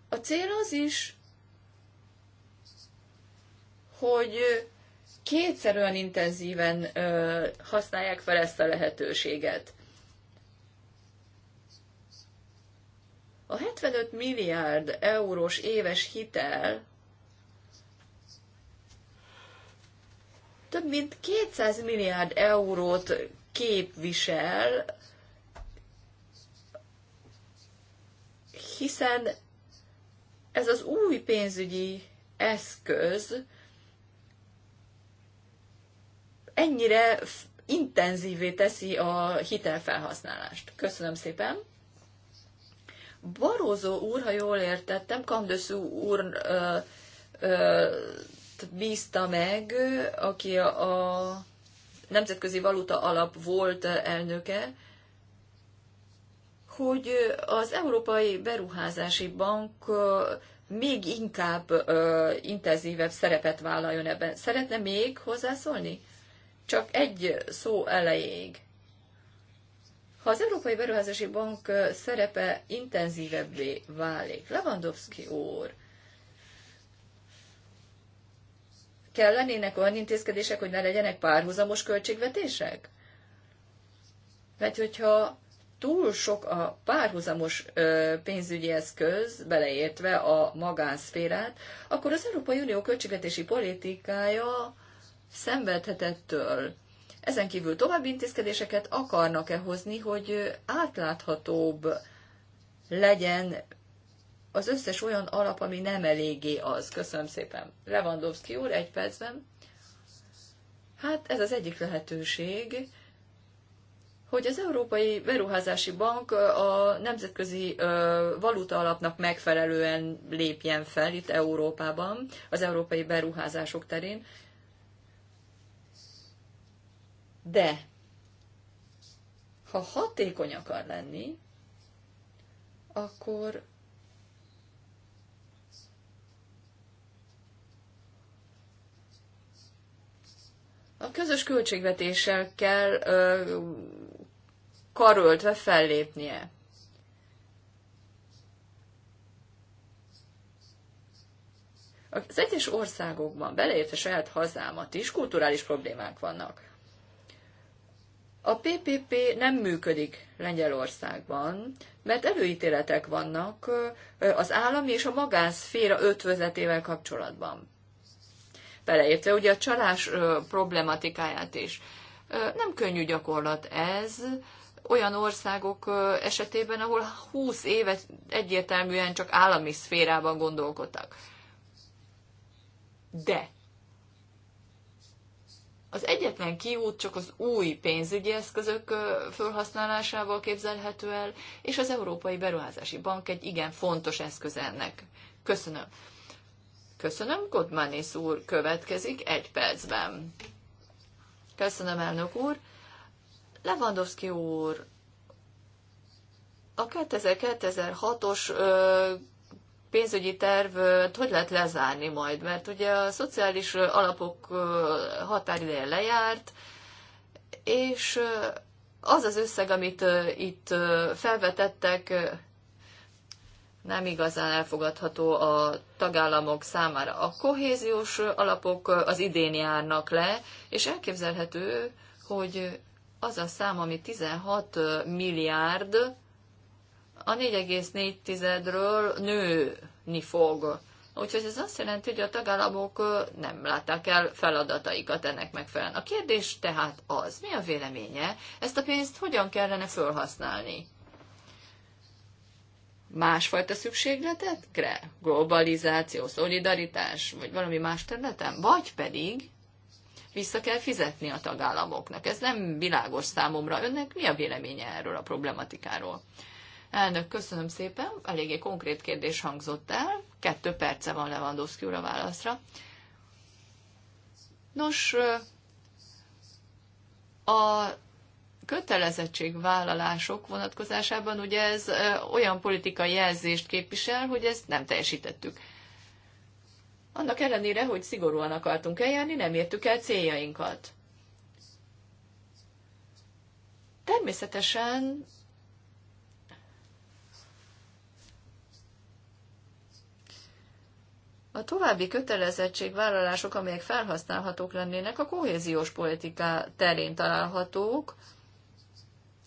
[SPEAKER 2] a cél az is, hogy kétszer olyan intenzíven ö, használják fel ezt a lehetőséget. A 75 milliárd eurós éves hitel több mint 200 milliárd eurót képvisel, hiszen ez az új pénzügyi eszköz, ennyire intenzívé teszi a hitelfelhasználást. Köszönöm szépen! Barózó úr, ha jól értettem, Kandöszú úr ö, ö, bízta meg, aki a, a Nemzetközi Valuta Alap volt elnöke, hogy az Európai Beruházási Bank még inkább ö, intenzívebb szerepet vállaljon ebben. Szeretne még hozzászólni? csak egy szó elejéig. Ha az Európai Beruházási Bank szerepe intenzívebbé válik, Lewandowski úr, kell lennének olyan intézkedések, hogy ne legyenek párhuzamos költségvetések? Mert hogyha túl sok a párhuzamos pénzügyi eszköz, beleértve a magánszférát, akkor az Európai Unió költségvetési politikája szenvedhetettől. Ezen kívül további intézkedéseket akarnak-e hozni, hogy átláthatóbb legyen az összes olyan alap, ami nem eléggé az. Köszönöm szépen. Lewandowski úr, egy percben. Hát ez az egyik lehetőség, hogy az Európai Beruházási Bank a nemzetközi valuta alapnak megfelelően lépjen fel itt Európában, az európai beruházások terén, de ha hatékony akar lenni, akkor a közös költségvetéssel kell ö, karöltve fellépnie. Az egyes országokban, beleértve saját hazámat is, kulturális problémák vannak. A PPP nem működik Lengyelországban, mert előítéletek vannak az állami és a magánszféra ötvözetével kapcsolatban. Beleértve ugye a csalás problematikáját is. Nem könnyű gyakorlat ez, olyan országok esetében, ahol 20 évet egyértelműen csak állami szférában gondolkodtak. De az egyetlen kiút csak az új pénzügyi eszközök felhasználásával képzelhető el, és az Európai Beruházási Bank egy igen fontos eszköz ennek. Köszönöm. Köszönöm, Kodmanis úr következik egy percben. Köszönöm, elnök úr. Lewandowski úr, a 2006-os pénzügyi terv, hát hogy lehet lezárni majd? Mert ugye a szociális alapok határideje lejárt, és az az összeg, amit itt felvetettek, nem igazán elfogadható a tagállamok számára. A kohéziós alapok az idén járnak le, és elképzelhető, hogy az a szám, ami 16 milliárd, a 4,4-ről nőni fog. Úgyhogy ez azt jelenti, hogy a tagállamok nem látták el feladataikat ennek megfelelően. A kérdés tehát az, mi a véleménye, ezt a pénzt hogyan kellene felhasználni? Másfajta szükségletekre? Globalizáció, szolidaritás, vagy valami más területen? Vagy pedig vissza kell fizetni a tagállamoknak. Ez nem világos számomra. Önnek mi a véleménye erről a problematikáról? Elnök, köszönöm szépen. Eléggé konkrét kérdés hangzott el. Kettő perce van Lewandowski úr a válaszra. Nos, a kötelezettségvállalások vonatkozásában ugye ez olyan politikai jelzést képvisel, hogy ezt nem teljesítettük. Annak ellenére, hogy szigorúan akartunk eljárni, nem értük el céljainkat. Természetesen A további kötelezettségvállalások, amelyek felhasználhatók lennének, a kohéziós politika terén találhatók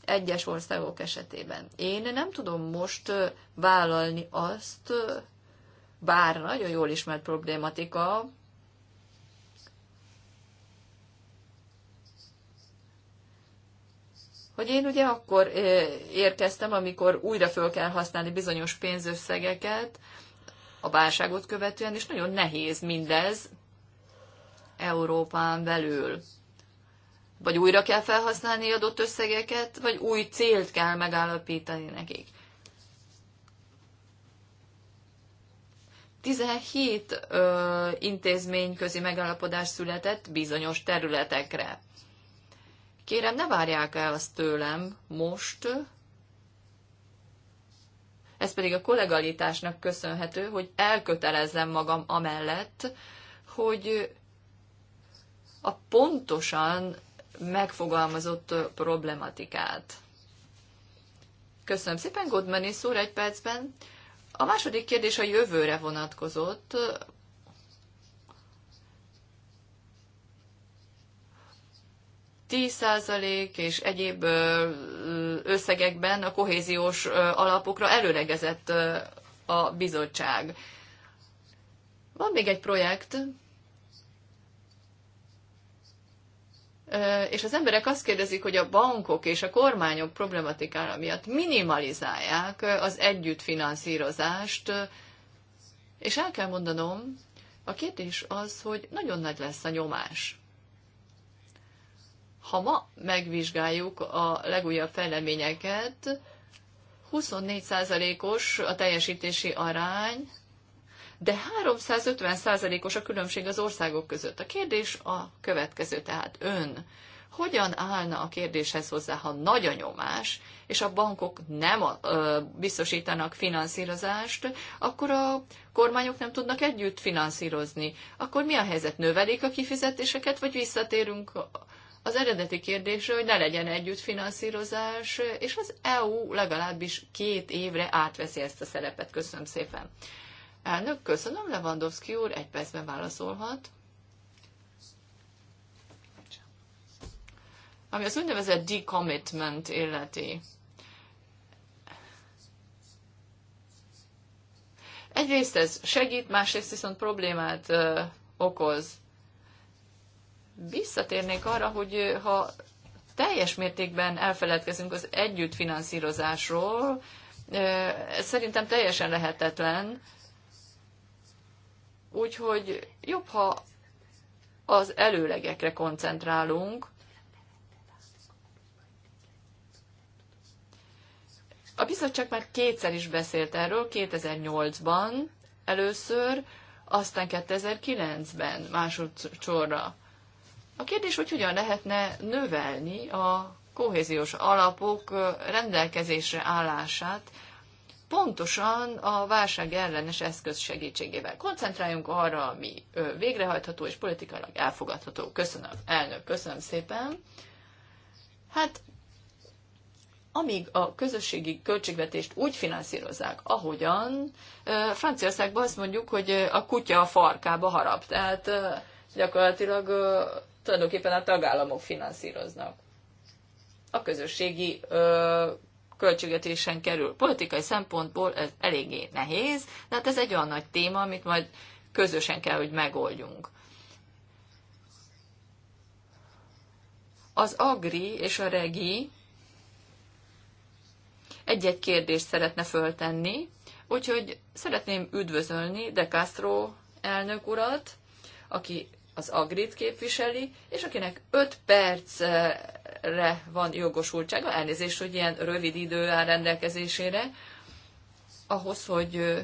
[SPEAKER 2] egyes országok esetében. Én nem tudom most vállalni azt, bár nagyon jól ismert problématika, hogy én ugye akkor érkeztem, amikor újra föl kell használni bizonyos pénzösszegeket, a válságot követően, és nagyon nehéz mindez Európán belül. Vagy újra kell felhasználni adott összegeket, vagy új célt kell megállapítani nekik. 17 ö, intézményközi megállapodás született bizonyos területekre. Kérem, ne várják el azt tőlem most, ez pedig a kollegalitásnak köszönhető, hogy elkötelezzem magam amellett, hogy a pontosan megfogalmazott problematikát. Köszönöm szépen, Godmani szóra egy percben. A második kérdés a jövőre vonatkozott, 10% és egyéb összegekben a kohéziós alapokra előlegezett a bizottság. Van még egy projekt, és az emberek azt kérdezik, hogy a bankok és a kormányok problematikára miatt minimalizálják az együttfinanszírozást, és el kell mondanom, a kérdés az, hogy nagyon nagy lesz a nyomás ha ma megvizsgáljuk a legújabb fejleményeket, 24%-os a teljesítési arány, de 350%-os a különbség az országok között. A kérdés a következő, tehát ön hogyan állna a kérdéshez hozzá, ha nagy a nyomás, és a bankok nem biztosítanak finanszírozást, akkor a kormányok nem tudnak együtt finanszírozni. Akkor mi a helyzet? Növelik a kifizetéseket, vagy visszatérünk az eredeti kérdésre, hogy ne legyen együtt finanszírozás, és az EU legalábbis két évre átveszi ezt a szerepet. Köszönöm szépen. Elnök, köszönöm. Lewandowski úr egy percben válaszolhat. Ami az úgynevezett decommitment illeti. Egyrészt ez segít, másrészt viszont problémát ö, okoz visszatérnék arra, hogy ha teljes mértékben elfeledkezünk az együttfinanszírozásról, ez szerintem teljesen lehetetlen, úgyhogy jobb, ha az előlegekre koncentrálunk, A bizottság már kétszer is beszélt erről, 2008-ban először, aztán 2009-ben másodszorra. A kérdés, hogy hogyan lehetne növelni a kohéziós alapok rendelkezésre állását, pontosan a válság ellenes eszköz segítségével. Koncentráljunk arra, ami végrehajtható és politikailag elfogadható. Köszönöm, elnök, köszönöm szépen. Hát, amíg a közösségi költségvetést úgy finanszírozzák, ahogyan, Franciaországban azt mondjuk, hogy a kutya a farkába harap. Tehát gyakorlatilag tulajdonképpen a tagállamok finanszíroznak. A közösségi ö, költségvetésen kerül. Politikai szempontból ez eléggé nehéz, de hát ez egy olyan nagy téma, amit majd közösen kell, hogy megoldjunk. Az Agri és a Regi egy-egy kérdést szeretne föltenni, úgyhogy szeretném üdvözölni De Castro elnök urat, aki az Agrit képviseli, és akinek 5 percre van jogosultsága, elnézést, hogy ilyen rövid idő áll rendelkezésére, ahhoz, hogy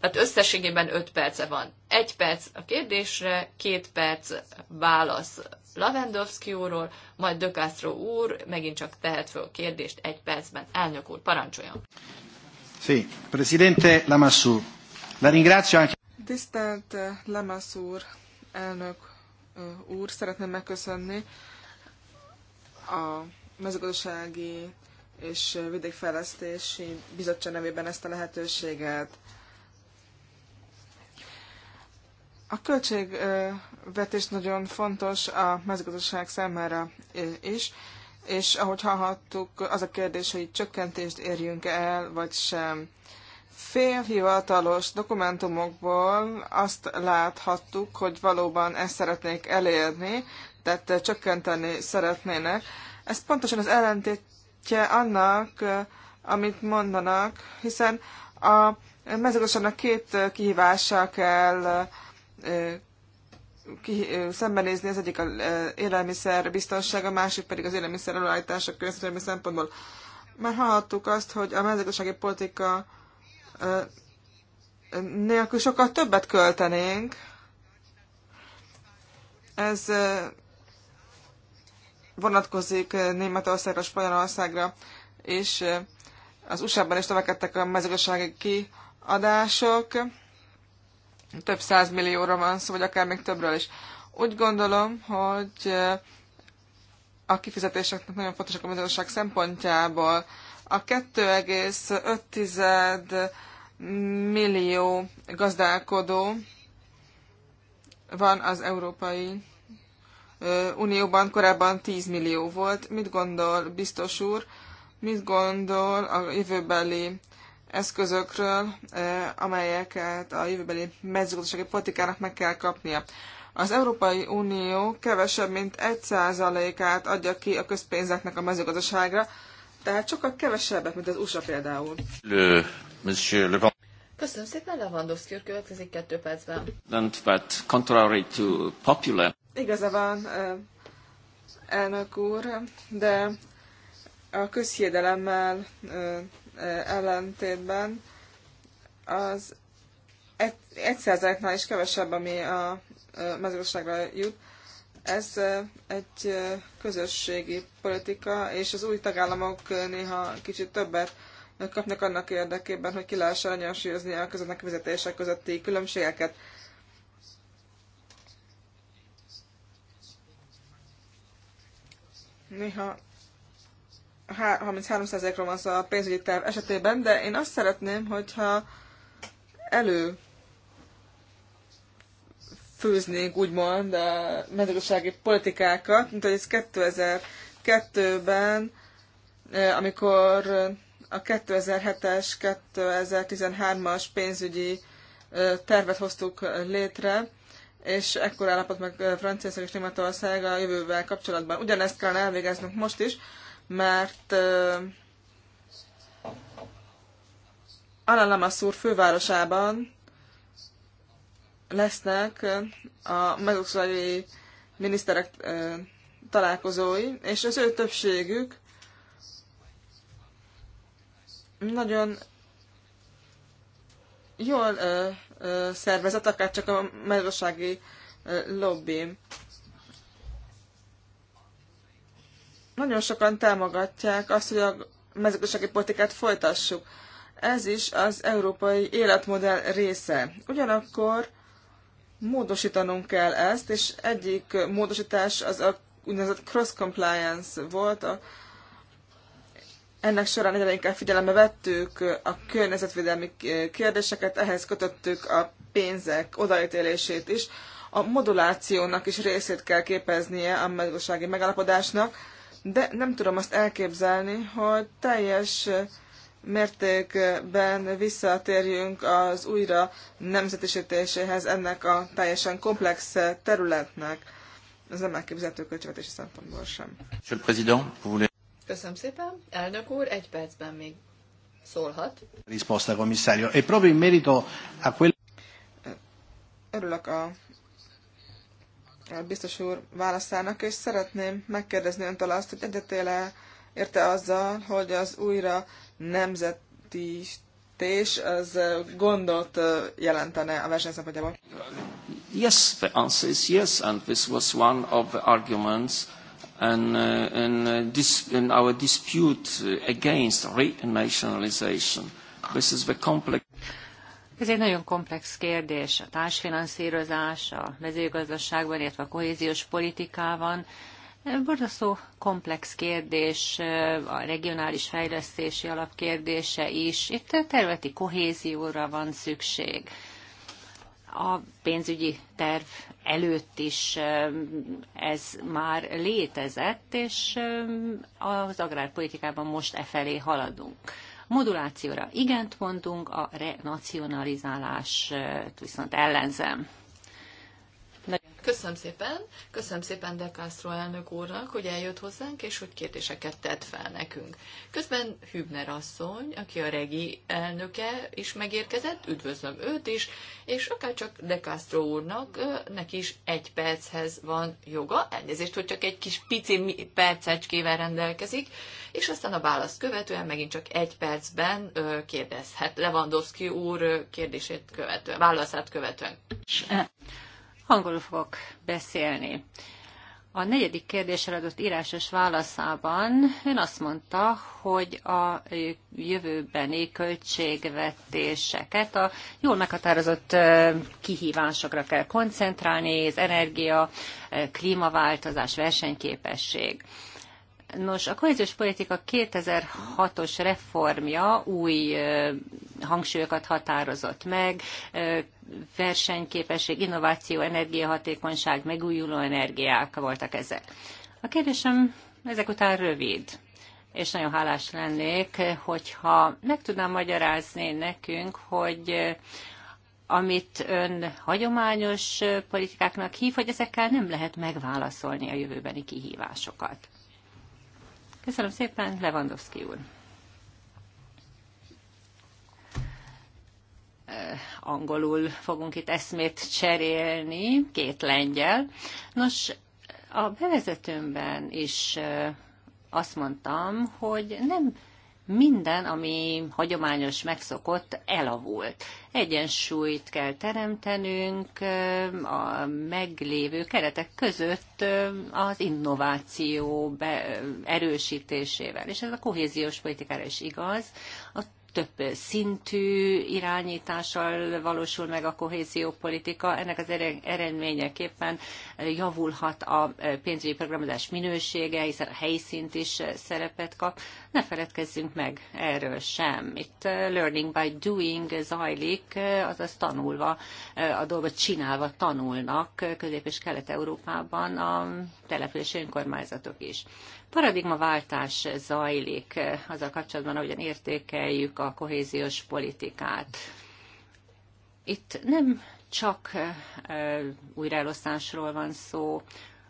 [SPEAKER 2] tehát összességében 5 perce van. Egy perc a kérdésre, két perc válasz Lavendowski úrról, majd De Castro úr megint csak tehet föl a kérdést egy percben. Elnök úr,
[SPEAKER 1] parancsoljon! Sí, Presidente Lamassu, la ringrazio anche...
[SPEAKER 4] Tisztelt eh, Lamassur, elnök úr, szeretném megköszönni a mezőgazdasági és vidékfejlesztési bizottság nevében ezt a lehetőséget. A költségvetés nagyon fontos a mezőgazdaság számára is, és ahogy hallhattuk, az a kérdés, hogy csökkentést érjünk el, vagy sem félhivatalos dokumentumokból azt láthattuk, hogy valóban ezt szeretnék elérni, tehát csökkenteni szeretnének. Ez pontosan az ellentétje annak, amit mondanak, hiszen a mezőgazdaságnak két kihívása kell ki, szembenézni, az egyik az élelmiszer biztonsága, a másik pedig az élelmiszer előállítása környezetvédelmi szempontból. Már hallhattuk azt, hogy a mezőgazdasági politika nélkül sokkal többet költenénk. Ez vonatkozik Németországra, Spanyolországra, és az USA-ban is növekedtek a mezőgazdasági kiadások. Több százmillióra van szó, vagy akár még többről is. Úgy gondolom, hogy a kifizetéseknek nagyon fontosak a mezőgazdaság szempontjából a 2,5 millió gazdálkodó van az Európai Unióban, korábban 10 millió volt. Mit gondol biztos úr, mit gondol a jövőbeli eszközökről, amelyeket a jövőbeli mezőgazdasági politikának meg kell kapnia? Az Európai Unió kevesebb, mint 1%-át adja ki a közpénzeknek a mezőgazdaságra, tehát sokkal kevesebbet, mint az USA például.
[SPEAKER 1] Le, monsieur Le
[SPEAKER 4] Köszönöm szépen, Lewandowski úr következik kettő
[SPEAKER 2] percben.
[SPEAKER 1] But contrary to popular...
[SPEAKER 4] Igaza van, elnök úr, de a közhiedelemmel ellentétben az egy százaléknál is kevesebb, ami a mezőgazdaságra jut. Ez egy közösségi politika, és az új tagállamok néha kicsit többet kapnak annak érdekében, hogy ki lehessen anyasírozni a közönnek vezetések közötti különbségeket. Néha 33%-ról van szó a pénzügyi terv esetében, de én azt szeretném, hogyha elő főznénk úgymond a mezőgazdasági politikákat, mint hogy ez 2002-ben, amikor a 2007-es, 2013-as pénzügyi tervet hoztuk létre, és ekkor állapot meg Franciaország és Németország a jövővel kapcsolatban. Ugyanezt kellene elvégeznünk most is, mert Alalamas úr fővárosában lesznek a megoszlói miniszterek találkozói, és az ő többségük nagyon jól ö, ö, szervezett, akár csak a mezőgazdasági lobby. Nagyon sokan támogatják azt, hogy a mezőgazdasági politikát folytassuk. Ez is az európai életmodell része. Ugyanakkor Módosítanunk kell ezt, és egyik módosítás az a úgynevezett cross-compliance volt. A, ennek során egyre inkább figyelembe vettük a környezetvédelmi kérdéseket, ehhez kötöttük a pénzek odaítélését is. A modulációnak is részét kell képeznie a mezőgazdasági megállapodásnak, de nem tudom azt elképzelni, hogy teljes mértékben visszatérjünk az újra nemzetisítéséhez ennek a teljesen komplex területnek. Ez nem elképzelhető költségvetési szempontból
[SPEAKER 1] sem.
[SPEAKER 2] Köszönöm szépen. Elnök úr, egy percben még
[SPEAKER 4] szólhat. E Örülök a, biztos úr válaszának, és szeretném megkérdezni öntől azt, hogy egyetéle érte azzal, hogy az újra nemzetítés az gondot jelentene a verseny szempontjából?
[SPEAKER 1] Yes, the answer is yes, and this was one of the arguments in, uh, in, uh, in our dispute uh, against renationalization. This is the complex...
[SPEAKER 3] Ez egy nagyon komplex kérdés. A társfinanszírozás a mezőgazdaságban, illetve a kohéziós politikában Borzasztó komplex kérdés, a regionális fejlesztési alapkérdése is. Itt területi kohézióra van szükség. A pénzügyi terv előtt is ez már létezett, és az agrárpolitikában most e felé haladunk. Modulációra igent mondunk, a renacionalizálást eh, viszont ellenzem.
[SPEAKER 2] Köszönöm szépen, köszönöm szépen De Castro elnök úrnak, hogy eljött hozzánk, és hogy kérdéseket tett fel nekünk. Közben Hübner asszony, aki a regi elnöke is megérkezett, üdvözlöm őt is, és akárcsak De Castro úrnak, neki is egy perchez van joga, elnézést, hogy csak egy kis pici percecskével rendelkezik, és aztán a választ követően megint csak egy percben kérdezhet Lewandowski úr kérdését követően, válaszát követően.
[SPEAKER 3] Angolul fogok beszélni. A negyedik kérdésre adott írásos válaszában ön azt mondta, hogy a jövőbeni költségvetéseket a jól meghatározott kihívásokra kell koncentrálni, az energia, klímaváltozás, versenyképesség. Nos, a kohéziós politika 2006-os reformja új hangsúlyokat határozott meg, versenyképesség, innováció, energiahatékonyság, megújuló energiák voltak ezek. A kérdésem ezek után rövid, és nagyon hálás lennék, hogyha meg tudnám magyarázni nekünk, hogy amit ön hagyományos politikáknak hív, hogy ezekkel nem lehet megválaszolni a jövőbeni kihívásokat. Köszönöm szépen, Lewandowski úr. angolul fogunk itt eszmét cserélni, két lengyel. Nos, a bevezetőmben is azt mondtam, hogy nem minden, ami hagyományos, megszokott, elavult. Egyensúlyt kell teremtenünk a meglévő keretek között az innováció erősítésével, és ez a kohéziós politikára is igaz. A több szintű irányítással valósul meg a kohéziópolitika. Ennek az eredményeképpen javulhat a pénzügyi programozás minősége, hiszen a szint is szerepet kap. Ne feledkezzünk meg erről sem. Itt learning by doing zajlik, azaz tanulva a dolgot csinálva tanulnak Közép- és Kelet-Európában a település önkormányzatok is paradigmaváltás zajlik eh, azzal kapcsolatban, ahogyan értékeljük a kohéziós politikát. Itt nem csak eh, eh, újraelosztásról van szó,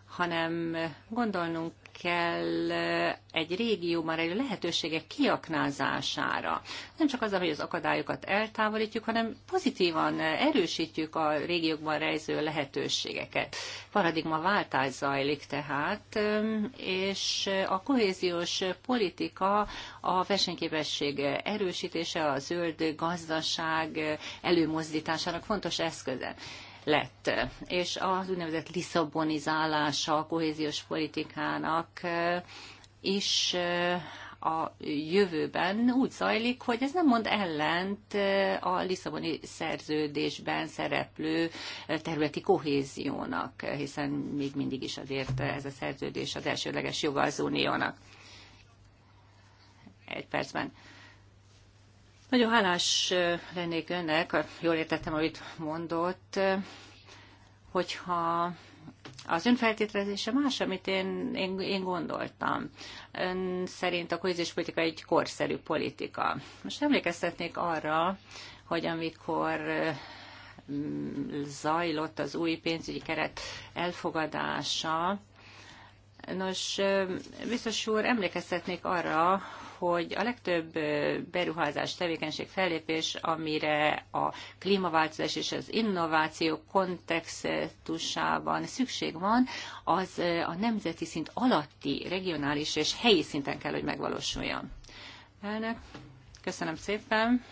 [SPEAKER 3] hanem gondolnunk kell eh, egy már egy lehetőségek kiaknázására. Nem csak azzal, hogy az akadályokat eltávolítjuk, hanem pozitívan eh, erősítjük a régiókban rejző lehetőségeket. Paradigma váltás zajlik tehát, és a kohéziós politika a versenyképesség erősítése, a zöld gazdaság eh, előmozdításának fontos eszköze lett. És az úgynevezett liszabonizálása a kohéziós politikának is a jövőben úgy zajlik, hogy ez nem mond ellent a Lisszaboni szerződésben szereplő területi kohéziónak, hiszen még mindig is azért ez a szerződés az elsőleges joga az uniónak. Egy percben. Nagyon hálás lennék önnek, jól értettem, amit mondott, hogyha az ön feltételezése más, amit én, én, én gondoltam. Ön szerint a kohéziós politika egy korszerű politika. Most emlékeztetnék arra, hogy amikor zajlott az új pénzügyi keret elfogadása, Nos, biztos úr, emlékeztetnék arra, hogy a legtöbb beruházás, tevékenység, fellépés, amire a klímaváltozás és az innováció kontextusában szükség van, az a nemzeti szint alatti, regionális és helyi szinten kell, hogy megvalósuljon. Elnök, köszönöm szépen.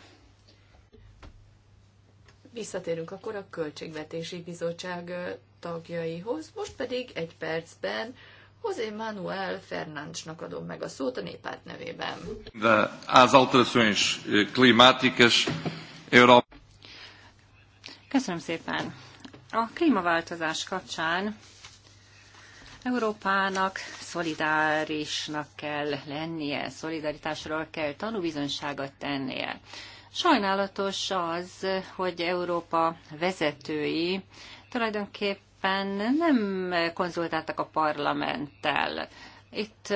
[SPEAKER 2] Visszatérünk akkor a Költségvetési Bizottság tagjaihoz, most pedig egy percben José Manuel Fernandesnak adom meg a szót a népát nevében.
[SPEAKER 1] De az alterações climáticas Európa...
[SPEAKER 3] Köszönöm szépen. A klímaváltozás kapcsán Európának szolidárisnak kell lennie, szolidaritásról kell tanúbizonyságot tennie. Sajnálatos az, hogy Európa vezetői tulajdonképpen éppen nem konzultáltak a parlamenttel. Itt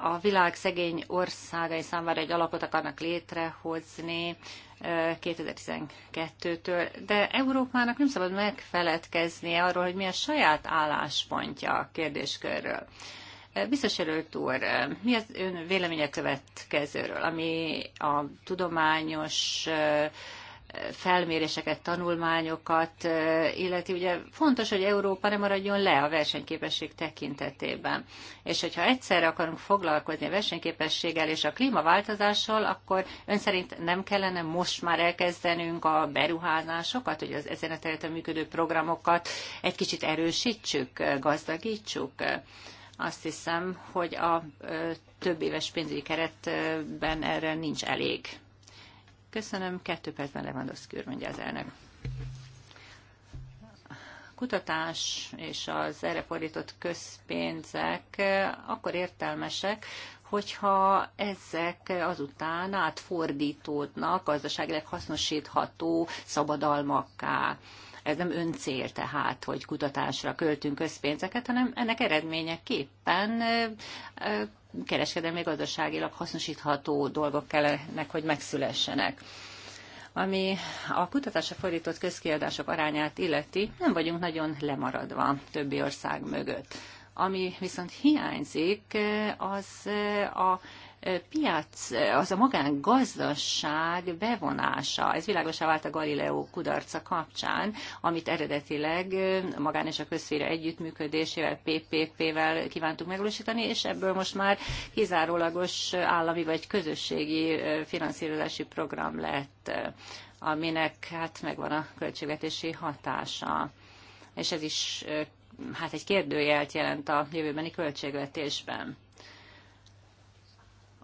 [SPEAKER 3] a világ szegény országai számára egy alapot akarnak létrehozni 2012-től, de Európának nem szabad megfeledkeznie arról, hogy mi a saját álláspontja a kérdéskörről. Biztos előtt úr, mi az ön véleménye következőről, ami a tudományos felméréseket, tanulmányokat illetve Ugye fontos, hogy Európa nem maradjon le a versenyképesség tekintetében. És hogyha egyszerre akarunk foglalkozni a versenyképességgel és a klímaváltozással, akkor ön szerint nem kellene most már elkezdenünk a beruházásokat, hogy az ezen a területen működő programokat egy kicsit erősítsük, gazdagítsuk? Azt hiszem, hogy a több éves pénzügyi keretben erre nincs elég Köszönöm, kettő percben Lewandowski úr, mondja az elnök. Kutatás és az erre fordított közpénzek akkor értelmesek, hogyha ezek azután átfordítódnak gazdaságileg hasznosítható szabadalmakká. Ez nem öncél tehát, hogy kutatásra költünk közpénzeket, hanem ennek eredményeképpen kereskedelmi gazdaságilag hasznosítható dolgok kellenek, hogy megszülessenek ami a kutatásra fordított közkiadások arányát illeti, nem vagyunk nagyon lemaradva többi ország mögött. Ami viszont hiányzik, az a piac, az a magángazdaság bevonása, ez világosá vált a Galileo kudarca kapcsán, amit eredetileg a magán és a közféra együttműködésével, PPP-vel kívántuk megvalósítani, és ebből most már kizárólagos állami vagy közösségi finanszírozási program lett, aminek hát megvan a költségvetési hatása. És ez is hát egy kérdőjelt jelent a jövőbeni költségvetésben.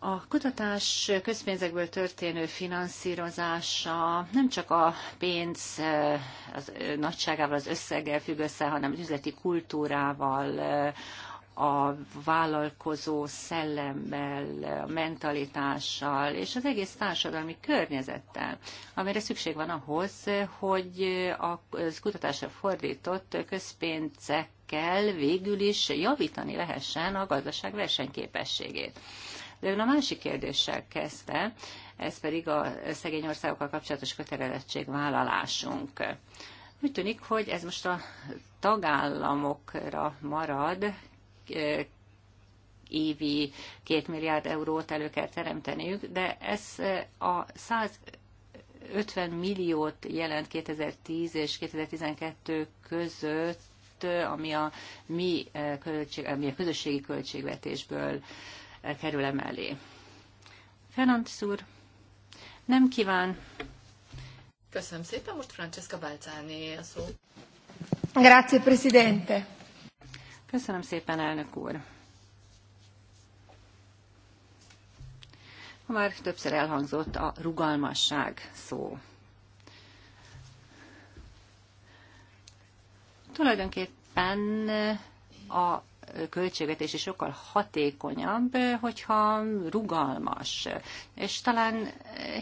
[SPEAKER 3] A kutatás közpénzekből történő finanszírozása nem csak a pénz eh, az eh, nagyságával, az összeggel függ össze, hanem üzleti kultúrával, eh, a vállalkozó szellemmel, a mentalitással és az egész társadalmi környezettel, amire szükség van ahhoz, hogy a kutatásra fordított közpénzekkel végül is javítani lehessen a gazdaság versenyképességét. De ön a másik kérdéssel kezdte, ez pedig a szegény országokkal kapcsolatos kötelezettségvállalásunk. Úgy tűnik, hogy ez most a tagállamokra marad, eh, évi két milliárd eurót elő kell teremteniük, de ez eh, a 150 milliót jelent 2010 és 2012 között, eh, ami a mi költség, ami a közösségi költségvetésből kerül emellé. Ferenc úr, nem kíván.
[SPEAKER 2] Köszönöm szépen, most Francesca Balcáni a szó.
[SPEAKER 3] Grazie, Presidente. Köszönöm szépen, elnök úr. Már többször elhangzott a rugalmasság szó. Tulajdonképpen a költségvetési sokkal hatékonyabb, hogyha rugalmas. És talán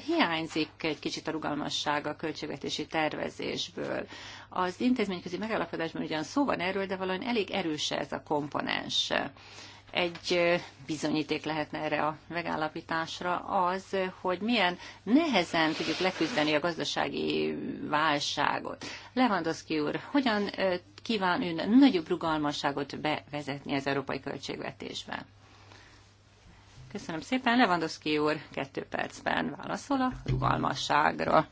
[SPEAKER 3] hiányzik egy kicsit a rugalmasság a költségvetési tervezésből. Az intézményközi megállapodásban ugyan szó van erről, de valahogy elég erős ez a komponens egy bizonyíték lehetne erre a megállapításra az, hogy milyen nehezen tudjuk leküzdeni a gazdasági válságot. Lewandowski úr, hogyan kíván ön nagyobb rugalmasságot bevezetni az európai költségvetésbe? Köszönöm szépen. Lewandowski úr kettő percben válaszol a rugalmasságra.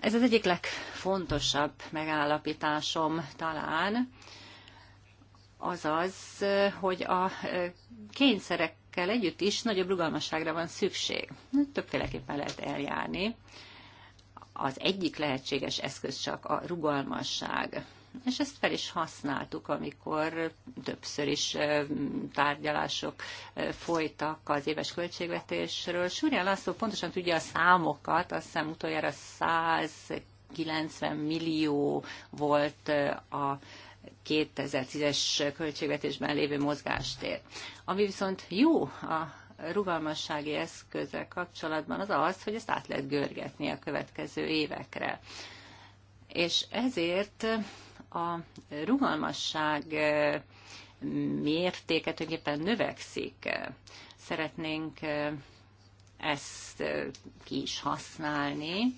[SPEAKER 3] Ez az egyik legfontosabb megállapításom talán azaz, hogy a kényszerekkel együtt is nagyobb rugalmasságra van szükség. Többféleképpen lehet eljárni. Az egyik lehetséges eszköz csak a rugalmasság. És ezt fel is használtuk, amikor többször is tárgyalások folytak az éves költségvetésről. Súrján László pontosan tudja a számokat, azt hiszem utoljára 190 millió volt a 2010-es költségvetésben lévő mozgástér. Ami viszont jó a rugalmassági eszközzel kapcsolatban az az, hogy ezt át lehet görgetni a következő évekre. És ezért a rugalmasság eh, mértéke tulajdonképpen növekszik. Szeretnénk eh, ezt eh, ki is használni,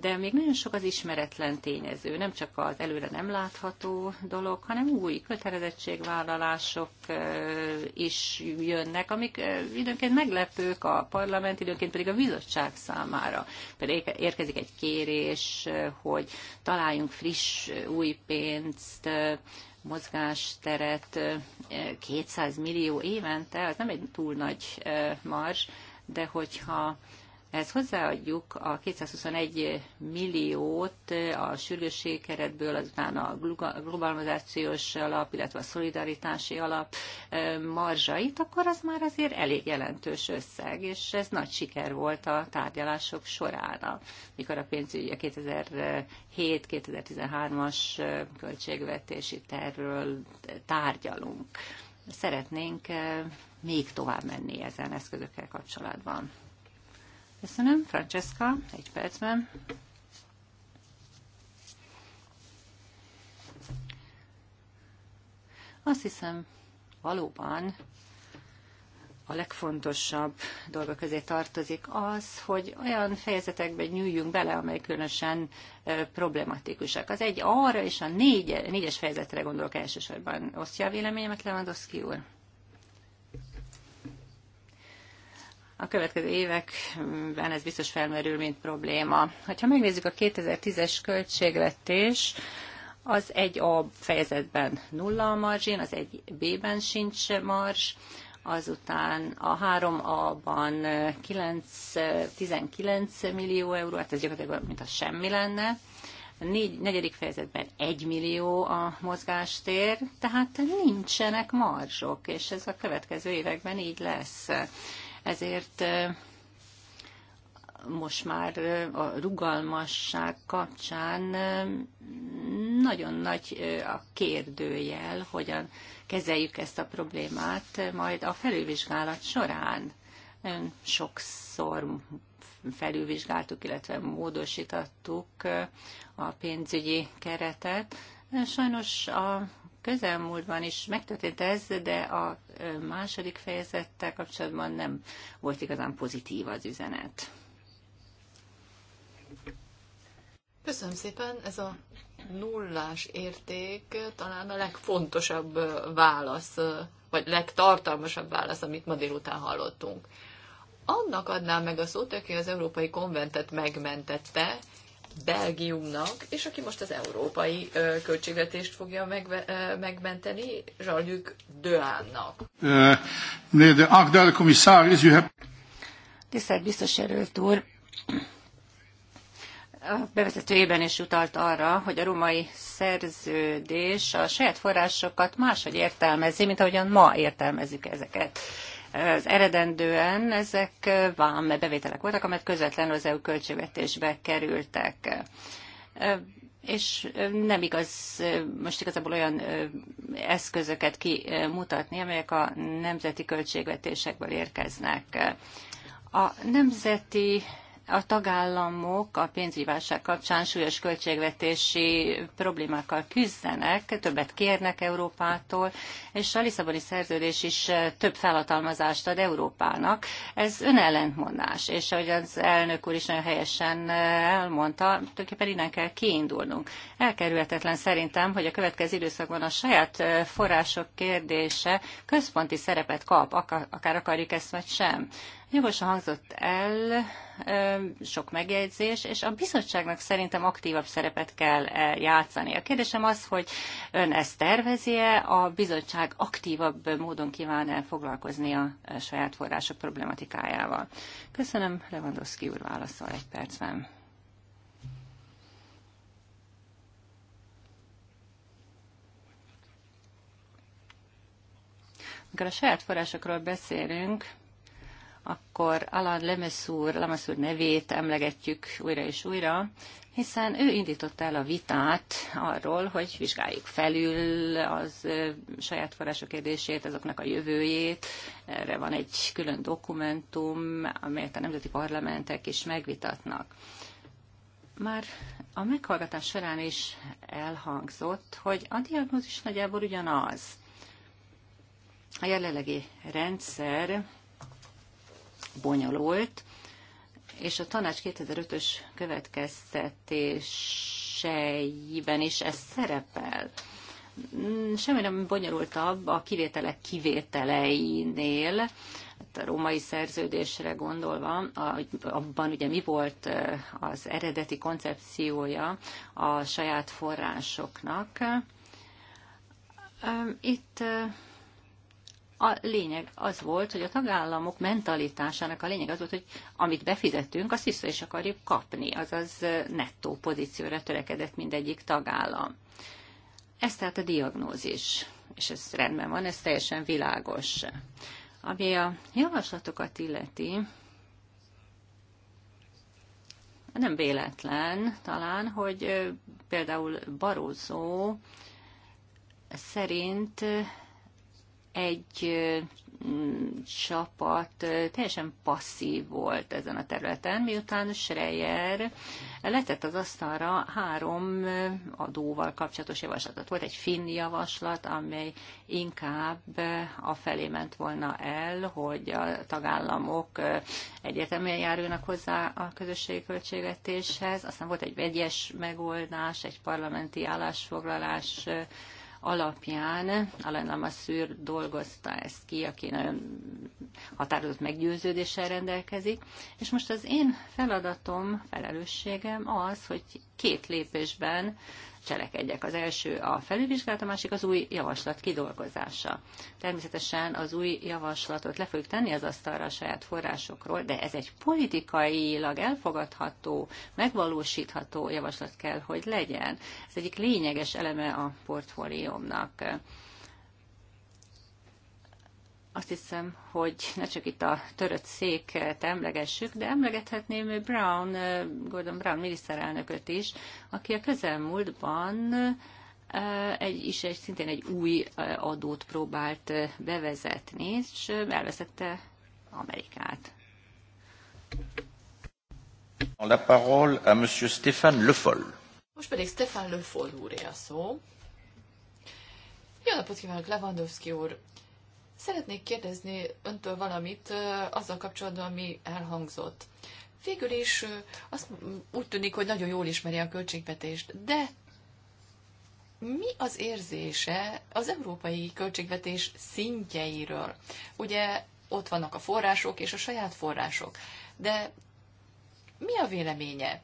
[SPEAKER 3] de még nagyon sok az ismeretlen tényező, nem csak az előre nem látható dolog, hanem új kötelezettségvállalások is jönnek, amik időnként meglepők a parlament, időnként pedig a bizottság számára. Például érkezik egy kérés, hogy találjunk friss új pénzt, mozgásteret, 200 millió évente, az nem egy túl nagy marzs, de hogyha ehhez hozzáadjuk a 221 milliót a sürgősségkeretből, azután a globalizációs alap, illetve a szolidaritási alap marzsait, akkor az már azért elég jelentős összeg, és ez nagy siker volt a tárgyalások során, mikor a pénzügyi a 2007-2013-as költségvetési tervről tárgyalunk. Szeretnénk még tovább menni ezen eszközökkel kapcsolatban. Köszönöm. Francesca, egy percben. Azt hiszem, valóban a legfontosabb dolga közé tartozik az, hogy olyan fejezetekbe nyúljunk bele, amely különösen problematikusak. Az egy arra és a négy, négyes fejezetre gondolok elsősorban. Osztja a véleményemet Lewandowski úr? a következő években ez biztos felmerül, mint probléma. Ha megnézzük a 2010-es költségvetés, az egy a fejezetben nulla a marzsin, az egy B-ben sincs marzs, azután a 3A-ban 19 millió euró, hát ez gyakorlatilag mint a semmi lenne. A négy, negyedik fejezetben 1 millió a mozgástér, tehát nincsenek marzsok, és ez a következő években így lesz ezért most már a rugalmasság kapcsán nagyon nagy a kérdőjel, hogyan kezeljük ezt a problémát majd a felülvizsgálat során. Sokszor felülvizsgáltuk, illetve módosítottuk a pénzügyi keretet. Sajnos a közelmúltban is megtörtént ez, de a második fejezettel kapcsolatban nem volt igazán pozitív az üzenet.
[SPEAKER 2] Köszönöm szépen, ez a nullás érték talán a legfontosabb válasz, vagy legtartalmasabb válasz, amit ma délután hallottunk. Annak adnám meg a szót, aki az Európai Konventet megmentette, Belgiumnak, és aki most az európai költségvetést fogja megve- megmenteni, Jean-Luc Deánnak.
[SPEAKER 3] Tisztelt biztos erőlt úr, a bevezetőjében is utalt arra, hogy a római szerződés a saját forrásokat máshogy értelmezi, mint ahogyan ma értelmezik ezeket az eredendően ezek vám bevételek voltak, amelyek közvetlenül az EU költségvetésbe kerültek és nem igaz most igazából olyan eszközöket kimutatni, amelyek a nemzeti költségvetésekből érkeznek. A nemzeti a tagállamok a pénzügyi válság kapcsán súlyos költségvetési problémákkal küzdenek, többet kérnek Európától, és a Lisszaboni szerződés is eh, több felhatalmazást ad Európának. Ez önellentmondás, és ahogy az elnök úr is nagyon helyesen eh, elmondta, tulajdonképpen innen kell kiindulnunk. Elkerülhetetlen szerintem, hogy a következő időszakban a saját eh, források kérdése központi szerepet kap, akár akarjuk ezt vagy sem. Jogosan hangzott el, sok megjegyzés, és a bizottságnak szerintem aktívabb szerepet kell játszani. A kérdésem az, hogy ön ezt tervezi-e, a bizottság aktívabb módon kíván-e foglalkozni a saját források problematikájával. Köszönöm, Lewandowski úr válaszol egy percben. Amikor a saját forrásokról beszélünk, akkor Alan Lemeszúr, Lemeszúr nevét emlegetjük újra és újra, hiszen ő indította el a vitát arról, hogy vizsgáljuk felül az saját források kérdését, azoknak a jövőjét. Erre van egy külön dokumentum, amelyet a nemzeti parlamentek is megvitatnak. Már a meghallgatás során is elhangzott, hogy a diagnózis nagyjából ugyanaz. A jelenlegi rendszer bonyolult, és a tanács 2005-ös következtetéseiben is ez szerepel. Semmi nem bonyolultabb a kivételek kivételeinél, hát a római szerződésre gondolva, abban ugye mi volt az eredeti koncepciója a saját forrásoknak. Itt a lényeg az volt, hogy a tagállamok mentalitásának a lényeg az volt, hogy amit befizetünk, azt vissza is akarjuk kapni, azaz nettó pozícióra törekedett mindegyik tagállam. Ez tehát a diagnózis, és ez rendben van, ez teljesen világos. Ami a javaslatokat illeti, nem véletlen talán, hogy például Barózó szerint egy mm, csapat teljesen passzív volt ezen a területen, miután Schreier letett az asztalra három adóval kapcsolatos javaslatot. Volt egy finn javaslat, amely inkább a felé ment volna el, hogy a tagállamok egyértelműen járulnak hozzá a közösségi költségvetéshez. Aztán volt egy vegyes megoldás, egy parlamenti állásfoglalás alapján Alain Lamassur dolgozta ezt ki, aki nagyon határozott meggyőződéssel rendelkezik, és most az én feladatom, felelősségem az, hogy két lépésben cselekedjek. Az első a felülvizsgálat, a másik az új javaslat kidolgozása. Természetesen az új javaslatot le fogjuk tenni az asztalra a saját forrásokról, de ez egy politikailag elfogadható, megvalósítható javaslat kell, hogy legyen. Ez egyik lényeges eleme a portfóliómnak. Azt hiszem, hogy ne csak itt a törött széket emlegessük, de emlegethetném Brown, Gordon Brown miniszterelnököt is, aki a közelmúltban egy, is egy, szintén egy új adót próbált bevezetni, és elveszette Amerikát.
[SPEAKER 1] La parole à Monsieur Stéphane Le Foll.
[SPEAKER 3] Most pedig Stéphane Le Foll
[SPEAKER 2] úré a szó. Jó napot kívánok, Lewandowski úr! Szeretnék kérdezni öntől valamit azzal kapcsolatban, ami elhangzott. Végül is azt úgy tűnik, hogy nagyon jól ismeri a költségvetést, de mi az érzése az európai költségvetés szintjeiről? Ugye ott vannak a források és a saját források, de mi a véleménye?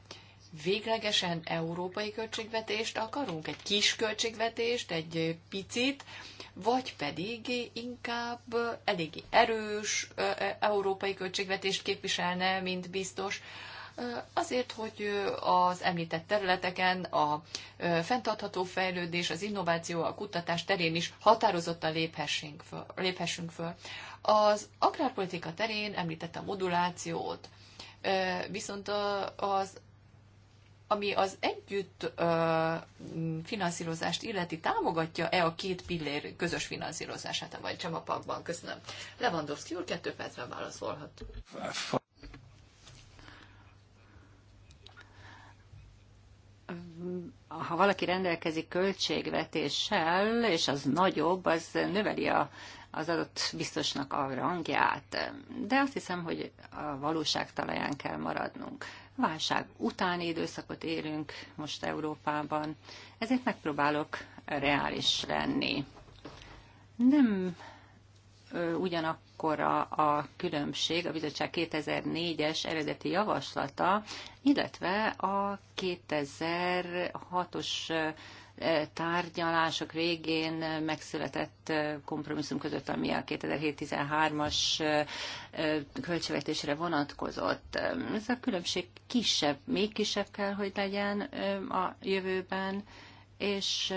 [SPEAKER 2] véglegesen európai költségvetést akarunk, egy kis költségvetést, egy picit, vagy pedig inkább eléggé erős európai költségvetést képviselne, mint biztos, azért, hogy az említett területeken a fenntartható fejlődés, az innováció, a kutatás terén is határozottan léphessünk föl. Léphessünk föl. Az agrárpolitika terén említette a modulációt, viszont az ami az együtt ö, finanszírozást illeti, támogatja-e a két pillér közös finanszírozását, vagy sem a pakban? Köszönöm. Lewandowski úr, kettő percben válaszolhat.
[SPEAKER 3] Ha valaki rendelkezik költségvetéssel, és az nagyobb, az növeli a, az adott biztosnak a rangját. De azt hiszem, hogy a valóság talaján kell maradnunk válság utáni időszakot érünk most Európában, ezért megpróbálok reális lenni. Nem ugyanakkor a, a különbség a bizottság 2004-es eredeti javaslata, illetve a 2006-os E, tárgyalások végén megszületett e, kompromisszum között, ami a 2007-13-as e, költségvetésre vonatkozott. Ez a különbség kisebb, még kisebb kell, hogy legyen a jövőben, és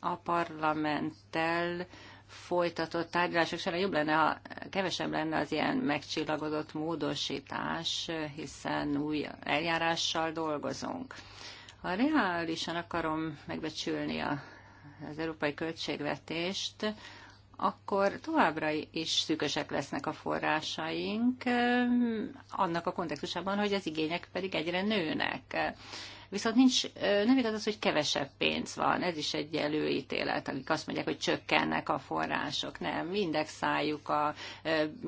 [SPEAKER 3] a parlamenttel folytatott tárgyalások során jobb lenne, ha kevesebb lenne az ilyen megcsillagodott módosítás, hiszen új eljárással dolgozunk. Ha reálisan akarom megbecsülni a, az európai költségvetést, akkor továbbra is szűkösek lesznek a forrásaink, annak a kontextusában, hogy az igények pedig egyre nőnek. Viszont nincs, nem igaz az, hogy kevesebb pénz van, ez is egy előítélet, akik azt mondják, hogy csökkennek a források. Nem, indexáljuk a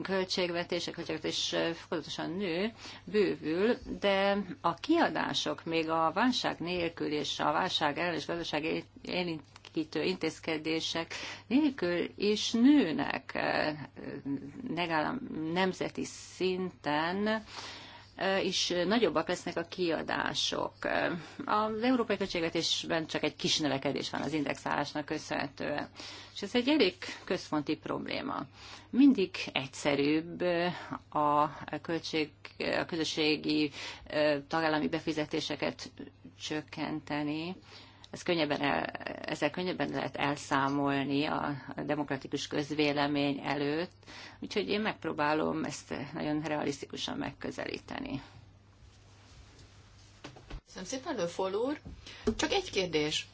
[SPEAKER 3] költségvetések, és folyamatosan nő, bővül, de a kiadások még a válság nélkül és a válság ellen és gazdaság megkerekítő intézkedések nélkül is nőnek eh, legalább nemzeti szinten eh, is nagyobbak lesznek a kiadások. Eh, az európai költségvetésben csak egy kis növekedés van az indexálásnak köszönhetően. És ez egy elég központi probléma. Mindig egyszerűbb a, költség, a közösségi tagállami befizetéseket csökkenteni, ez könnyebben el, ezzel könnyebben lehet elszámolni a demokratikus közvélemény előtt, úgyhogy én megpróbálom ezt nagyon realisztikusan megközelíteni.
[SPEAKER 2] Köszönöm szépen, Löfol úr.
[SPEAKER 3] Csak egy kérdés.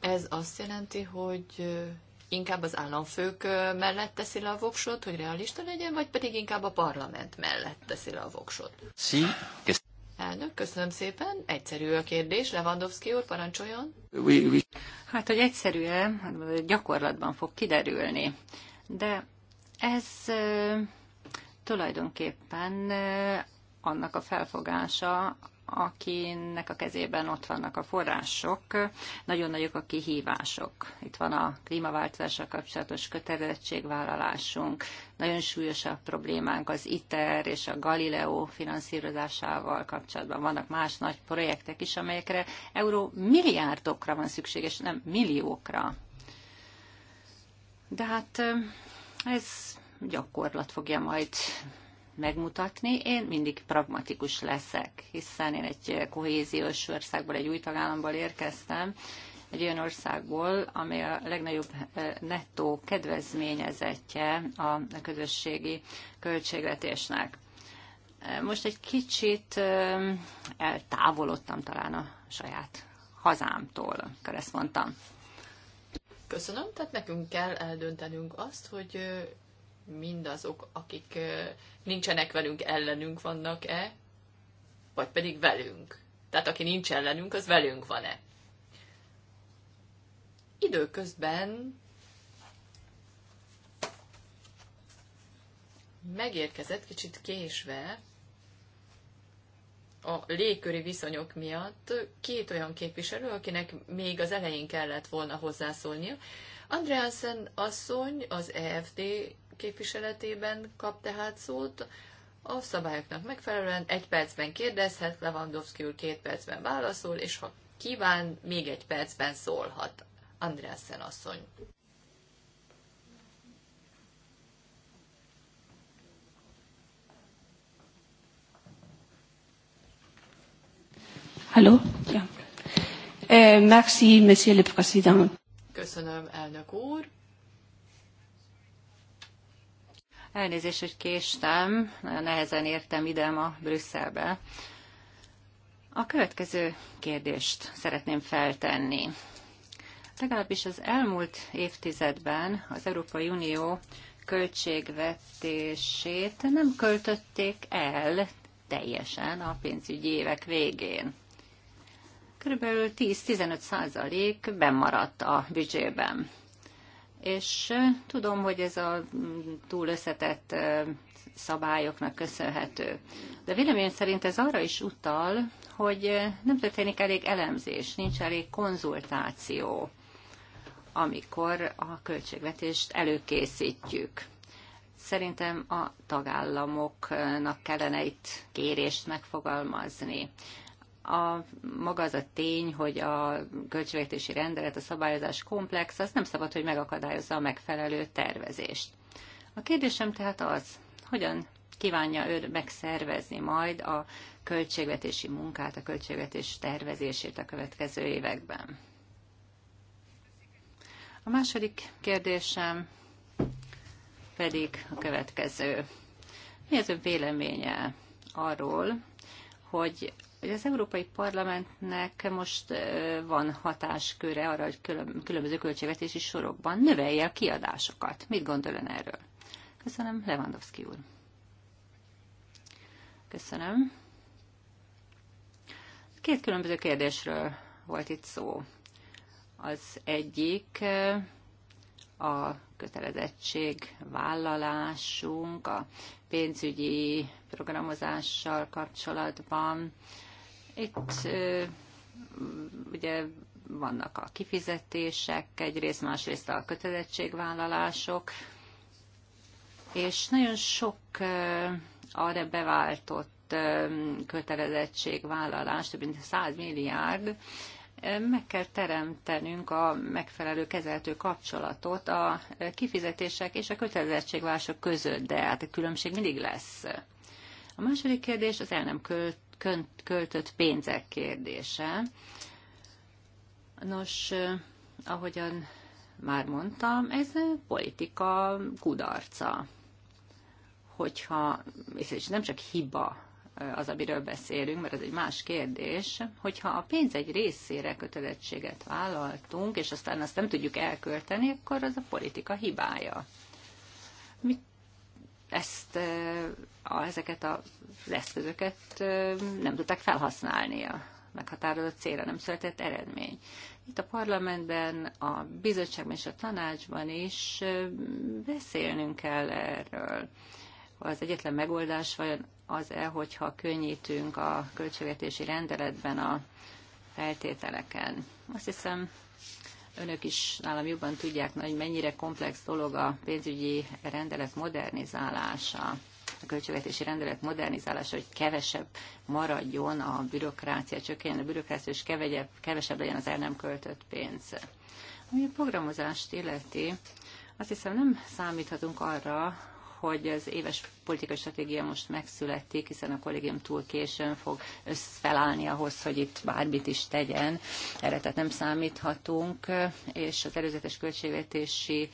[SPEAKER 2] Ez azt jelenti, hogy inkább az államfők mellett teszi le a voksot, hogy realista legyen, vagy pedig inkább a parlament mellett teszi le a voksot? Sí. Elnök, köszönöm szépen. Egyszerű a kérdés. Lewandowski úr, parancsoljon.
[SPEAKER 1] Oui, oui.
[SPEAKER 3] Hát, hogy egyszerűen, hát, gyakorlatban fog kiderülni. De ez tulajdonképpen annak a felfogása, akinek a kezében ott vannak a források, nagyon nagyok a kihívások. Itt van a klímaváltozással kapcsolatos kötelezettségvállalásunk, nagyon súlyos a problémánk az ITER és a Galileo finanszírozásával kapcsolatban. Vannak más nagy projektek is, amelyekre euró milliárdokra van szükség, és nem milliókra. De hát ez gyakorlat fogja majd megmutatni. Én mindig pragmatikus leszek, hiszen én egy kohéziós országból, egy új tagállamból érkeztem, egy olyan országból, amely a legnagyobb eh, nettó kedvezményezetje a közösségi költségvetésnek. Eh, most egy kicsit eh, eltávolodtam talán a saját hazámtól, akkor ezt mondtam.
[SPEAKER 2] Köszönöm, tehát nekünk kell eldöntenünk azt, hogy mindazok, akik nincsenek velünk, ellenünk vannak-e, vagy pedig velünk. Tehát aki nincs ellenünk, az velünk van-e. Időközben megérkezett kicsit késve, a légköri viszonyok miatt két olyan képviselő, akinek még az elején kellett volna hozzászólnia. Andreasen asszony az EFD képviseletében kap tehát szót. A szabályoknak megfelelően egy percben kérdezhet, Lewandowski úr két percben válaszol, és ha kíván, még egy percben szólhat. Andreasen asszony. Hello. Yeah. Eh, merci, Monsieur le Président.
[SPEAKER 3] Köszönöm, elnök úr. Elnézést, hogy késtem, nagyon nehezen értem ide ma Brüsszelbe. A következő kérdést szeretném feltenni. Legalábbis az elmúlt évtizedben az Európai Unió költségvetését nem költötték el teljesen a pénzügyi évek végén. Körülbelül 10-15 százalék bemaradt a büdzsében és tudom, hogy ez a túl összetett szabályoknak köszönhető. De véleményem szerint ez arra is utal, hogy nem történik elég elemzés, nincs elég konzultáció, amikor a költségvetést előkészítjük. Szerintem a tagállamoknak kellene itt kérést megfogalmazni a, maga az a tény, hogy a költségvetési rendelet, a szabályozás komplex, az nem szabad, hogy megakadályozza a megfelelő tervezést. A kérdésem tehát az, hogyan kívánja ő megszervezni majd a költségvetési munkát, a költségvetés tervezését a következő években. A második kérdésem pedig a következő. Mi az ön véleménye arról, hogy hogy az Európai Parlamentnek most van hatásköre arra, hogy különböző költségvetési sorokban növelje a kiadásokat. Mit gondol ön erről? Köszönöm, Lewandowski úr. Köszönöm. Két különböző kérdésről volt itt szó. Az egyik a kötelezettség vállalásunk a pénzügyi programozással kapcsolatban, itt ugye vannak a kifizetések, egyrészt másrészt a kötelezettségvállalások, és nagyon sok arra beváltott kötelezettségvállalás, több mint 100 milliárd, meg kell teremtenünk a megfelelő kezelhető kapcsolatot a kifizetések és a kötelezettségvások között, de hát a különbség mindig lesz. A második kérdés az el nem költ költött pénzek kérdése. Nos, eh, ahogyan már mondtam, ez politika kudarca. Hogyha, és nem csak hiba eh, az, amiről beszélünk, mert ez egy más kérdés, hogyha a pénz egy részére kötelezettséget vállaltunk, és aztán azt nem tudjuk elkölteni, akkor az a politika hibája. Mit ezt, a, ezeket az eszközöket nem tudták felhasználni a meghatározott célra, nem született eredmény. Itt a parlamentben, a bizottságban és a tanácsban is beszélnünk kell erről. Az egyetlen megoldás vajon az-e, hogyha könnyítünk a költségvetési rendeletben a feltételeken. Azt hiszem, önök is nálam jobban tudják, hogy mennyire komplex dolog a pénzügyi rendelet modernizálása, a költségvetési rendelet modernizálása, hogy kevesebb maradjon a bürokrácia, csökkenjen a bürokrácia, és kevegyebb, kevesebb legyen az el nem költött pénz. Ami a programozást illeti, azt hiszem nem számíthatunk arra, hogy az éves politikai stratégia most megszületik, hiszen a kollégium túl későn fog felállni ahhoz, hogy itt bármit is tegyen. Erre tehát nem számíthatunk, és az előzetes költségvetési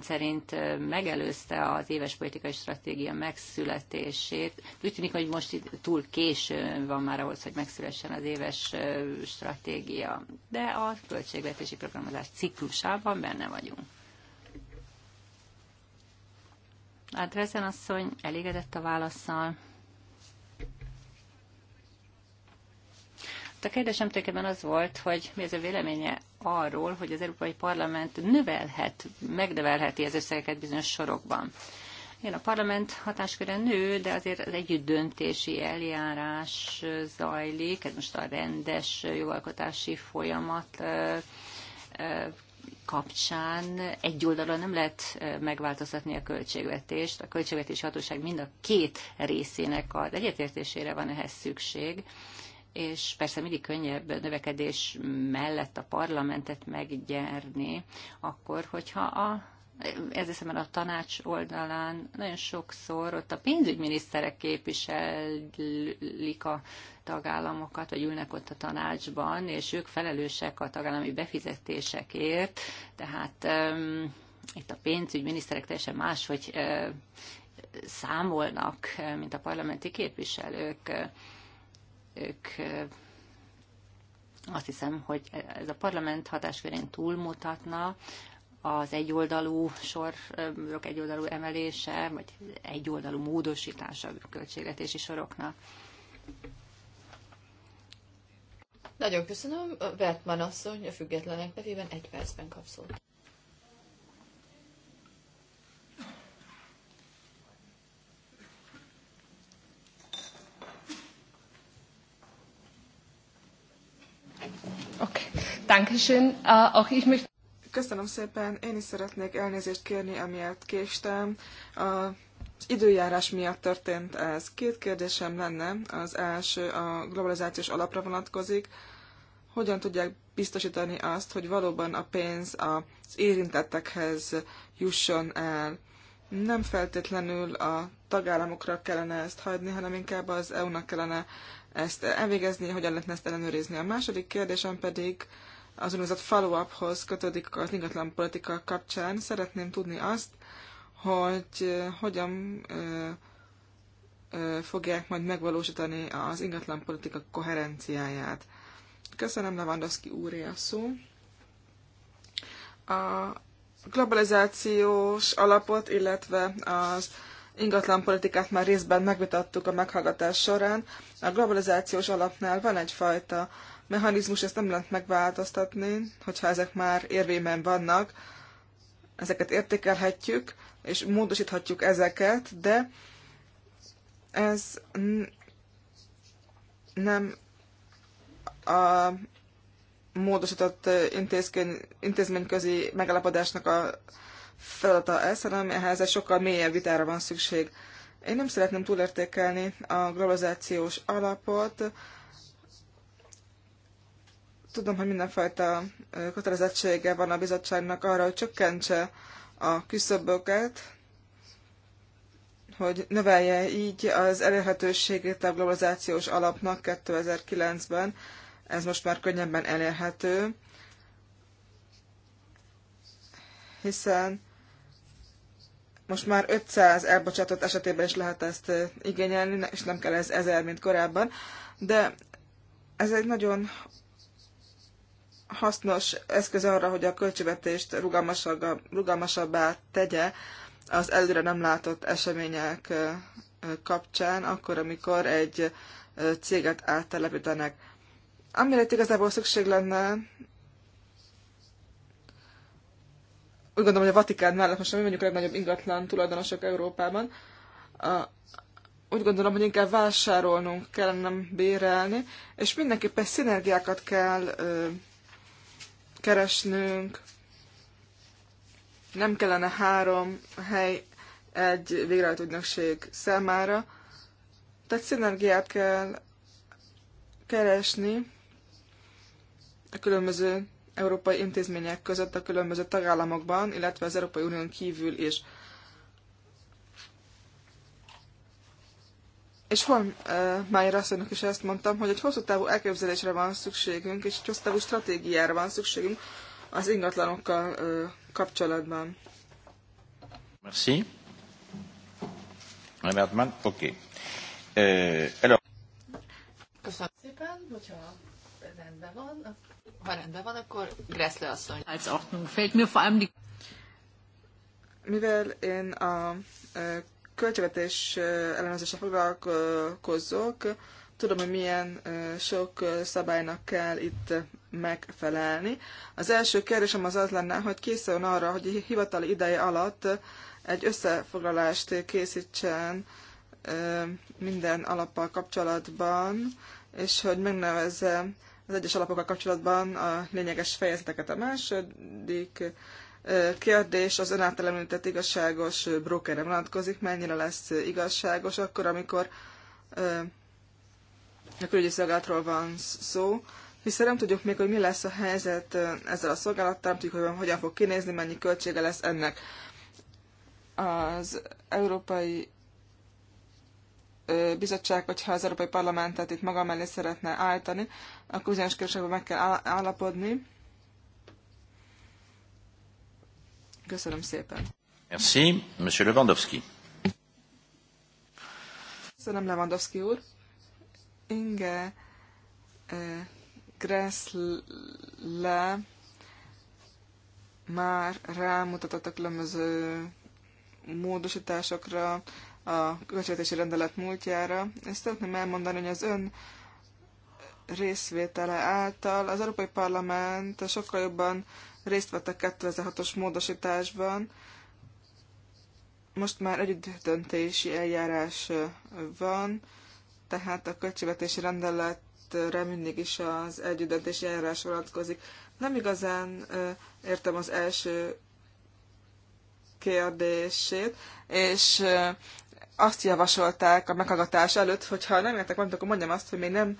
[SPEAKER 3] szerint megelőzte az éves politikai stratégia megszületését. Úgy tűnik, hogy most itt túl későn van már ahhoz, hogy megszülessen az éves stratégia, de a költségvetési programozás ciklusában benne vagyunk. Andrezen asszony elégedett a válaszsal. Hát a kérdésem tulajdonképpen az volt, hogy mi az a véleménye arról, hogy az Európai Parlament növelhet, megnövelheti az összegeket bizonyos sorokban. Igen, a parlament hatásköre nő, de azért az együttdöntési eljárás zajlik, ez most a rendes jogalkotási folyamat kapcsán egy oldalon nem lehet megváltoztatni a költségvetést. A költségvetési hatóság mind a két részének az egyetértésére van ehhez szükség és persze mindig könnyebb növekedés mellett a parlamentet meggyerni, akkor, hogyha a ez hiszem a tanács oldalán nagyon sokszor ott a pénzügyminiszterek képviselik a tagállamokat, vagy ülnek ott a tanácsban, és ők felelősek a tagállami befizetésekért, tehát um, itt a pénzügyminiszterek teljesen máshogy uh, számolnak, mint a parlamenti képviselők. Ők azt hiszem, hogy ez a parlament hatáskörén túlmutatna, az egyoldalú sorok egyoldalú emelése, vagy egyoldalú módosítása a költségvetési soroknak.
[SPEAKER 2] Nagyon köszönöm. Vertman asszony, a függetlenek nevében egy percben kap
[SPEAKER 4] Dankeschön. Uh, auch ich möchte Köszönöm szépen, én is szeretnék elnézést kérni, amiért késtem. A időjárás miatt történt ez. Két kérdésem lenne. Az első a globalizációs alapra vonatkozik. Hogyan tudják biztosítani azt, hogy valóban a pénz az érintettekhez jusson el? Nem feltétlenül a tagállamokra kellene ezt hagyni, hanem inkább az EU-nak kellene ezt elvégezni, hogyan lehetne ezt ellenőrizni. A második kérdésem pedig az úgynevezett follow-uphoz kötődik az ingatlan politika kapcsán. Szeretném tudni azt, hogy hogyan fogják majd megvalósítani az ingatlan politika koherenciáját. Köszönöm, Lewandowski úré a szó. A globalizációs alapot, illetve az ingatlan politikát már részben megvitattuk a meghallgatás során. A globalizációs alapnál van egyfajta uh, mechanizmus, ezt nem lehet megváltoztatni, hogyha ezek már érvényben vannak, ezeket értékelhetjük, és módosíthatjuk ezeket, de ez nem a módosított intézményközi megállapodásnak a feladata ez, hanem ehhez egy sokkal mélyebb vitára van szükség. Én nem szeretném túlértékelni a globalizációs alapot, Tudom, hogy mindenfajta kötelezettsége van a bizottságnak arra, hogy csökkentse a küszöböket, hogy növelje így az elérhetőségét a globalizációs alapnak 2009-ben. Ez most már könnyebben elérhető, hiszen most már 500 elbocsátott esetében is lehet ezt igényelni, és nem kell ez 1000, mint korábban, de ez egy nagyon hasznos eszköz arra, hogy a költségvetést rugalmasabbá tegye az előre nem látott események kapcsán, akkor, amikor egy céget áttelepítenek. Amire itt igazából szükség lenne, úgy gondolom, hogy a Vatikán mellett most mi mondjuk a legnagyobb ingatlan tulajdonosok Európában, a, úgy gondolom, hogy inkább vásárolnunk kellene, nem bérelni, és mindenképpen szinergiákat kell ö, keresnünk. Nem kellene három hely egy végrehajtó ügynökség számára. Tehát szinergiát kell keresni a különböző európai intézmények között a különböző tagállamokban, illetve az Európai Unión kívül is. és von uh, Májer asszonynak is ezt mondtam, hogy egy hosszú távú elképzelésre van szükségünk, és egy hosszú távú stratégiára van szükségünk az ingatlanokkal uh, kapcsolatban.
[SPEAKER 1] Merci. Oké. Okay. Uh,
[SPEAKER 4] Köszönöm
[SPEAKER 2] szépen, hogyha rendben van, ha rendben van, akkor
[SPEAKER 4] Gressle asszony. Als Ordnung fällt mir vor allem die... Mivel én a uh, költségvetés ellenőrzéssel foglalkozok. tudom, hogy milyen sok szabálynak kell itt megfelelni. Az első kérdésem az az lenne, hogy készüljön arra, hogy hivatali ideje alatt egy összefoglalást készítsen minden alappal kapcsolatban, és hogy megnevezze az egyes alapokkal kapcsolatban a lényeges fejezeteket. A második kérdés az ön által igazságos brokerre vonatkozik, mennyire lesz igazságos akkor, amikor a külügyi szolgálatról van szó, hiszen nem tudjuk még, hogy mi lesz a helyzet ezzel a szolgálattal, nem tudjuk, hogy hogyan fog kinézni, mennyi költsége lesz ennek. Az Európai Bizottság, hogyha az Európai Parlamentet itt maga mellé szeretne állítani, akkor bizonyos kérdésekben meg kell állapodni, Köszönöm szépen.
[SPEAKER 1] Merci, Monsieur Lewandowski.
[SPEAKER 4] Köszönöm, Lewandowski úr. Inge eh, Gressle már rámutatott a különböző módosításokra, a költségvetési rendelet múltjára, Ezt szeretném elmondani, hogy az ön részvétele által az Európai Parlament sokkal jobban részt a 2006-os módosításban. Most már együtt döntési eljárás van, tehát a költségvetési rendeletre mindig is az együttdöntési eljárás vonatkozik. Nem igazán értem az első kérdését, és azt javasolták a meghallgatás előtt, hogyha nem értek valamit, akkor mondjam azt, hogy még nem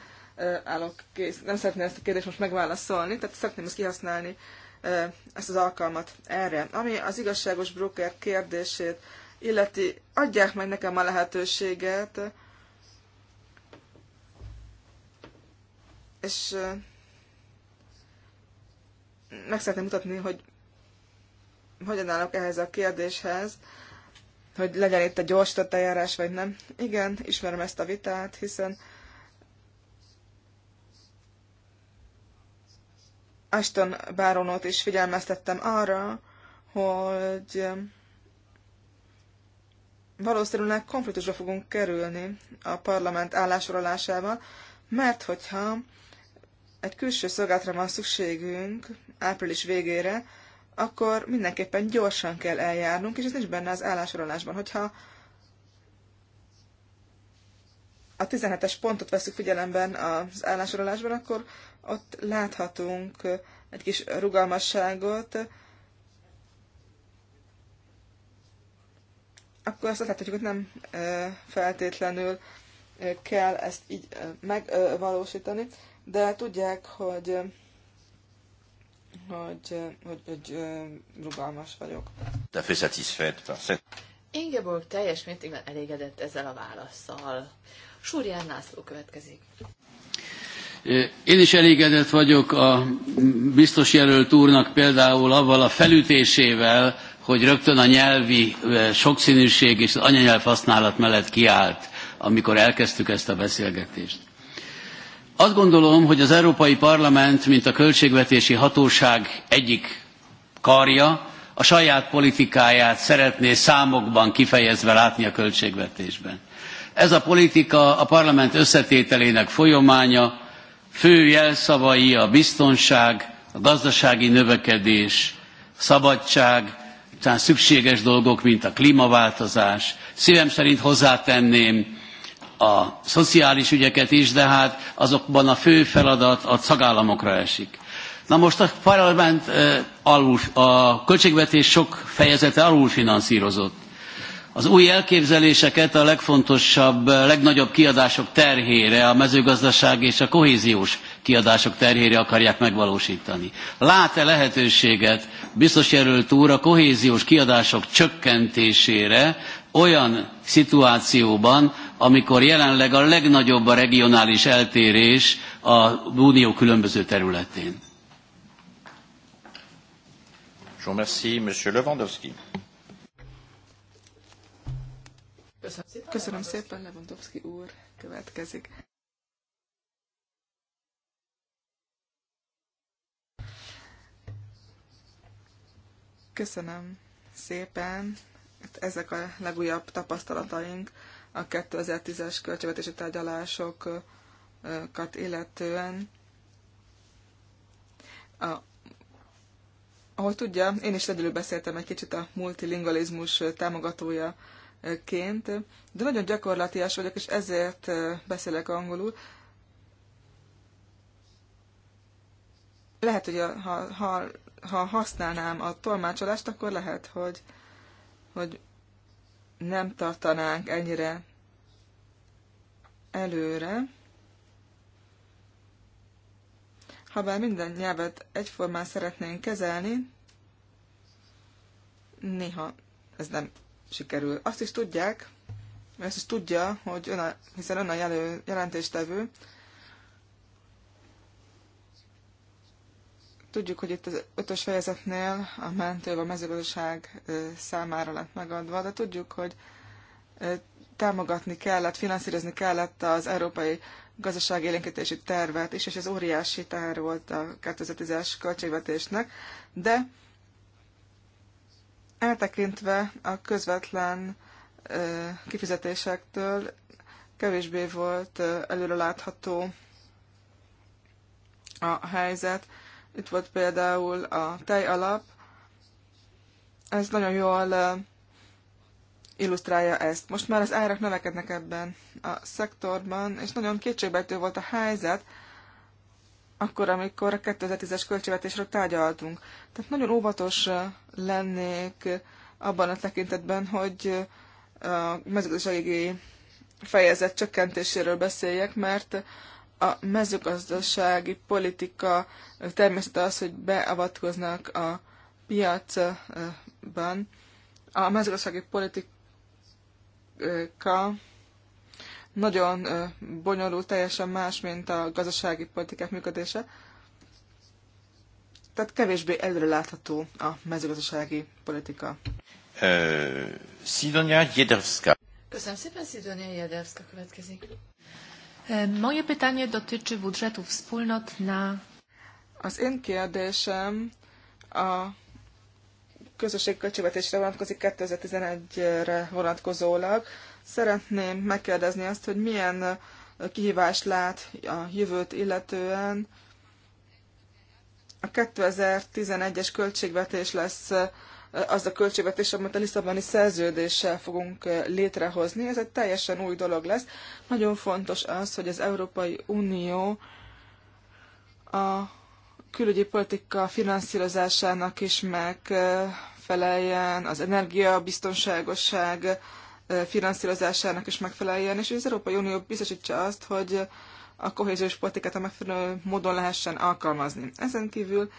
[SPEAKER 4] állok kész, nem szeretném ezt a kérdést most megválaszolni, tehát szeretném ezt kihasználni ezt az alkalmat erre. Ami az igazságos broker kérdését illeti, adják meg nekem a lehetőséget, és meg szeretném mutatni, hogy hogyan állok ehhez a kérdéshez, hogy legyen itt a gyorsított eljárás, vagy nem. Igen, ismerem ezt a vitát, hiszen Ashton Baronot is figyelmeztettem arra, hogy um, valószínűleg konfliktusra fogunk kerülni a parlament állásorolásával, mert hogyha egy külső szolgáltra van szükségünk április végére, akkor mindenképpen gyorsan kell eljárnunk, és ez nincs benne az állásorolásban. Hogyha a 17-es pontot veszük figyelemben az állásorolásban, akkor ott láthatunk egy kis rugalmasságot, akkor azt láthatjuk, hogy nem feltétlenül kell ezt így megvalósítani, de tudják, hogy, hogy, hogy, hogy rugalmas vagyok. Ingeborg
[SPEAKER 2] teljes mértékben elégedett ezzel a válaszsal. Súrján László következik.
[SPEAKER 1] Én is elégedett vagyok a biztos jelölt úrnak például avval a felütésével, hogy rögtön a nyelvi sokszínűség és az anyanyelv használat mellett kiállt, amikor elkezdtük ezt a beszélgetést. Azt gondolom, hogy az Európai Parlament, mint a költségvetési hatóság egyik karja, a saját politikáját szeretné számokban kifejezve látni a költségvetésben. Ez a politika a parlament összetételének folyamánya, Fő jelszavai a biztonság, a gazdasági növekedés, a szabadság, utána szükséges dolgok, mint a klímaváltozás. Szívem szerint hozzátenném a szociális ügyeket is, de hát azokban a fő feladat a szagállamokra esik. Na most a parlament alul, a költségvetés sok fejezete alulfinanszírozott az új elképzeléseket a legfontosabb, legnagyobb kiadások terhére, a mezőgazdaság és a kohéziós kiadások terhére akarják megvalósítani. Lát-e lehetőséget biztos jelölt úr a kohéziós kiadások csökkentésére olyan szituációban, amikor jelenleg a legnagyobb a regionális eltérés a unió különböző területén? köszönöm, Monsieur Lewandowski.
[SPEAKER 4] Köszönöm szépen, Köszönöm szépen Lewandowski úr következik. Köszönöm szépen. Hát ezek a legújabb tapasztalataink a 2010-es költségvetési tárgyalásokat illetően. A, ahogy tudja, én is egyedül beszéltem egy kicsit a multilingualizmus támogatója ként, de nagyon gyakorlatias vagyok, és ezért beszélek angolul. Lehet, hogy a, ha, ha, ha használnám a tolmácsolást, akkor lehet, hogy, hogy nem tartanánk ennyire előre. Habár minden nyelvet egyformán szeretnénk kezelni, néha ez nem sikerül. Azt is tudják, mert ezt is tudja, hogy ön a, hiszen ön a jelő, jelentéstevő, Tudjuk, hogy itt az ötös fejezetnél a mentő a mezőgazdaság számára lett megadva, de tudjuk, hogy támogatni kellett, finanszírozni kellett az európai gazdaságélénkítési tervet is, és ez óriási teher volt a 2010-es költségvetésnek, de Eltekintve a közvetlen kifizetésektől kevésbé volt előre látható a helyzet. Itt volt például a tejalap. Ez nagyon jól illusztrálja ezt. Most már az árak növekednek ebben a szektorban, és nagyon kétségbejtő volt a helyzet, akkor, amikor a 2010-es költségvetésről tárgyaltunk. Tehát nagyon óvatos lennék abban a tekintetben, hogy a mezőgazdasági fejezet csökkentéséről beszéljek, mert a mezőgazdasági politika természete az, hogy beavatkoznak a piacban. A mezőgazdasági politika nagyon bonyolult, teljesen más, mint a gazdasági politikák működése. Tehát kevésbé látható a mezőgazdasági politika.
[SPEAKER 1] Szidonia Jedevska.
[SPEAKER 2] Köszönöm szépen, Szidonia Jedevska következik.
[SPEAKER 4] Moje pytanie dotyczy budżetu wspólnot na... Az én kérdésem a közösségköltségvetésre vonatkozik 2011-re vonatkozólag. Szeretném megkérdezni azt, hogy milyen kihívást lát a jövőt illetően. A 2011-es költségvetés lesz az a költségvetés, amit a Lisszaboni szerződéssel fogunk létrehozni. Ez egy teljesen új dolog lesz. Nagyon fontos az, hogy az Európai Unió a külügyi politika finanszírozásának is megfeleljen, az energiabiztonságosság biztonságosság finanszírozásának is megfeleljen, és az Európai Unió biztosítsa azt, hogy a kohéziós politikát a megfelelő módon lehessen alkalmazni. Ezen kívül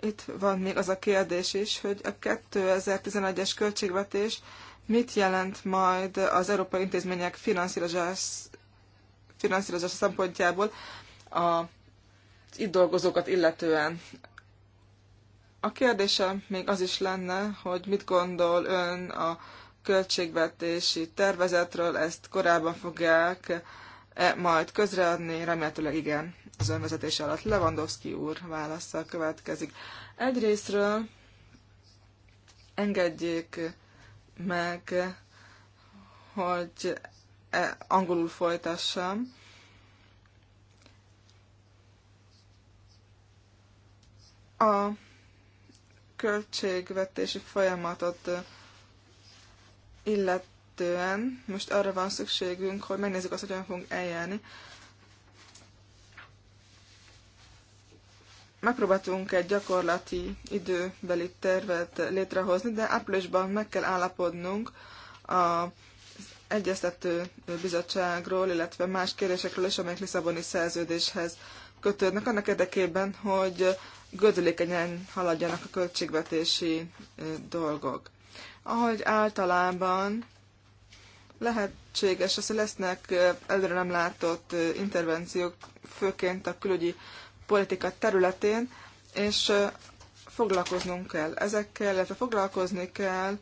[SPEAKER 4] itt van még az a kérdés is, hogy a 2011-es költségvetés mit jelent majd az európai intézmények finanszírozás, finanszírozás szempontjából a itt dolgozókat illetően. A kérdésem még az is lenne, hogy mit gondol ön a költségvetési tervezetről, ezt korábban fogják -e majd közreadni, remélhetőleg igen, az önvezetés alatt. Lewandowski úr válasza következik. Egyrésztről engedjék meg, hogy e angolul folytassam. A költségvetési folyamatot illetően most arra van szükségünk, hogy megnézzük azt, hogyan fogunk eljárni. Megpróbáltunk egy gyakorlati időbeli tervet létrehozni, de áprilisban meg kell állapodnunk a egyeztető bizottságról, illetve más kérdésekről is, amelyek Lisszaboni szerződéshez kötődnek, annak érdekében, hogy gördülékenyen haladjanak a költségvetési dolgok ahogy általában lehetséges az, hogy lesznek előre nem látott intervenciók, főként a külügyi politika területén, és foglalkoznunk kell ezekkel, illetve foglalkozni kell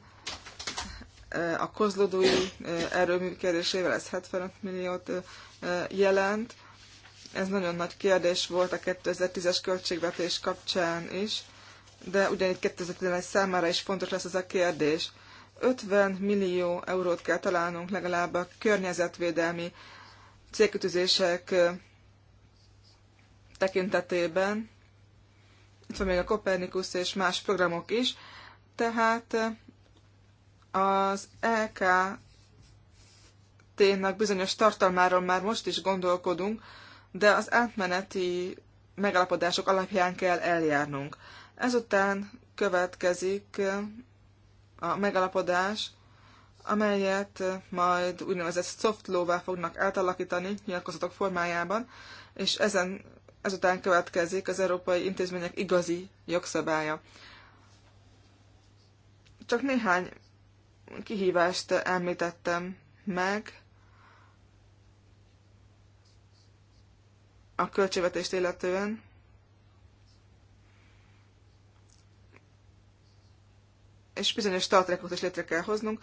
[SPEAKER 4] a kozlodói erőmű kérdésével, ez 75 milliót jelent. Ez nagyon nagy kérdés volt a 2010-es költségvetés kapcsán is de ugyanígy 2011 számára is fontos lesz ez a kérdés. 50 millió eurót kell találnunk legalább a környezetvédelmi célkütőzések tekintetében. Itt van még a Kopernikus és más programok is. Tehát az EK nak bizonyos tartalmáról már most is gondolkodunk, de az átmeneti megalapodások alapján kell eljárnunk. Ezután következik a megalapodás, amelyet majd úgynevezett soft law-vá fognak átalakítani nyilatkozatok formájában, és ezen, ezután következik az európai intézmények igazi jogszabálya. Csak néhány kihívást említettem meg a költségvetést illetően. és bizonyos tartalékokat is létre kell hoznunk.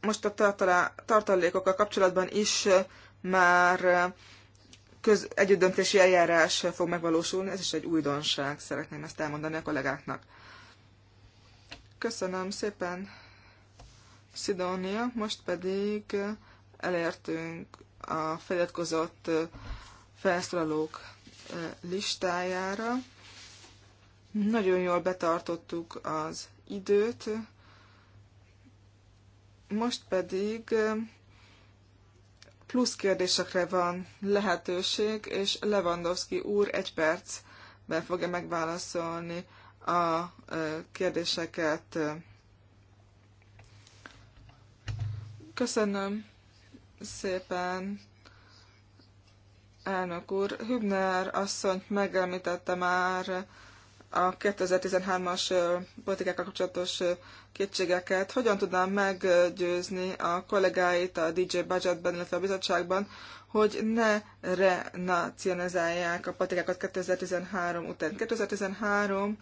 [SPEAKER 4] Most a tartalékokkal kapcsolatban is már köz, együttdöntési eljárás fog megvalósulni, ez is egy újdonság, szeretném ezt elmondani a kollégáknak. Köszönöm szépen, Szidónia, most pedig elértünk a feliratkozott felszólalók listájára. Nagyon jól betartottuk az időt, most pedig plusz kérdésekre van lehetőség, és Lewandowski úr egy percben fogja megválaszolni a kérdéseket. Köszönöm szépen, elnök úr. Hübner asszonyt megemlítette már a 2013-as politikákkal kapcsolatos kétségeket, hogyan tudnám meggyőzni a kollégáit a DJ budgetben, illetve a bizottságban, hogy ne renacionalizálják a politikákat 2013 után. 2013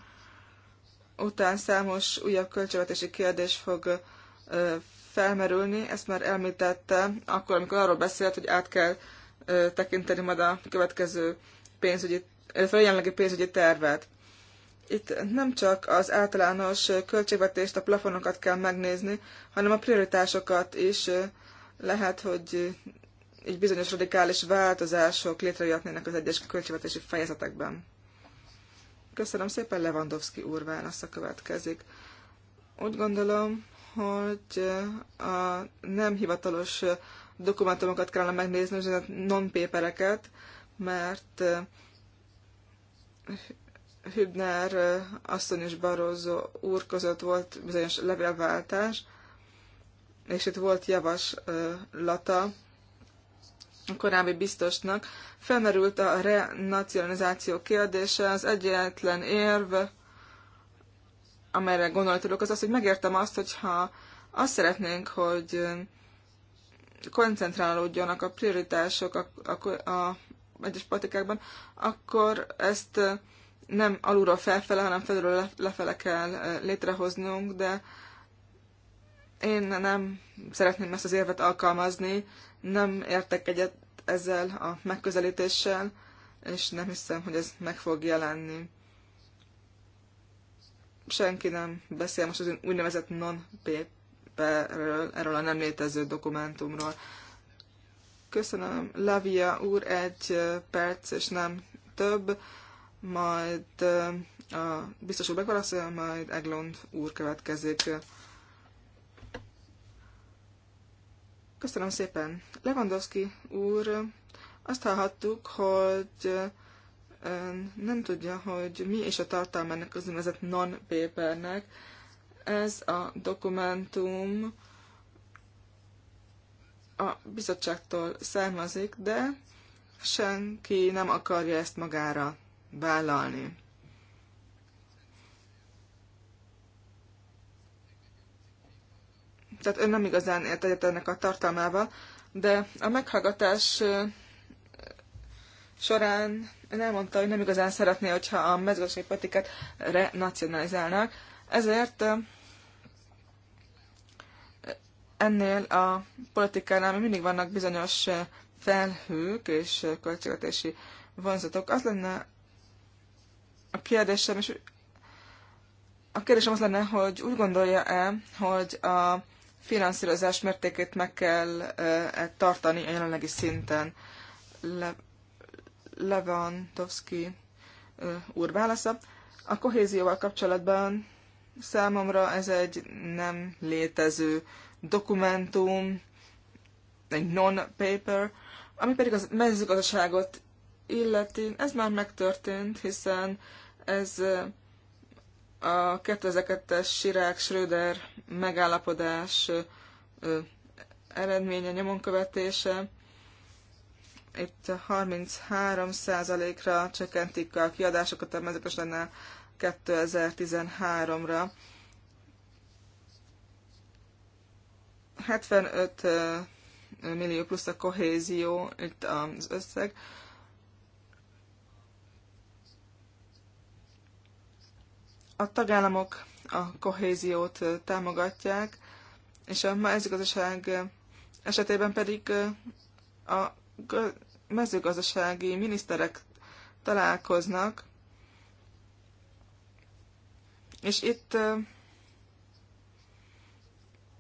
[SPEAKER 4] után számos újabb költségvetési kérdés fog felmerülni, ezt már elmítette akkor, amikor arról beszélt, hogy át kell tekinteni majd a következő pénzügyi, illetve a jelenlegi pénzügyi tervet itt nem csak az általános költségvetést, a plafonokat kell megnézni, hanem a prioritásokat is lehet, hogy egy bizonyos radikális változások létrejöhetnének az egyes költségvetési fejezetekben. Köszönöm szépen, Lewandowski úr válasza következik. Úgy gondolom, hogy a nem hivatalos dokumentumokat kellene megnézni, non-papereket, mert Hübner asszony és Barroso úr között volt bizonyos levélváltás, és itt volt javaslata a korábbi biztosnak. Felmerült a renacionalizáció kérdése, az egyetlen érv, amelyre gondoltuk, az az, hogy megértem azt, hogyha azt szeretnénk, hogy koncentrálódjanak a prioritások a, a, a egyes politikákban, akkor ezt nem alulról felfele, hanem felülről lefele kell eh, létrehoznunk, de én nem szeretném ezt az érvet alkalmazni, nem értek egyet ezzel a megközelítéssel, és nem hiszem, hogy ez meg fog jelenni. Senki nem beszél most az úgynevezett non-paperről, erről a nem létező dokumentumról. Köszönöm, Lavia úr, egy eh, perc, és nem több majd a biztos úr megválaszolja, majd Eglond úr következik. Köszönöm szépen. Lewandowski úr, azt hallhattuk, hogy nem tudja, hogy mi és a tartalma ennek az úgynevezett non-papernek. Ez a dokumentum a bizottságtól származik, de senki nem akarja ezt magára vállalni. Tehát ön nem igazán ért egyet ennek a tartalmával, de a meghallgatás során ön elmondta, hogy nem igazán szeretné, hogyha a mezőgazdasági politikát renacionalizálnak, ezért ennél a politikánál még mindig vannak bizonyos felhők és költségvetési vonzatok. Az lenne a kérdésem és a kérdésem az lenne, hogy úgy gondolja-e, hogy a finanszírozás mértékét meg kell -e tartani a jelenlegi szinten? Le, Lewandowski úr válasza. A kohézióval kapcsolatban számomra ez egy nem létező dokumentum, egy non-paper, ami pedig az mezőgazdaságot illeti, ez már megtörtént, hiszen ez a 2002-es Sirák-Schröder megállapodás eredménye, nyomon követése. Itt 33%-ra csökkentik a kiadásokat a mezőgazdaságnál 2013-ra. 75 millió plusz a kohézió, itt az összeg. A tagállamok a kohéziót támogatják, és a mezőgazdaság esetében pedig a mezőgazdasági miniszterek találkoznak, és itt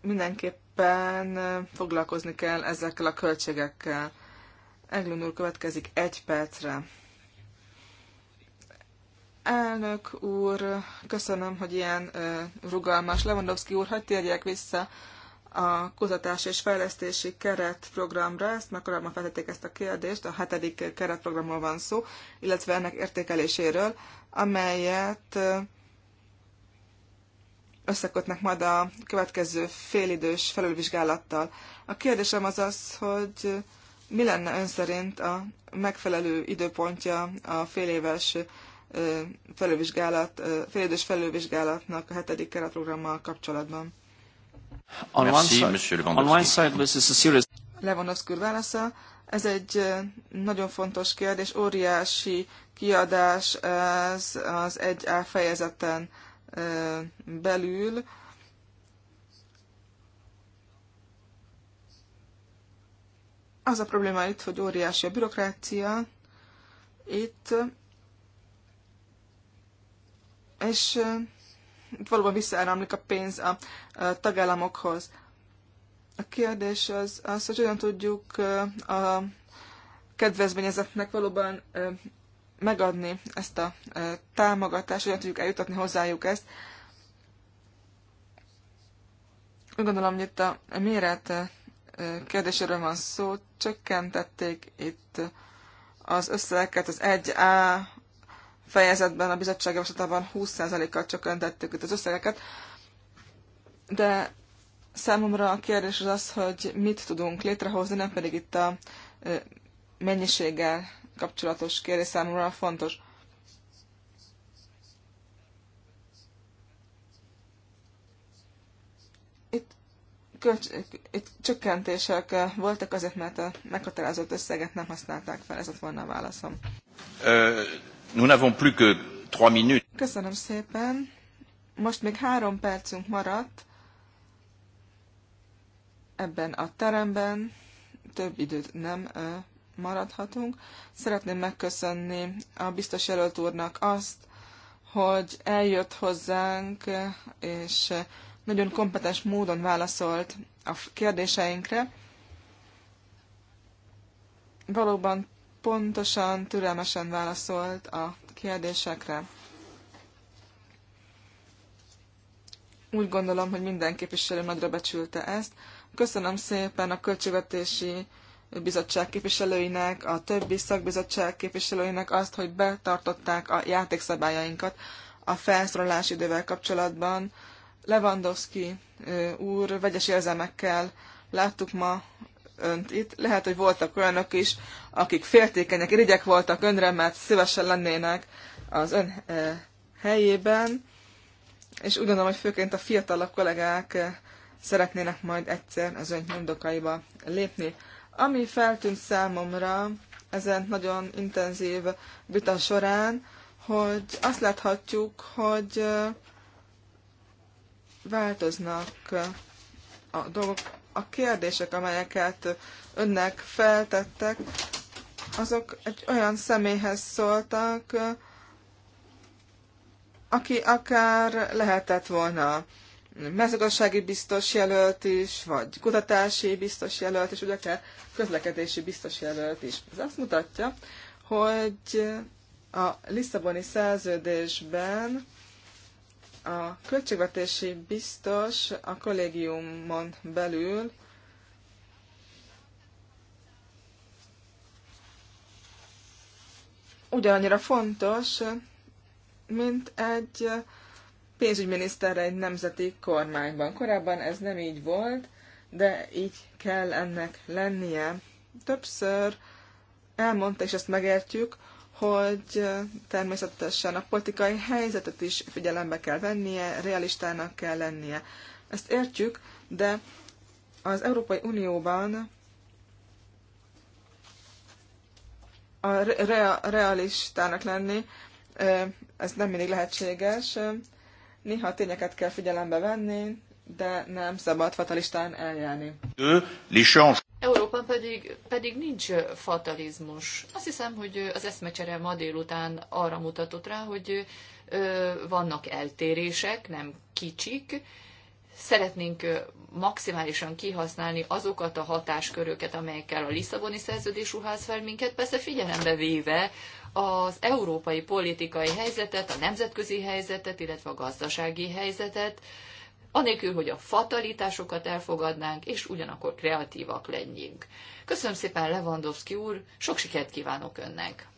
[SPEAKER 4] mindenképpen foglalkozni kell ezekkel a költségekkel. Eglon úr következik egy percre. Elnök úr, köszönöm, hogy ilyen rugalmas. Lewandowski úr, hagyd térjek vissza a kutatás és fejlesztési keretprogramra, ezt már korábban feltették ezt a kérdést, a hetedik keretprogramról van szó, illetve ennek értékeléséről, amelyet összekötnek majd a következő félidős felülvizsgálattal. A kérdésem az az, hogy mi lenne ön szerint a megfelelő időpontja a féléves felülvizsgálat, félidős felülvizsgálatnak a hetedik keretprogrammal kapcsolatban.
[SPEAKER 1] On one side, on one side this is a serious...
[SPEAKER 4] válasza. Ez egy nagyon fontos kérdés, óriási kiadás ez az 1A fejezeten belül. Az a probléma itt, hogy óriási a bürokrácia. Itt és itt valóban visszaáramlik a pénz a, a tagállamokhoz. A kérdés az, az, hogy hogyan tudjuk a kedvezményezetnek valóban megadni ezt a támogatást, hogyan tudjuk eljutatni hozzájuk ezt. Úgy gondolom, hogy itt a méret kérdéséről van szó, csökkentették itt az összegeket az 1A fejezetben, a bizottság javaslatában 20%-kal csökkentettük itt az összegeket, de számomra a kérdés az az, hogy mit tudunk létrehozni, nem pedig itt a mennyiséggel kapcsolatos kérdés számomra fontos. Itt, kölcs, itt csökkentések voltak azért, mert a meghatározott összeget nem használták fel, ez ott volna a válaszom.
[SPEAKER 1] Uh... Nous n'avons plus que trois minutes.
[SPEAKER 4] Köszönöm szépen. Most még három percünk maradt ebben a teremben. Több időt nem maradhatunk. Szeretném megköszönni a biztos jelölt úrnak azt, hogy eljött hozzánk, és nagyon kompetens módon válaszolt a kérdéseinkre. Valóban pontosan, türelmesen válaszolt a kérdésekre. Úgy gondolom, hogy minden képviselő nagyra becsülte ezt. Köszönöm szépen a Költségvetési Bizottság képviselőinek, a többi szakbizottság képviselőinek azt, hogy betartották a játékszabályainkat a felszólalás idővel kapcsolatban. Lewandowski úr vegyes érzelmekkel láttuk ma önt itt. Lehet, hogy voltak olyanok is, akik féltékenyek, irigyek voltak önre, mert szívesen lennének az ön eh, helyében, és úgy gondolom, hogy főként a fiatalabb kollégák eh, szeretnének majd egyszer az ön mondokaiba lépni. Ami feltűnt számomra ezen nagyon intenzív vita során, hogy azt láthatjuk, hogy eh, változnak a dolgok a kérdések, amelyeket önnek feltettek, azok egy olyan személyhez szóltak, aki akár lehetett volna mezőgazdasági biztos jelölt is, vagy kutatási biztos jelölt is, vagy akár közlekedési biztos jelölt is. Ez azt mutatja, hogy a Lisszaboni szerződésben a költségvetési biztos a kollégiumon belül ugyanannyira fontos, mint egy pénzügyminiszter egy nemzeti kormányban. Korábban ez nem így volt, de így kell ennek lennie. Többször elmondta, és ezt megértjük, hogy természetesen a politikai helyzetet is figyelembe kell vennie, realistának kell lennie. Ezt értjük, de az Európai Unióban a realistának lenni, ez nem mindig lehetséges. Néha tényeket kell figyelembe venni, de nem szabad fatalistán eljárni. Európában pedig, pedig nincs
[SPEAKER 2] fatalizmus. Azt hiszem, hogy az eszmecsere ma délután arra mutatott rá, hogy vannak eltérések, nem kicsik. Szeretnénk maximálisan kihasználni azokat a hatásköröket, amelyekkel a Lisszaboni szerződés ruház fel minket, persze figyelembe véve az európai politikai helyzetet, a nemzetközi helyzetet, illetve a gazdasági helyzetet, anélkül, hogy a fatalitásokat elfogadnánk, és ugyanakkor kreatívak legyünk. Köszönöm szépen, Lewandowski úr,
[SPEAKER 4] sok sikert kívánok önnek!